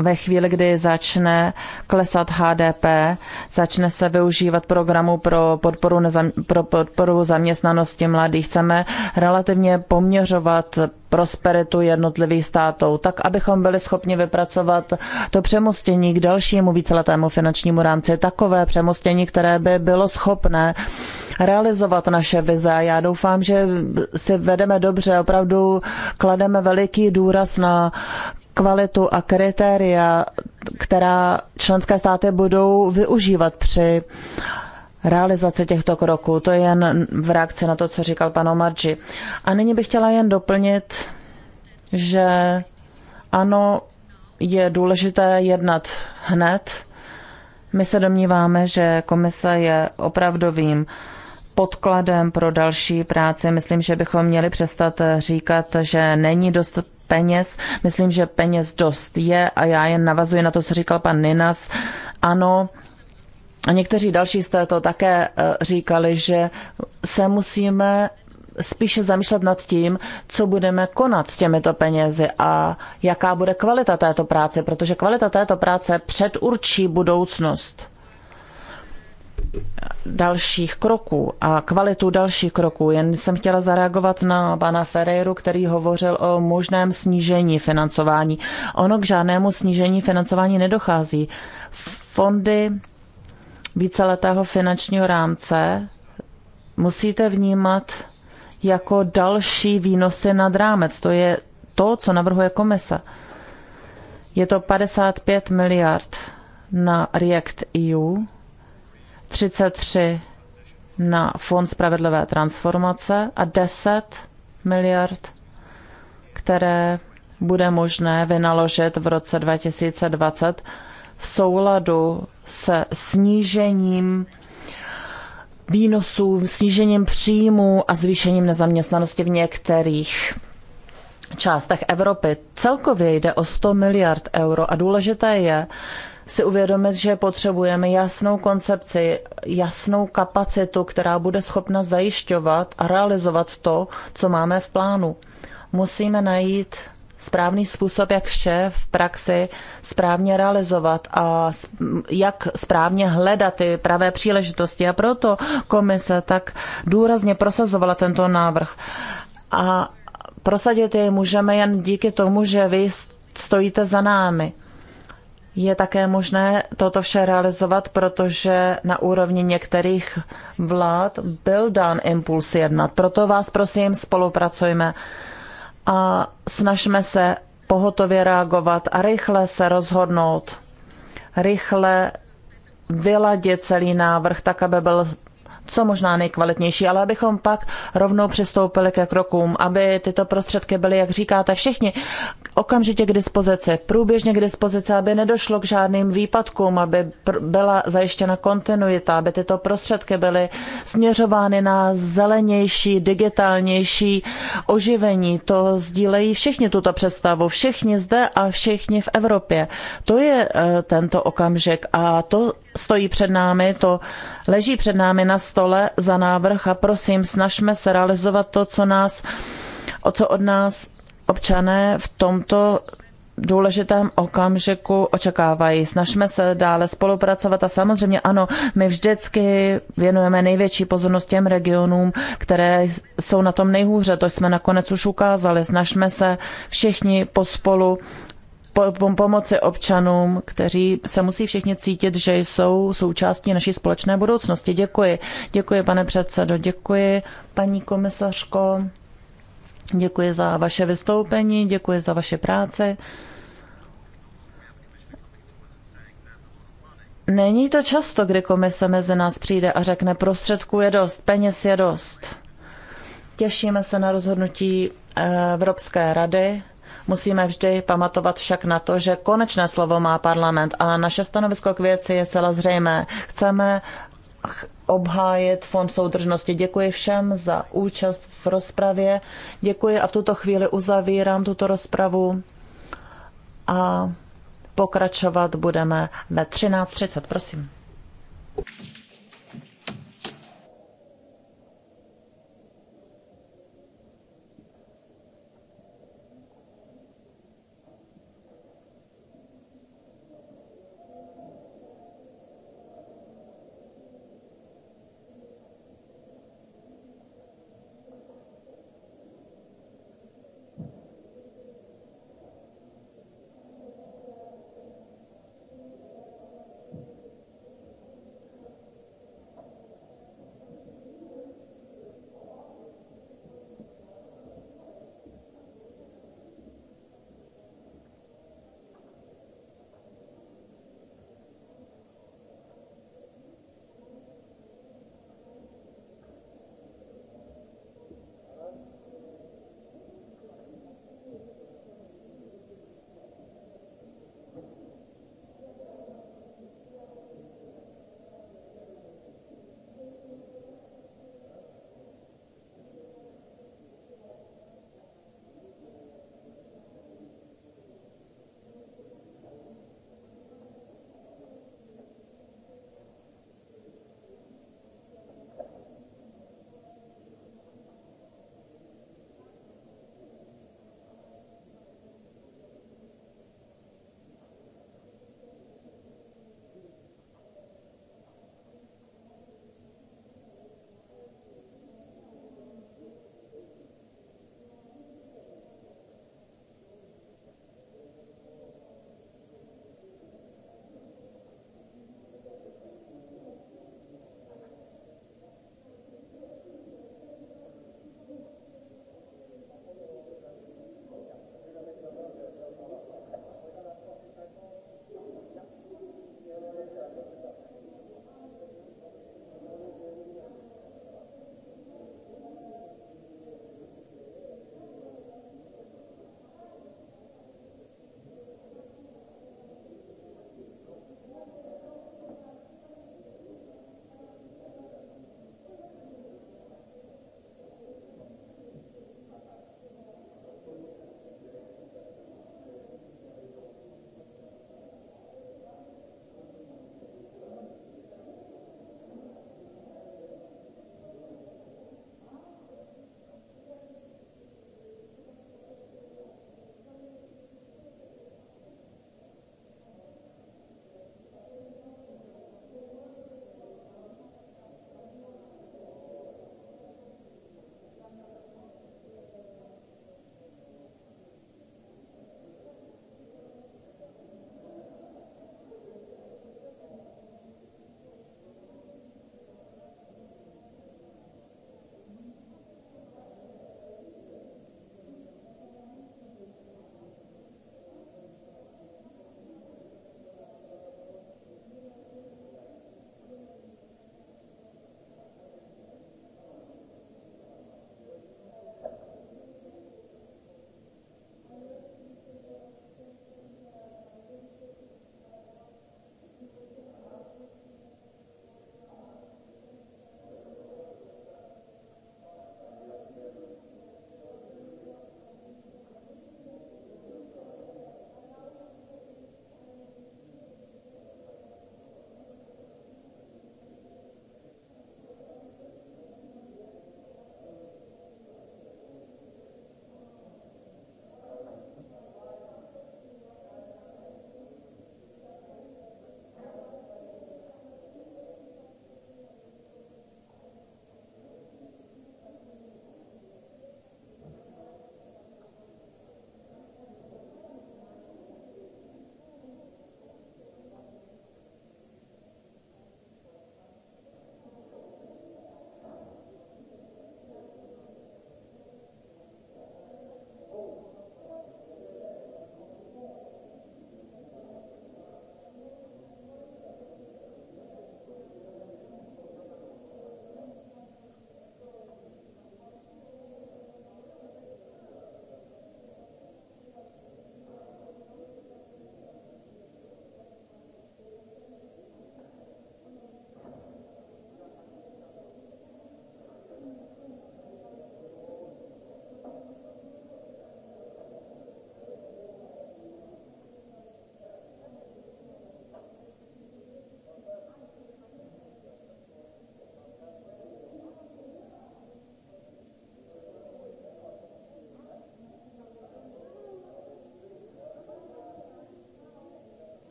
ve chvíli, kdy začne klesat HDP, začne se využívat programu pro podporu, nezam, pro podporu zaměstnanosti mladých. Chceme relativně poměřovat prosperitu jednotlivých států, tak abychom byli schopni vypracovat to přemostění k dalšímu víceletému finančnímu rámci, takové přemostění, které by bylo schopné realizovat naše vize. Já doufám, že si vedeme dobře, opravdu klademe veliký důraz na kvalitu a kritéria, která členské státy budou využívat při realizaci těchto kroků. To je jen v reakci na to, co říkal pan Omarji. A nyní bych chtěla jen doplnit, že ano, je důležité jednat hned. My se domníváme, že komise je opravdovým podkladem pro další práci. Myslím, že bychom měli přestat říkat, že není dost peněz. Myslím, že peněz dost je a já jen navazuji na to, co říkal pan Ninas. Ano, a někteří další jste to také eh, říkali, že se musíme spíše zamýšlet nad tím, co budeme konat s těmito penězi a jaká bude kvalita této práce, protože kvalita této práce předurčí budoucnost dalších kroků a kvalitu dalších kroků. Jen jsem chtěla zareagovat na pana Ferreiru, který hovořil o možném snížení financování. Ono k žádnému snížení financování nedochází. Fondy víceletého finančního rámce musíte vnímat jako další výnosy nad rámec. To je to, co navrhuje komise. Je to 55 miliard na React EU 33 na Fond spravedlivé transformace a 10 miliard, které bude možné vynaložit v roce 2020 v souladu se snížením výnosů, snížením příjmů a zvýšením nezaměstnanosti v některých částech Evropy. Celkově jde o 100 miliard euro a důležité je, si uvědomit, že potřebujeme jasnou koncepci, jasnou kapacitu, která bude schopna zajišťovat a realizovat to, co máme v plánu. Musíme najít správný způsob, jak vše v praxi správně realizovat a jak správně hledat ty pravé příležitosti. A proto komise tak důrazně prosazovala tento návrh. A prosadit jej můžeme jen díky tomu, že vy stojíte za námi je také možné toto vše realizovat, protože na úrovni některých vlád byl dán impuls jednat. Proto vás prosím, spolupracujme a snažme se pohotově reagovat a rychle se rozhodnout, rychle vyladit celý návrh tak, aby byl co možná nejkvalitnější, ale abychom pak rovnou přistoupili ke krokům, aby tyto prostředky byly, jak říkáte, všichni okamžitě k dispozici, průběžně k dispozici, aby nedošlo k žádným výpadkům, aby byla zajištěna kontinuita, aby tyto prostředky byly směřovány na zelenější, digitálnější oživení. To sdílejí všichni tuto představu, všichni zde a všichni v Evropě. To je eh, tento okamžik a to stojí před námi, to leží před námi na stole za návrh a prosím, snažme se realizovat to, co nás, o co od nás občané v tomto důležitém okamžiku očekávají. Snažme se dále spolupracovat a samozřejmě ano, my vždycky věnujeme největší pozornost těm regionům, které jsou na tom nejhůře, to jsme nakonec už ukázali. Snažme se všichni pospolu pomoci občanům, kteří se musí všichni cítit, že jsou součástí naší společné budoucnosti. Děkuji. Děkuji, pane předsedo. Děkuji, paní komisařko. Děkuji za vaše vystoupení, děkuji za vaše práce. Není to často, kdy komise mezi nás přijde a řekne prostředků je dost, peněz je dost. Těšíme se na rozhodnutí eh, Evropské rady Musíme vždy pamatovat však na to, že konečné slovo má parlament a naše stanovisko k věci je celá zřejmé. Chceme obhájit Fond soudržnosti. Děkuji všem za účast v rozpravě. Děkuji a v tuto chvíli uzavírám tuto rozpravu a pokračovat budeme ve 13.30. Prosím.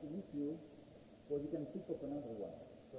you can pick up another one. So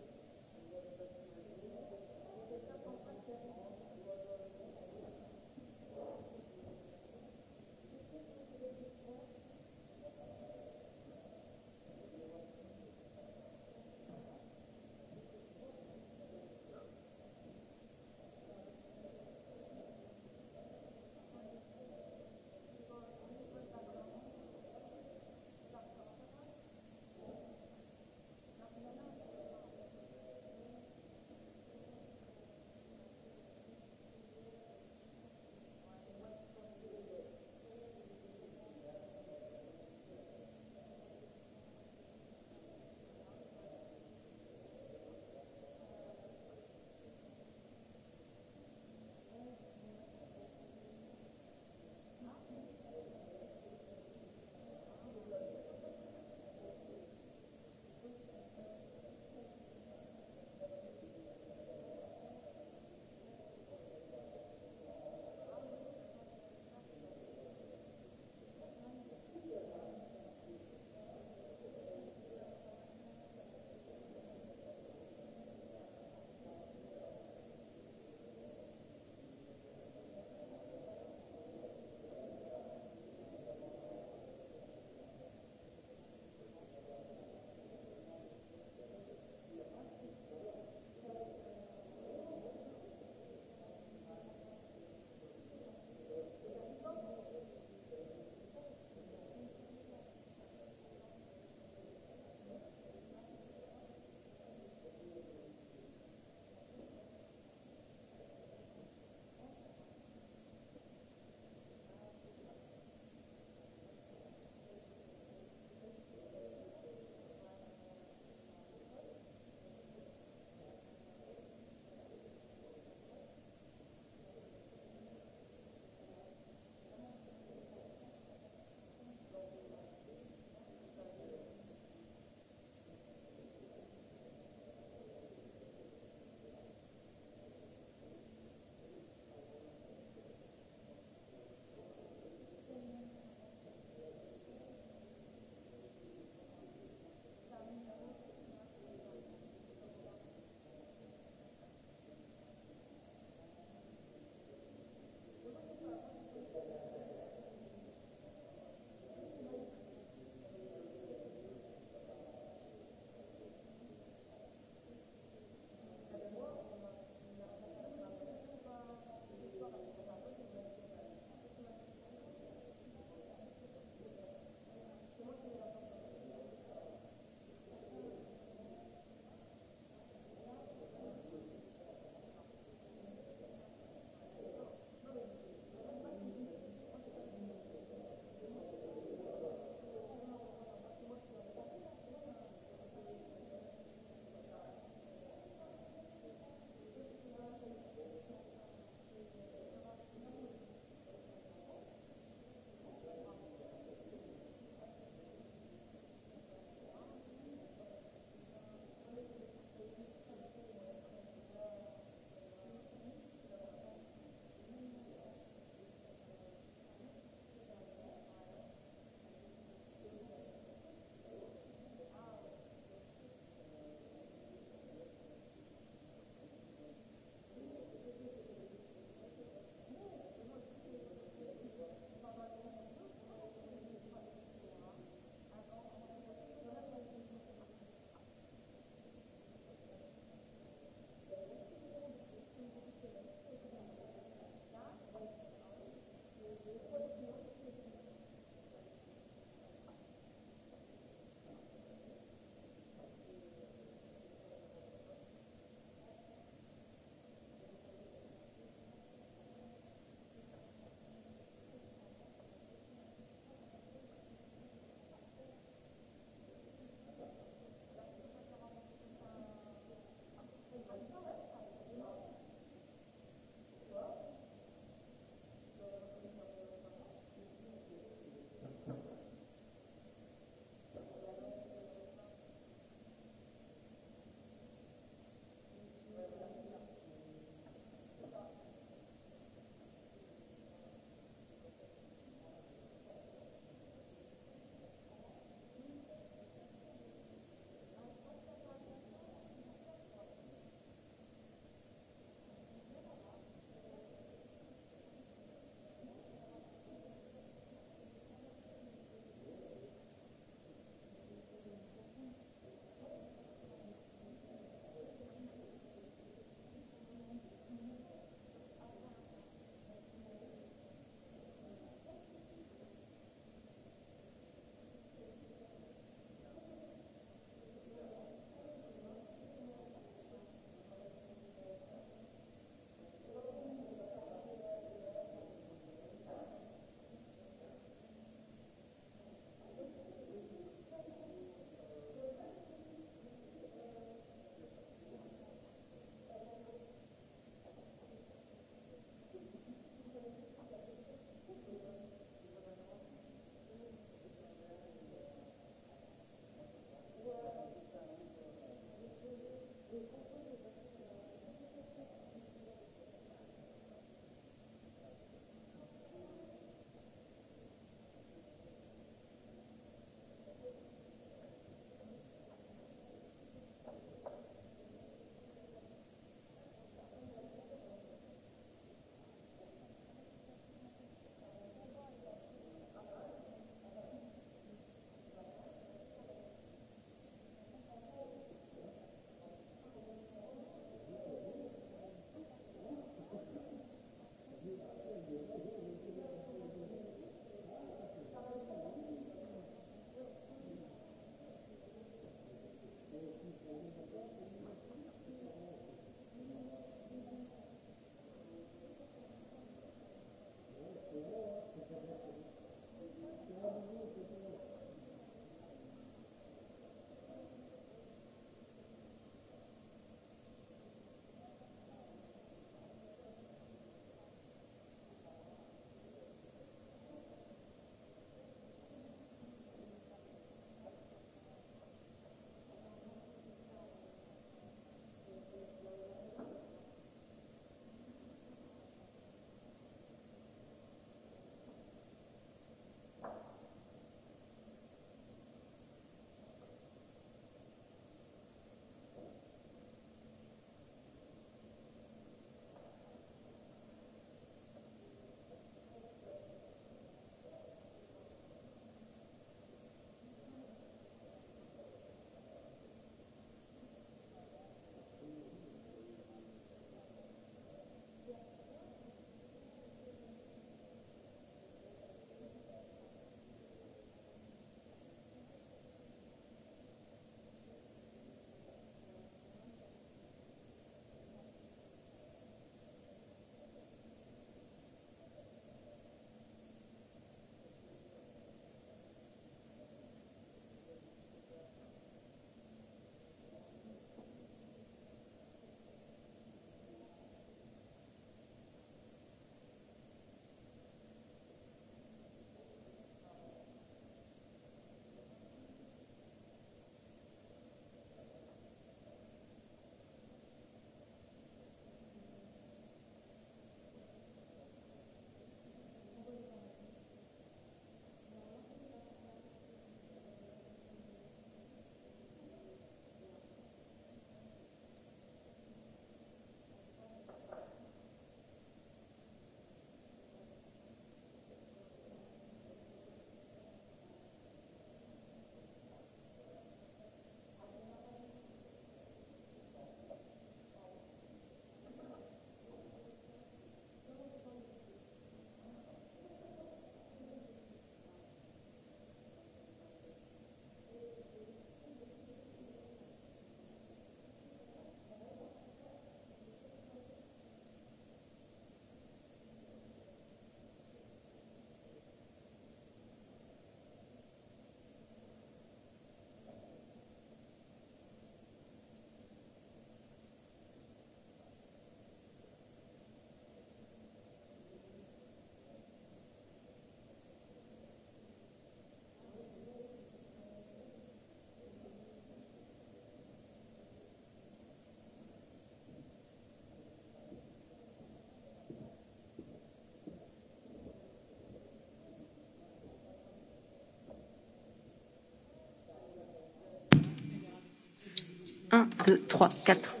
1, 2, 3, 4.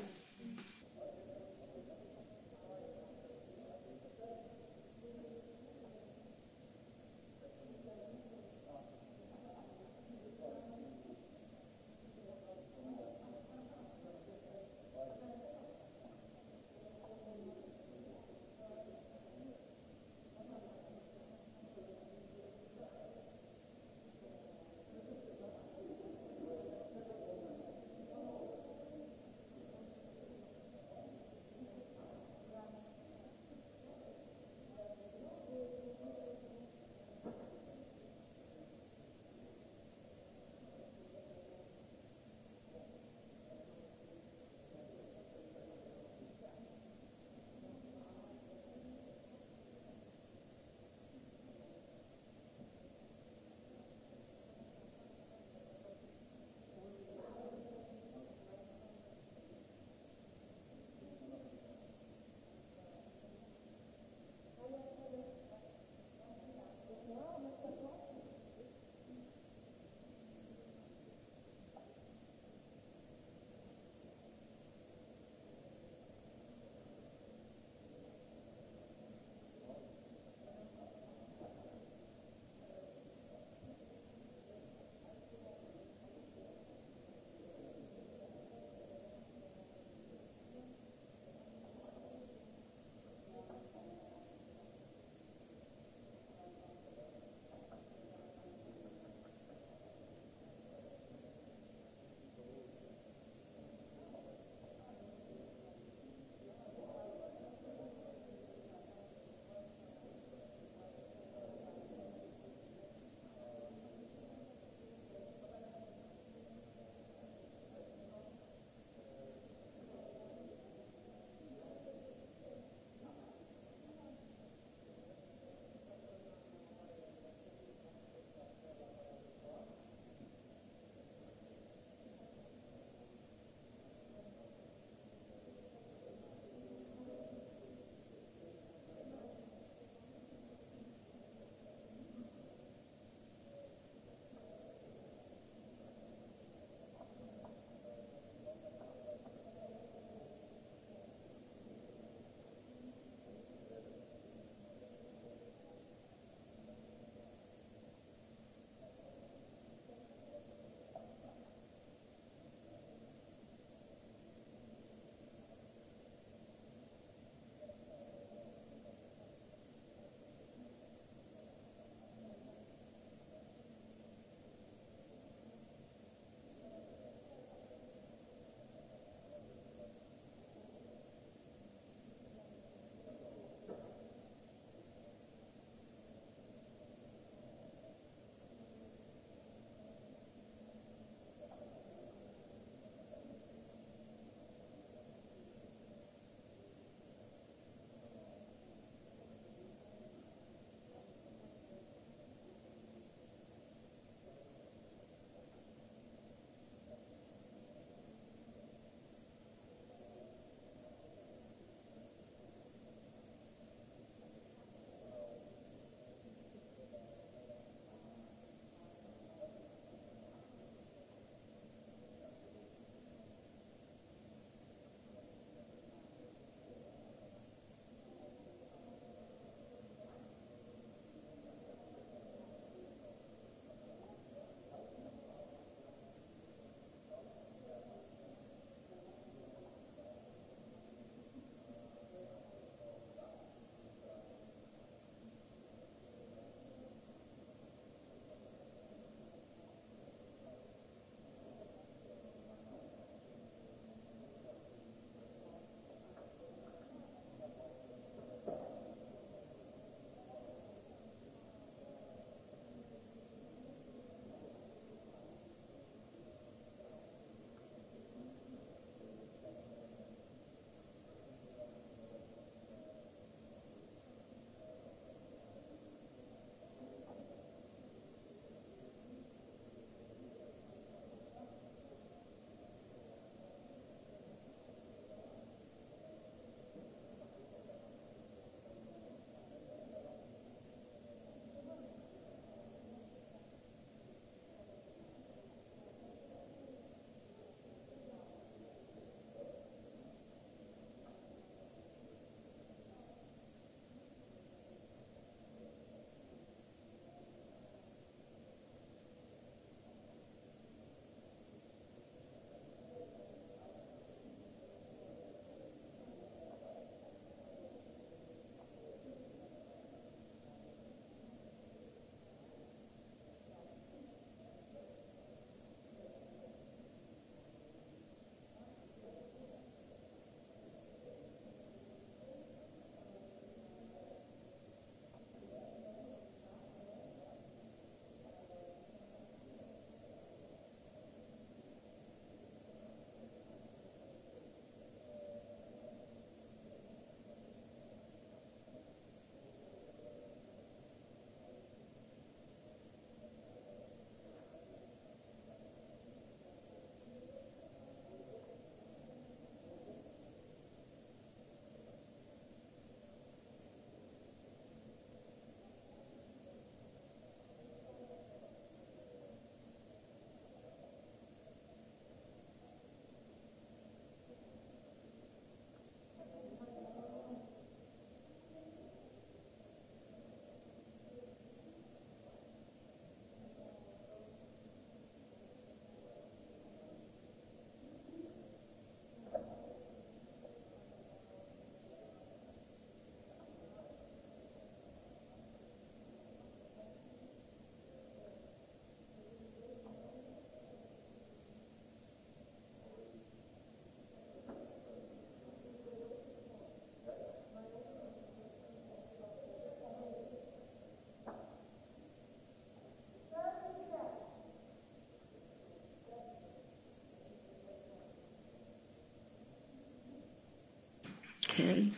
carried.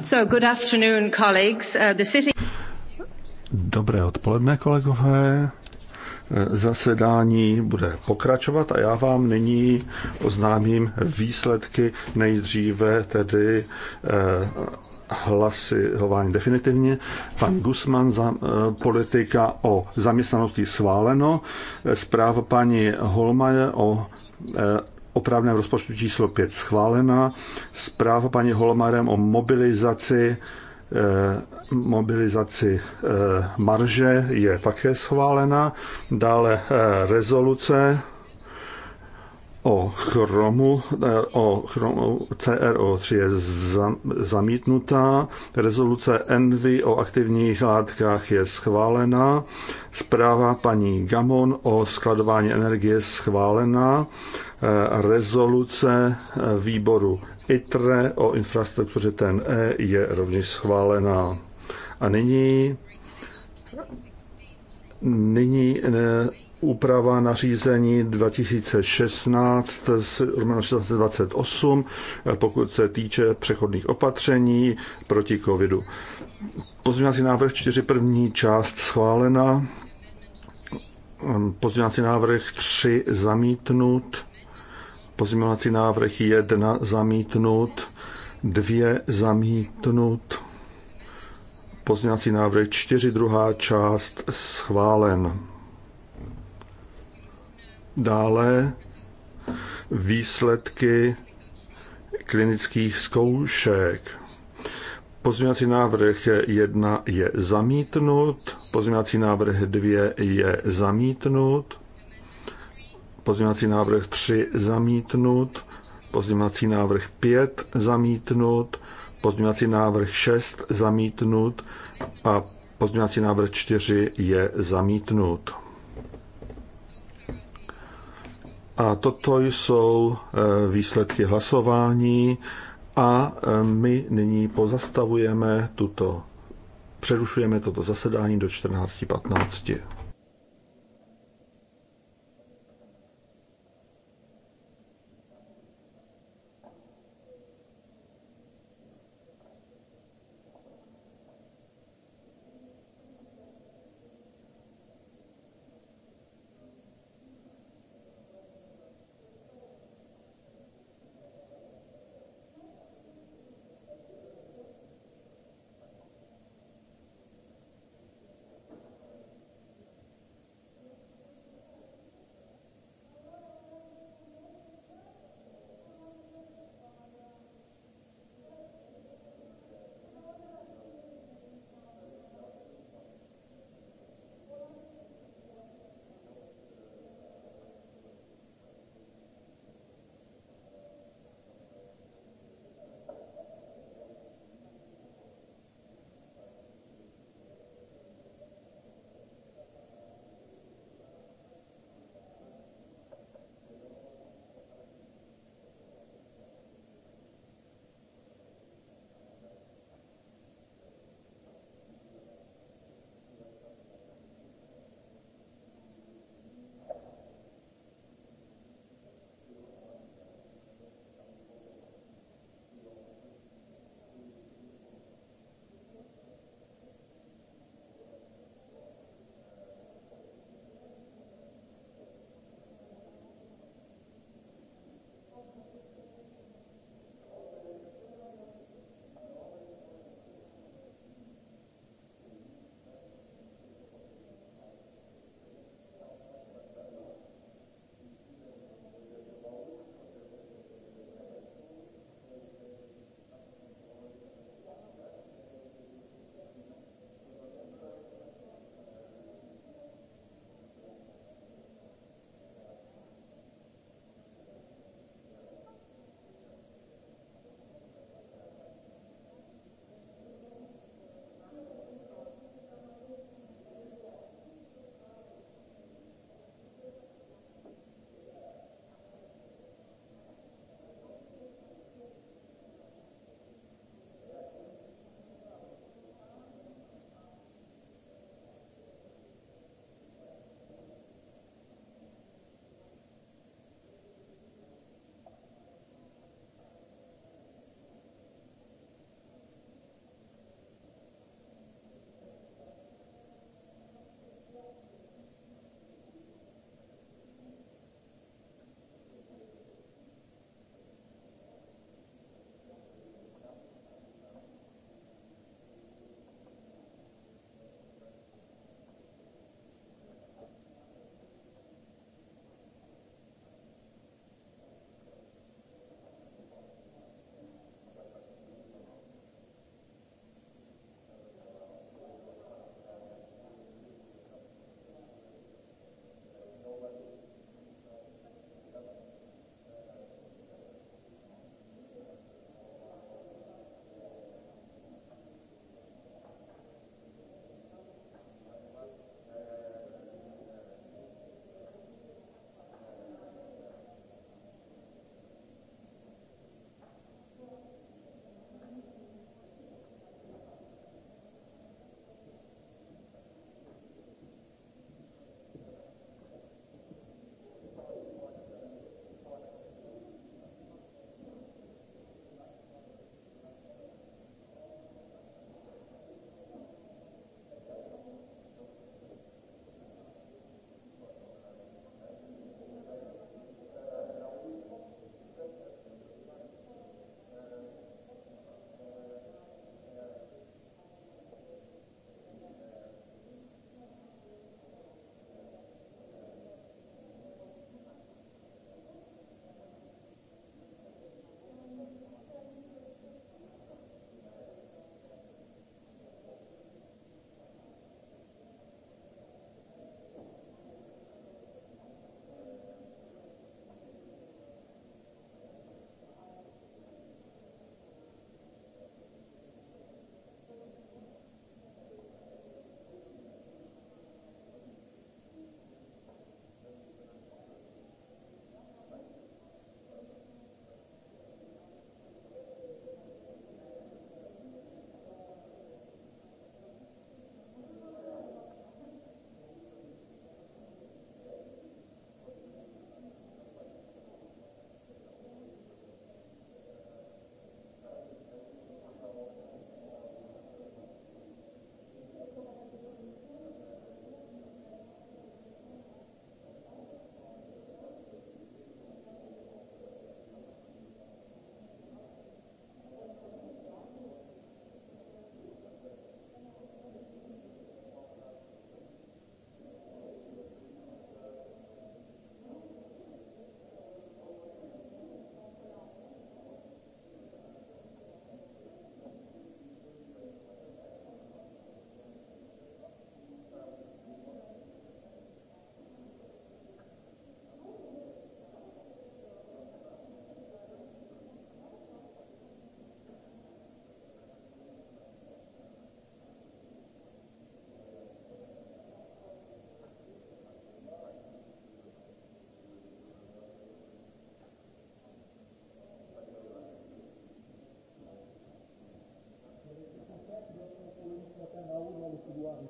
So, good afternoon, colleagues. Uh, the city... Dobré odpoledne, kolegové. Uh, zasedání bude pokračovat a já vám nyní oznámím výsledky nejdříve tedy eh, Hlasy hování definitivně. Pan Gusman za eh, politika o zaměstnanosti sváleno. Zpráva paní Holmaje o eh, opravném rozpočtu číslo 5 schválena. Zpráva paní Holmarem o mobilizaci eh, mobilizaci marže je také schválena. Dále rezoluce o chromu, o chromu CRO3 je zamítnutá, rezoluce ENVY o aktivních látkách je schválená, zpráva paní Gamon o skladování energie je schválená, eh, rezoluce eh, výboru ITRE o infrastruktuře TNE je rovněž schválená. A nyní Nyní eh, úprava nařízení 2016 28, pokud se týče přechodných opatření proti covidu. Pozměňovací návrh 4 první část schválena, pozměňovací návrh 3 zamítnut, pozměňovací návrh 1 zamítnut, 2 zamítnut, pozměňovací návrh 4 druhá část schválen. Dále výsledky klinických zkoušek. Pozměňovací návrh 1 je zamítnut, pozměňovací návrh 2 je zamítnut, pozměňovací návrh 3 zamítnut, pozměňovací návrh 5 zamítnut, pozměňovací návrh 6 zamítnut a pozměňovací návrh 4 je zamítnut. A toto jsou e, výsledky hlasování a e, my nyní pozastavujeme tuto, přerušujeme toto zasedání do 14.15.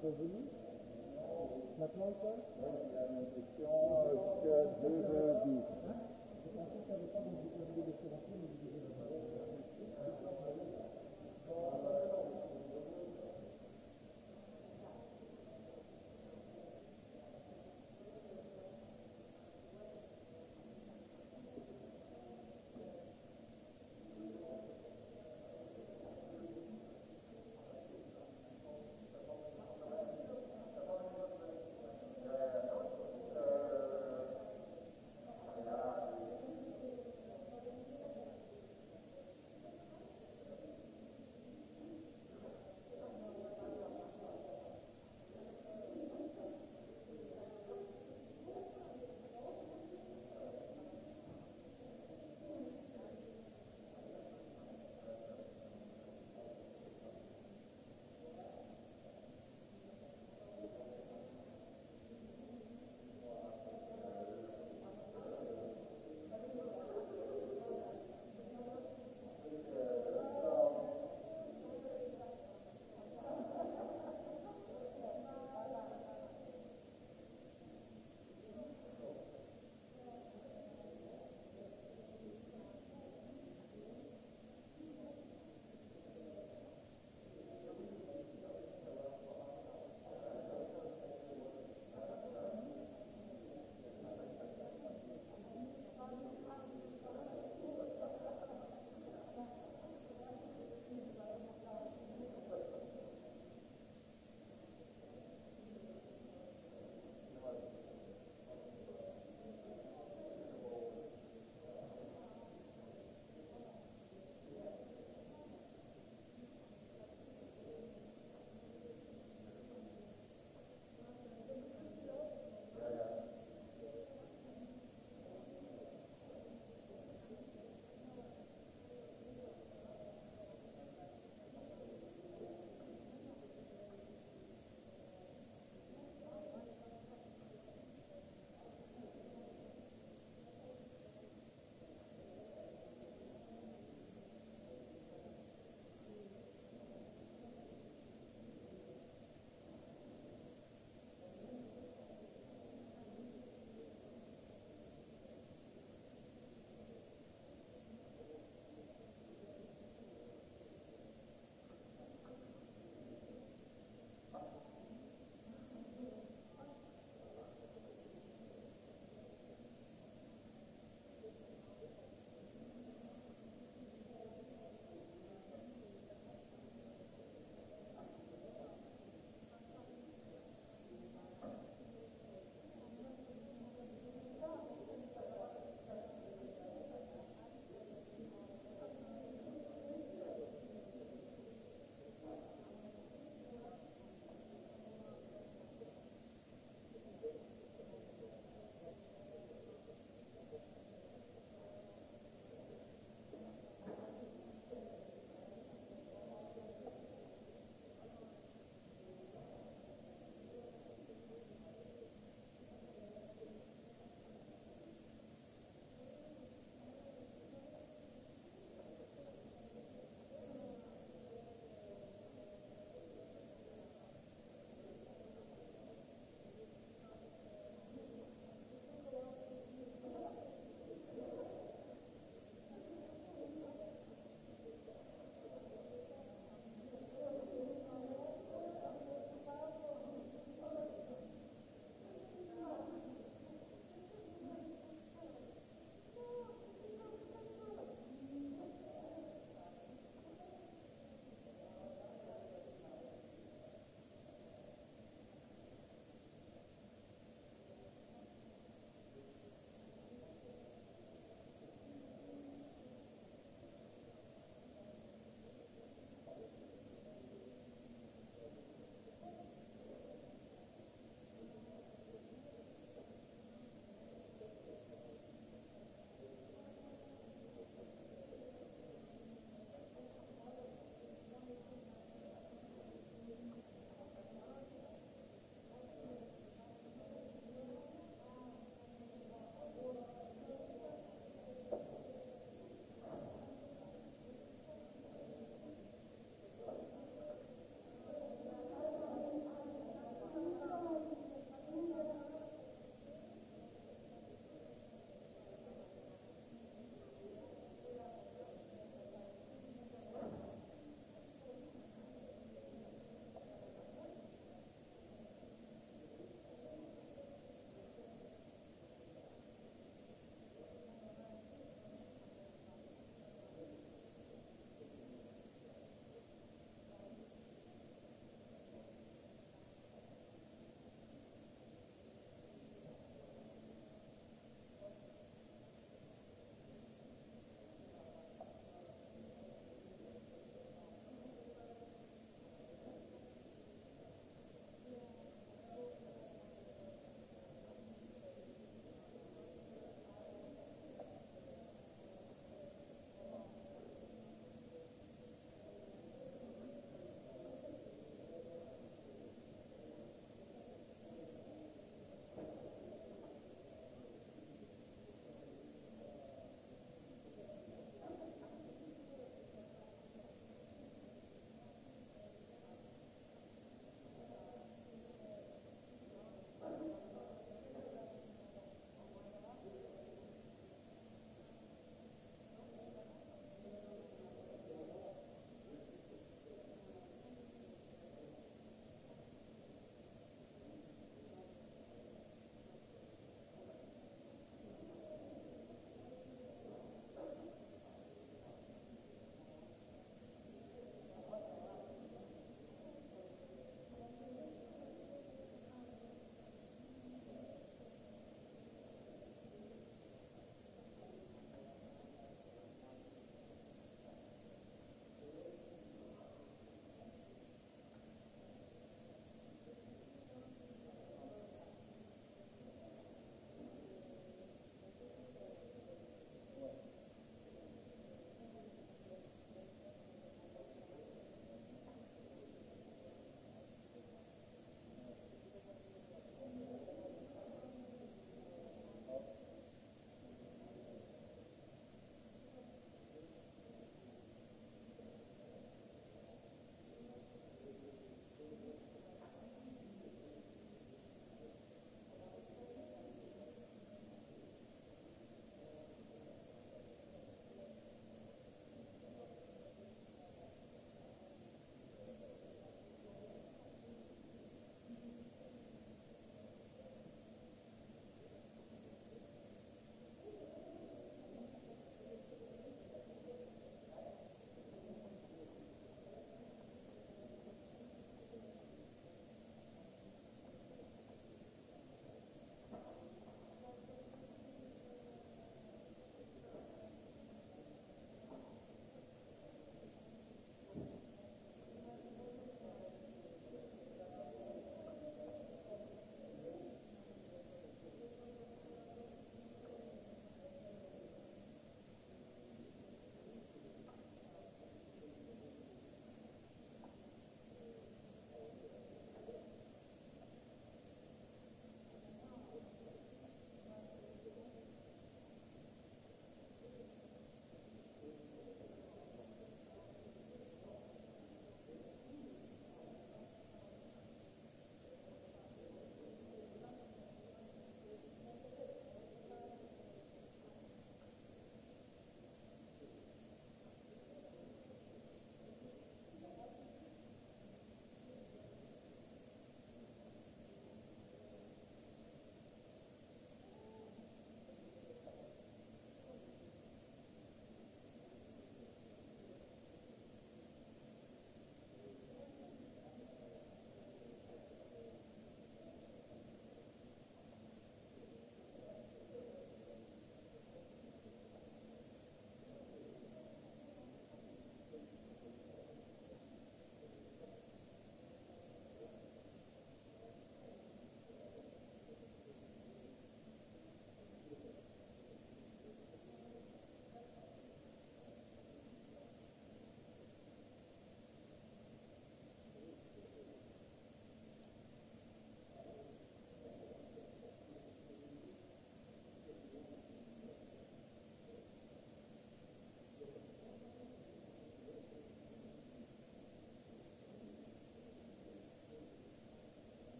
Maintenant, ça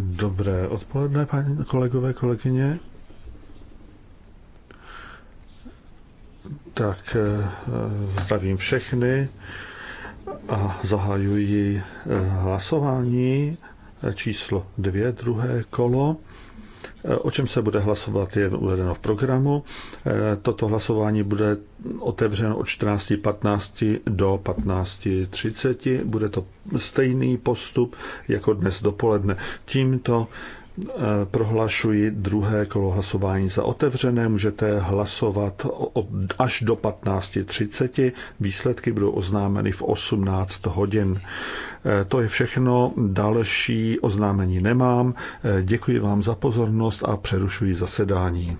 Dobré odpoledne, paní kolegové, kolegyně. Tak eh, zdravím všechny a zahajuji eh, hlasování eh, číslo dvě, druhé kolo. O čem se bude hlasovat je uvedeno v programu. Eh, toto hlasování bude otevřeno od 14.15 do 15.30. Bude to stejný postup jako dnes dopoledne. Tímto Eh, prohlašuji druhé kolo hlasování za otevřené. Můžete hlasovat až do 15.30. Výsledky budou oznámeny v 18 hodin. Eh, to je všechno. Další oznámení nemám. Eh, děkuji vám za pozornost a přerušuji zasedání.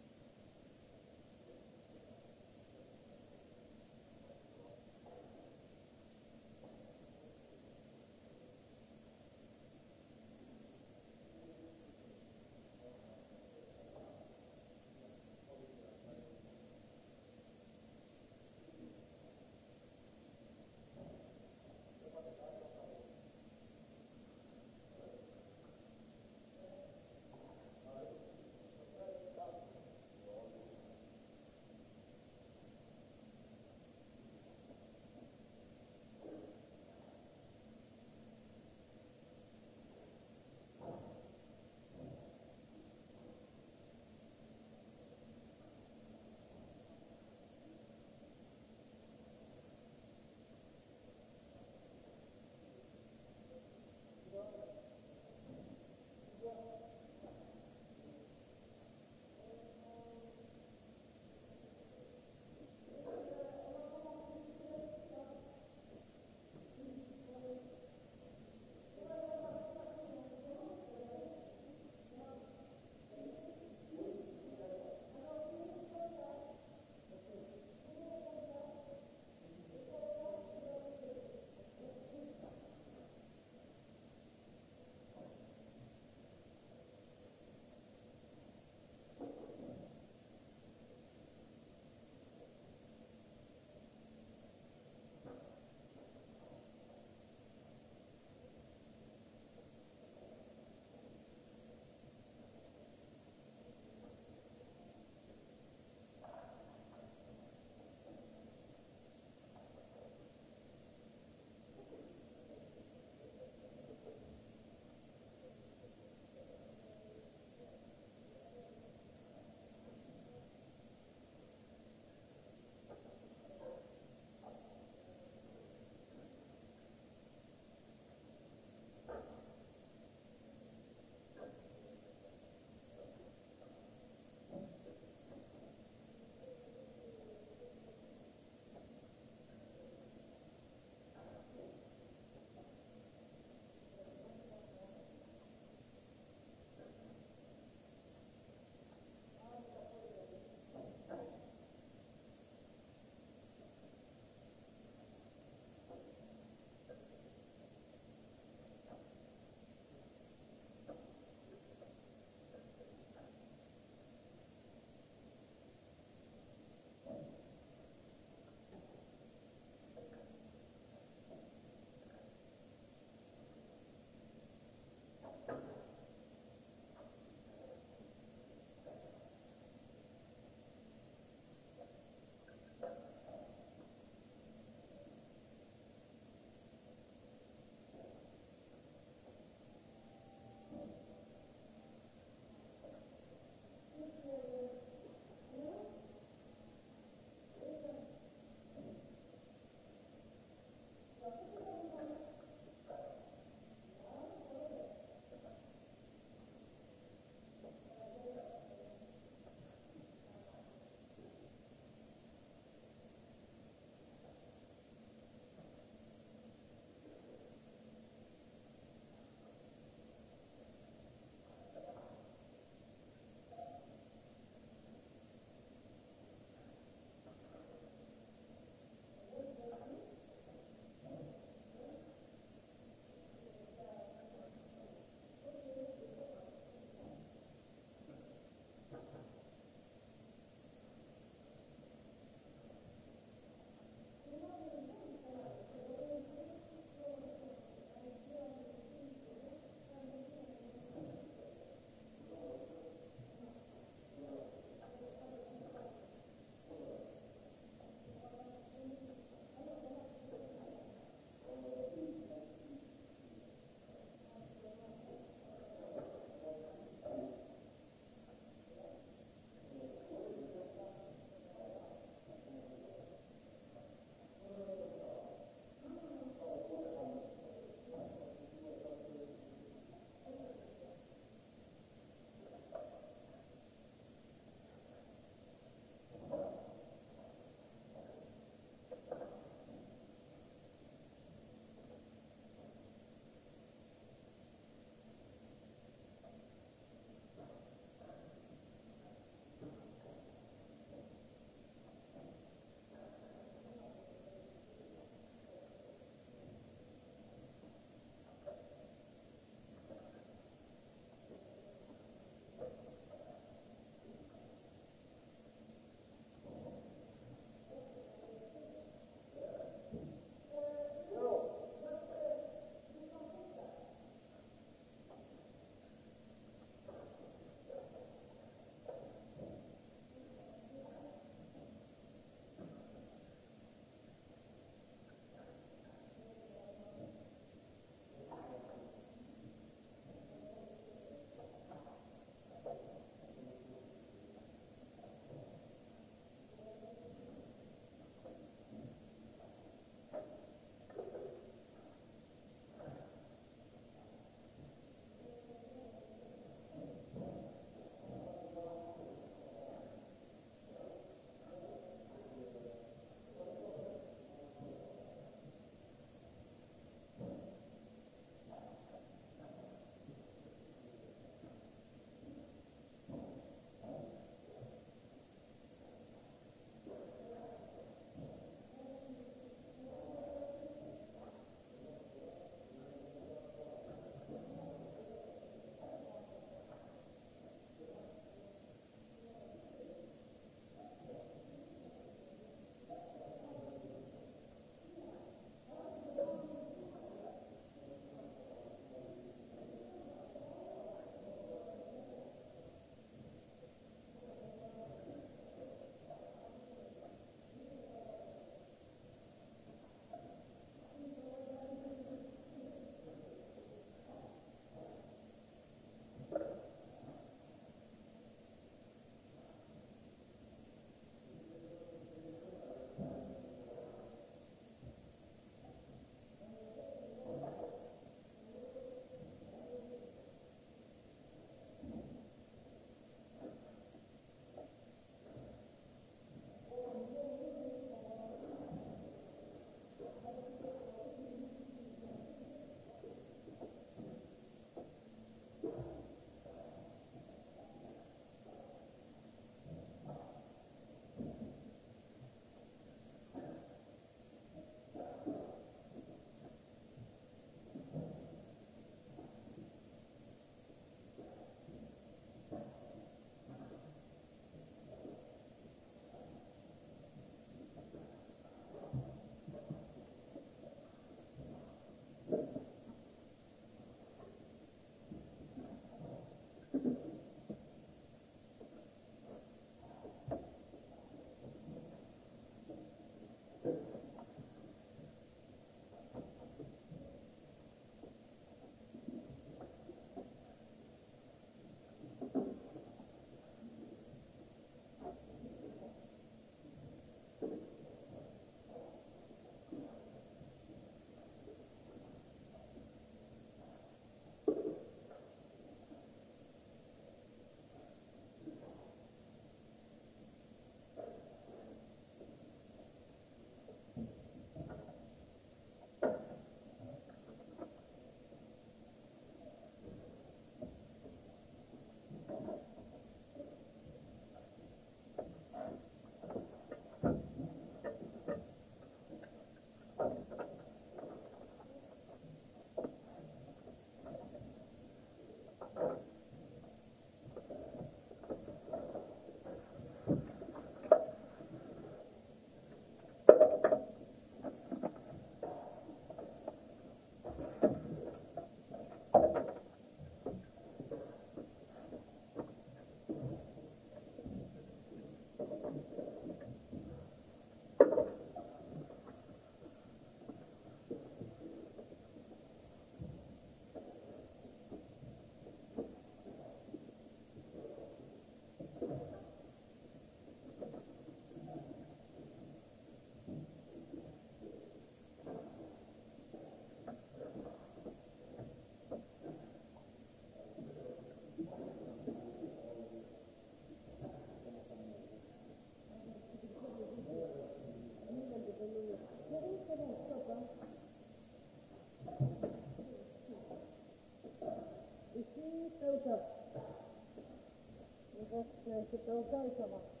rättssäkerhet och annat.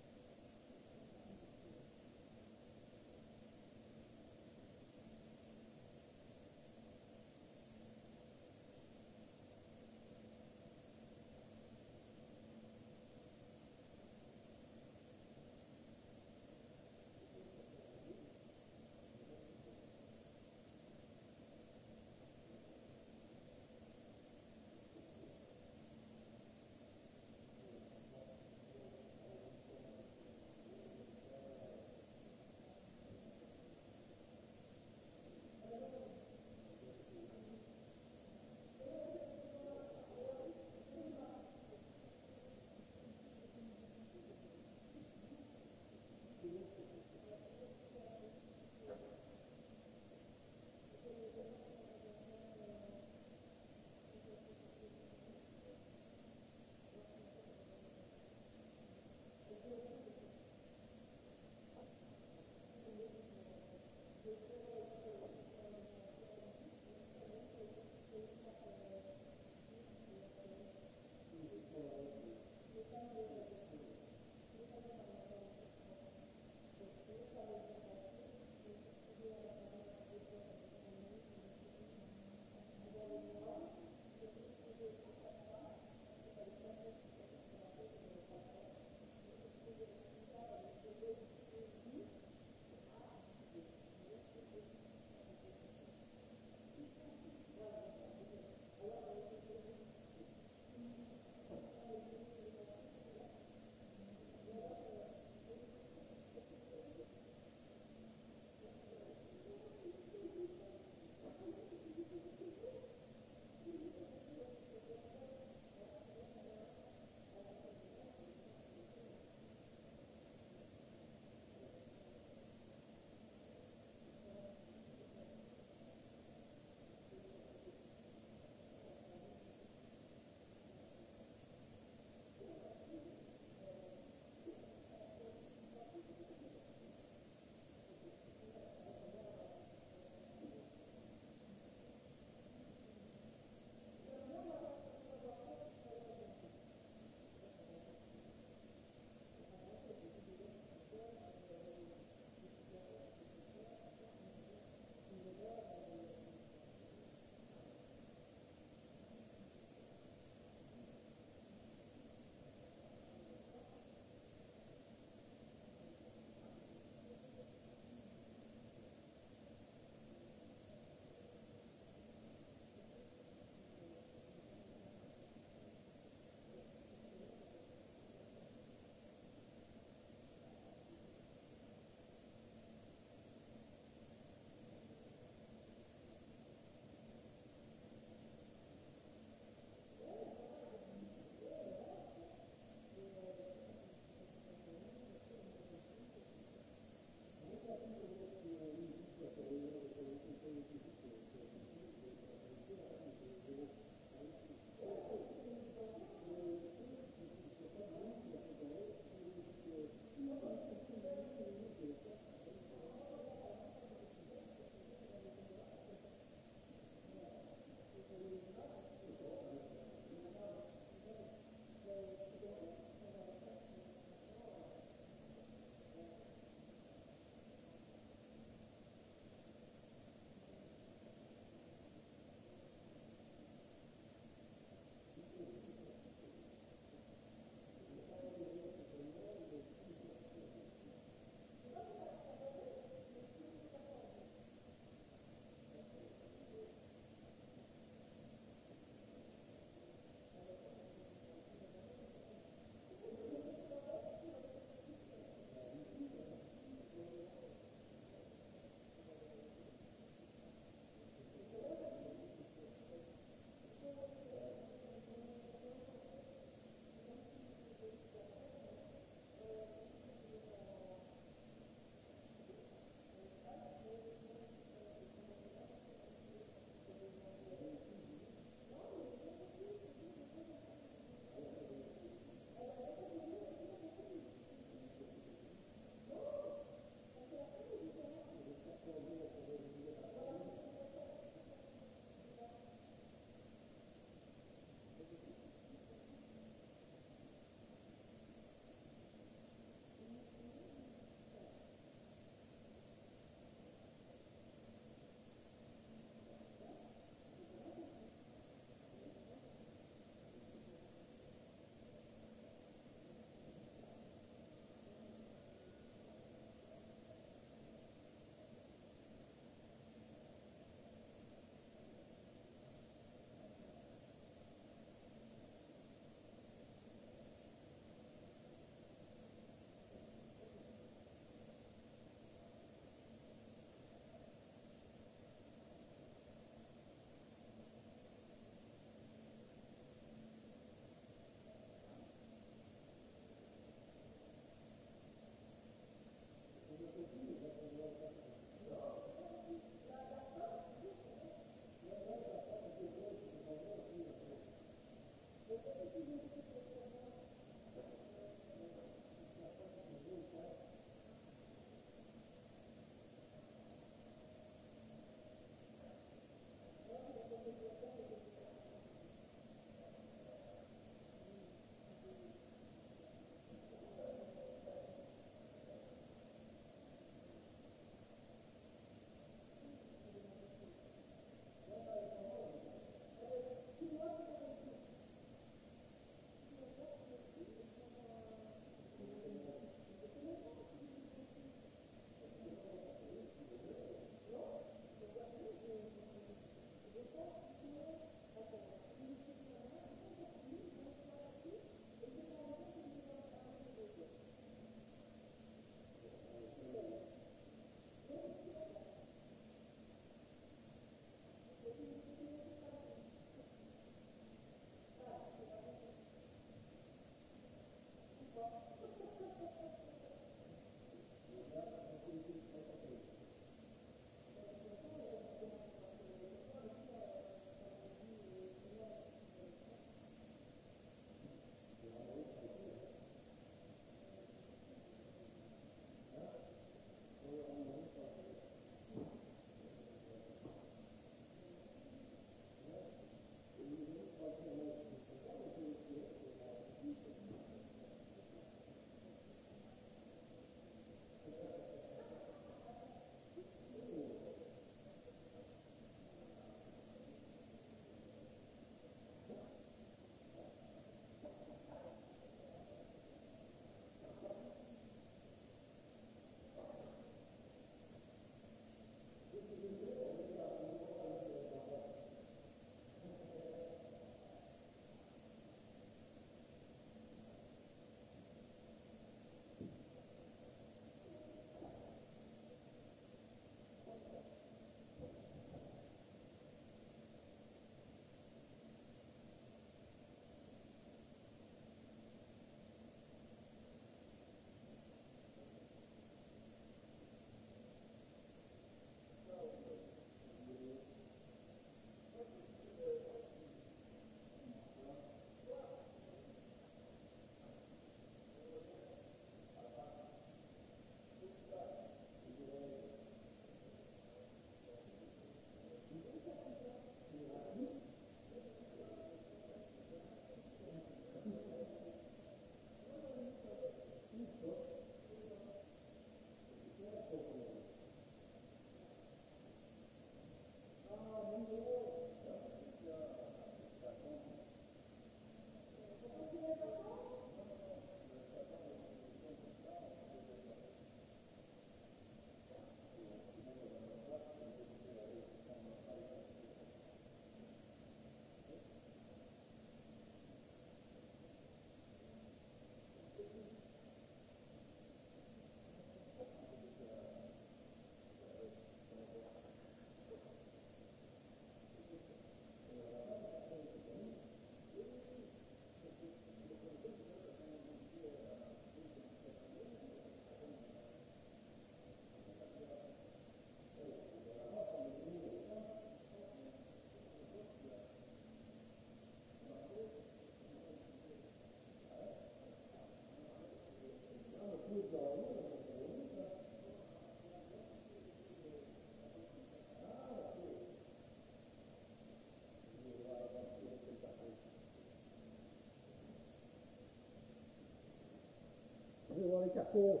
Singapore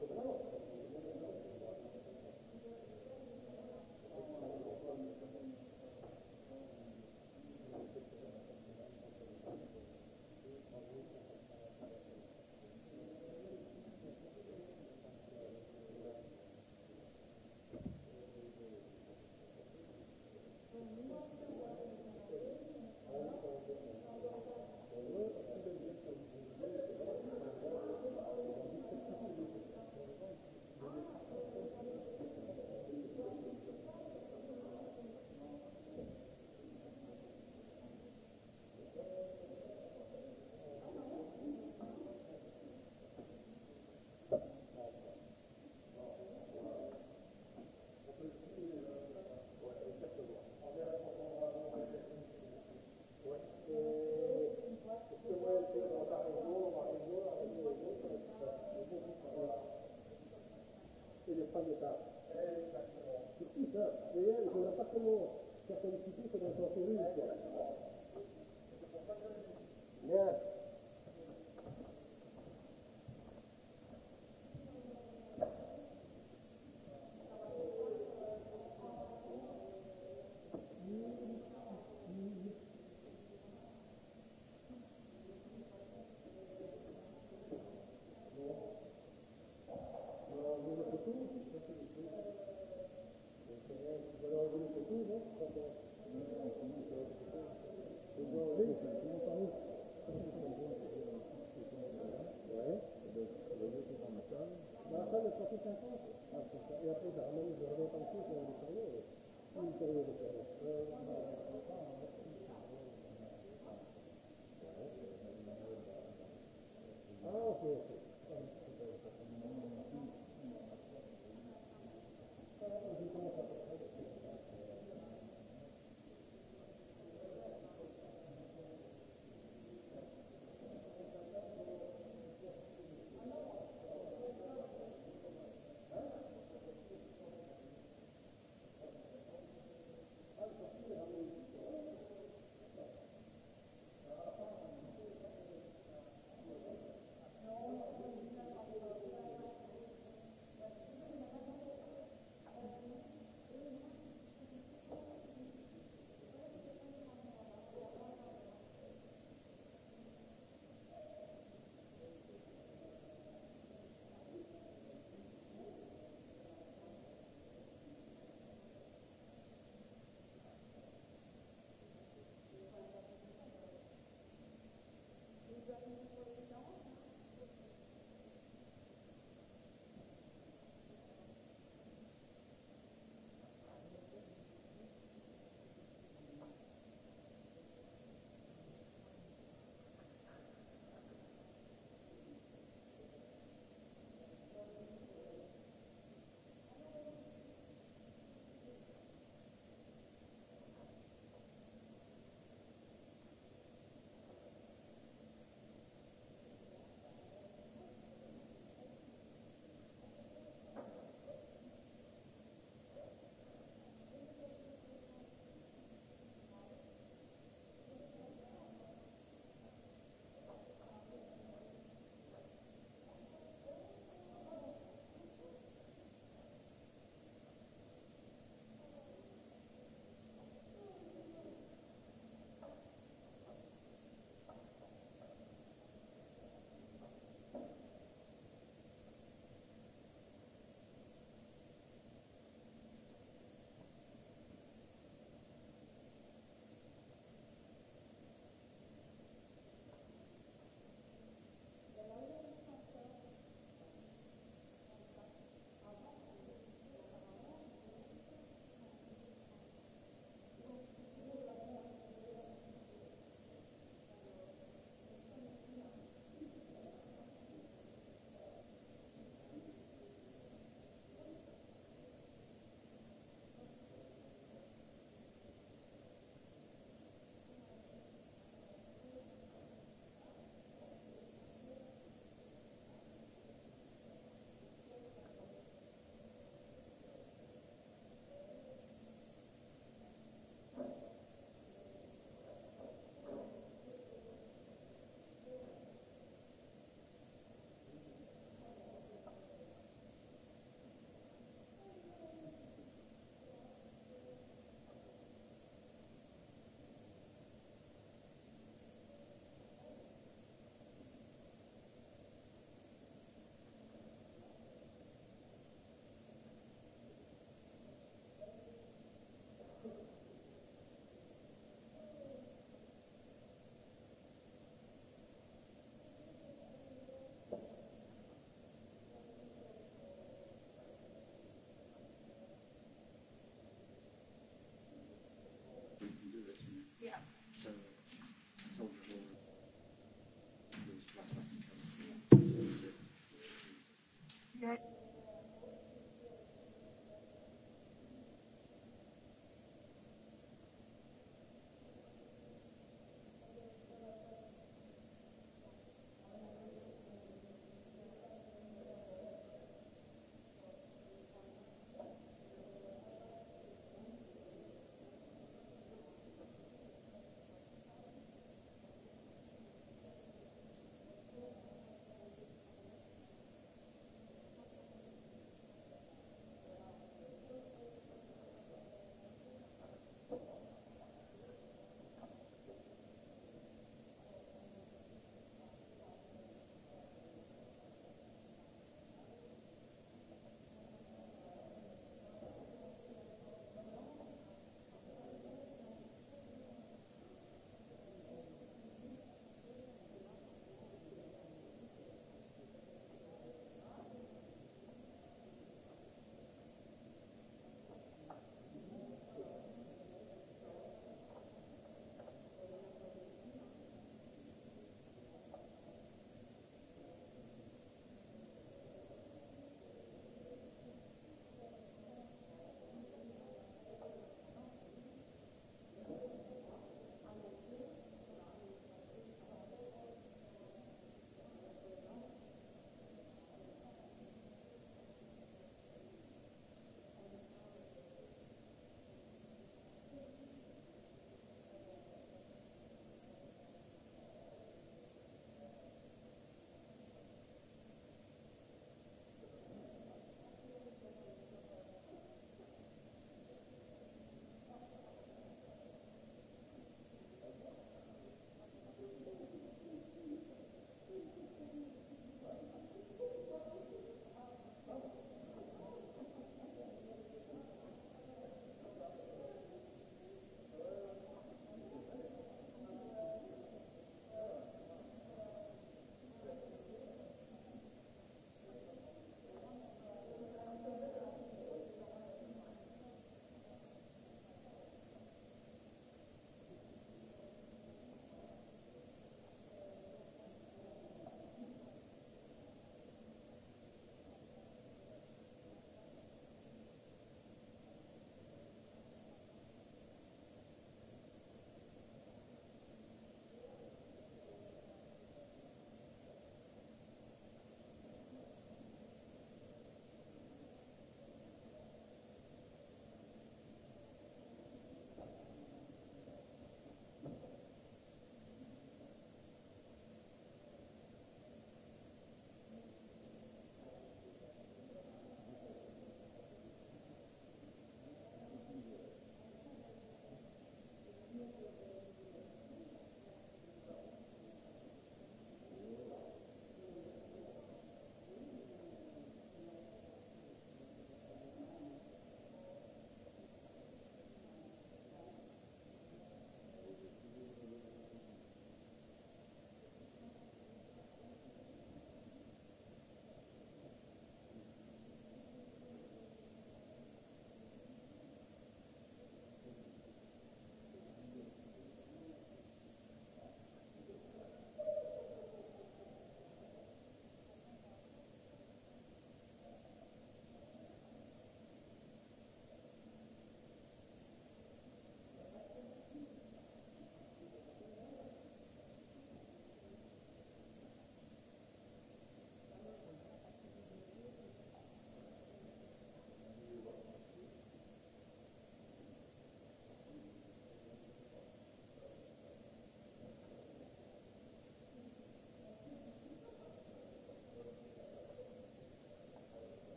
to bylo. tak.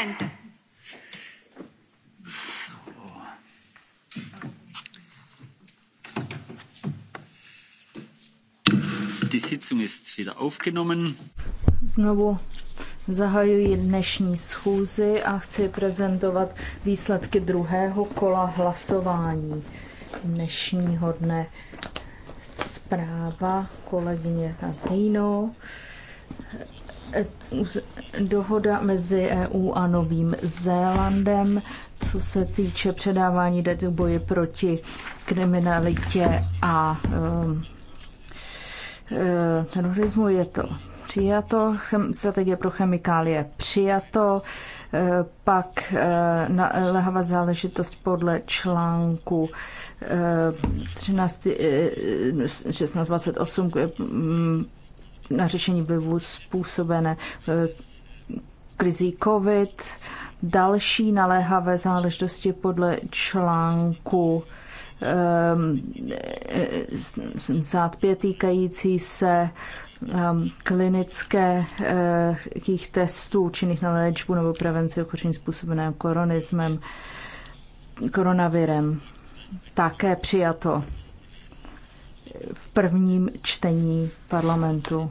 Präsident! So. Die Sitzung ist wieder aufgenommen. Znovu zahajuji dnešní schůzi a chci prezentovat výsledky druhého kola hlasování dnešního dne. Zpráva kolegyně Hatino dohoda mezi EU a Novým Zélandem, co se týče předávání dat boji proti kriminalitě a e, terorismu je to přijato, strategie pro chemikálie přijato, e, pak e, na lehavá záležitost podle článku 13, 1628 na řešení vlivu způsobené krizí COVID, další naléhavé záležitosti podle článku 75 ehm, týkající se ehm, klinických testů činných na léčbu nebo prevenci ochoření způsobené koronismem, koronavirem. Také přijato v prvním čtení parlamentu.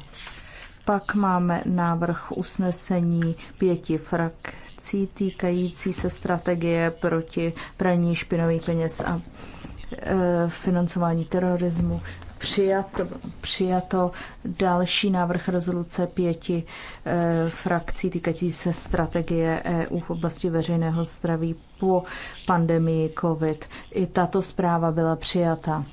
Pak máme návrh usnesení pěti frakcí týkající se strategie proti praní špinových peněz a e, financování terorismu. Přijato, přijato další návrh rezoluce pěti e, frakcí týkající se strategie EU v oblasti veřejného zdraví po pandemii COVID. I tato zpráva byla přijata.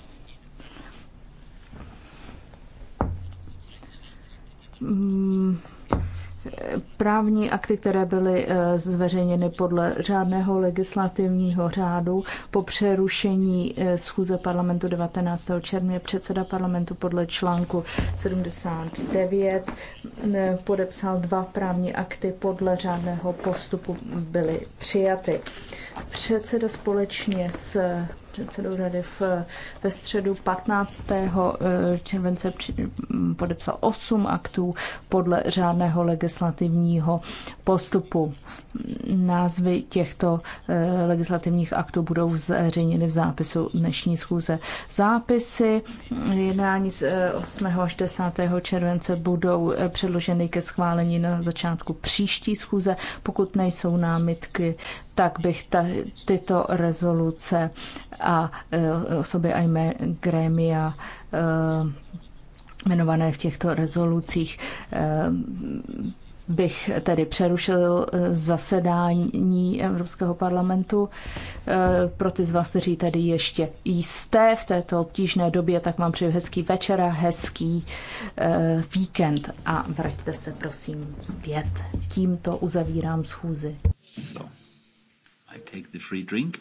Mm, právní akty, které byly eh, zveřejněny podle řádného legislativního řádu po přerušení eh, schůze parlamentu 19. června předseda parlamentu podle článku 79 mm, eh, podepsal dva právní akty podle řádného postupu byly přijaty. Předseda společně s předsedou rady v, ve středu 15. Eh, července hm, podepsal 8 aktů podle řádného legislativního postupu. Názvy těchto eh, legislativních aktů budou zveřejněny v zápisu dnešní schůze. Zápisy jednání z 8. Eh, až 10. července budou předloženy ke schválení na začátku příští schůze, pokud nejsou námitky tak bych ta, tyto rezoluce a e, osoby a jmé grémia e, jmenované v těchto rezolucích e, bych tedy přerušil e, zasedání Evropského parlamentu. E, pro ty z vás, kteří tady ještě jste v této obtížné době, tak mám přeju hezký večer a hezký e, víkend a vraťte se prosím zpět. Tímto uzavírám schůzi. So. I take the free drink.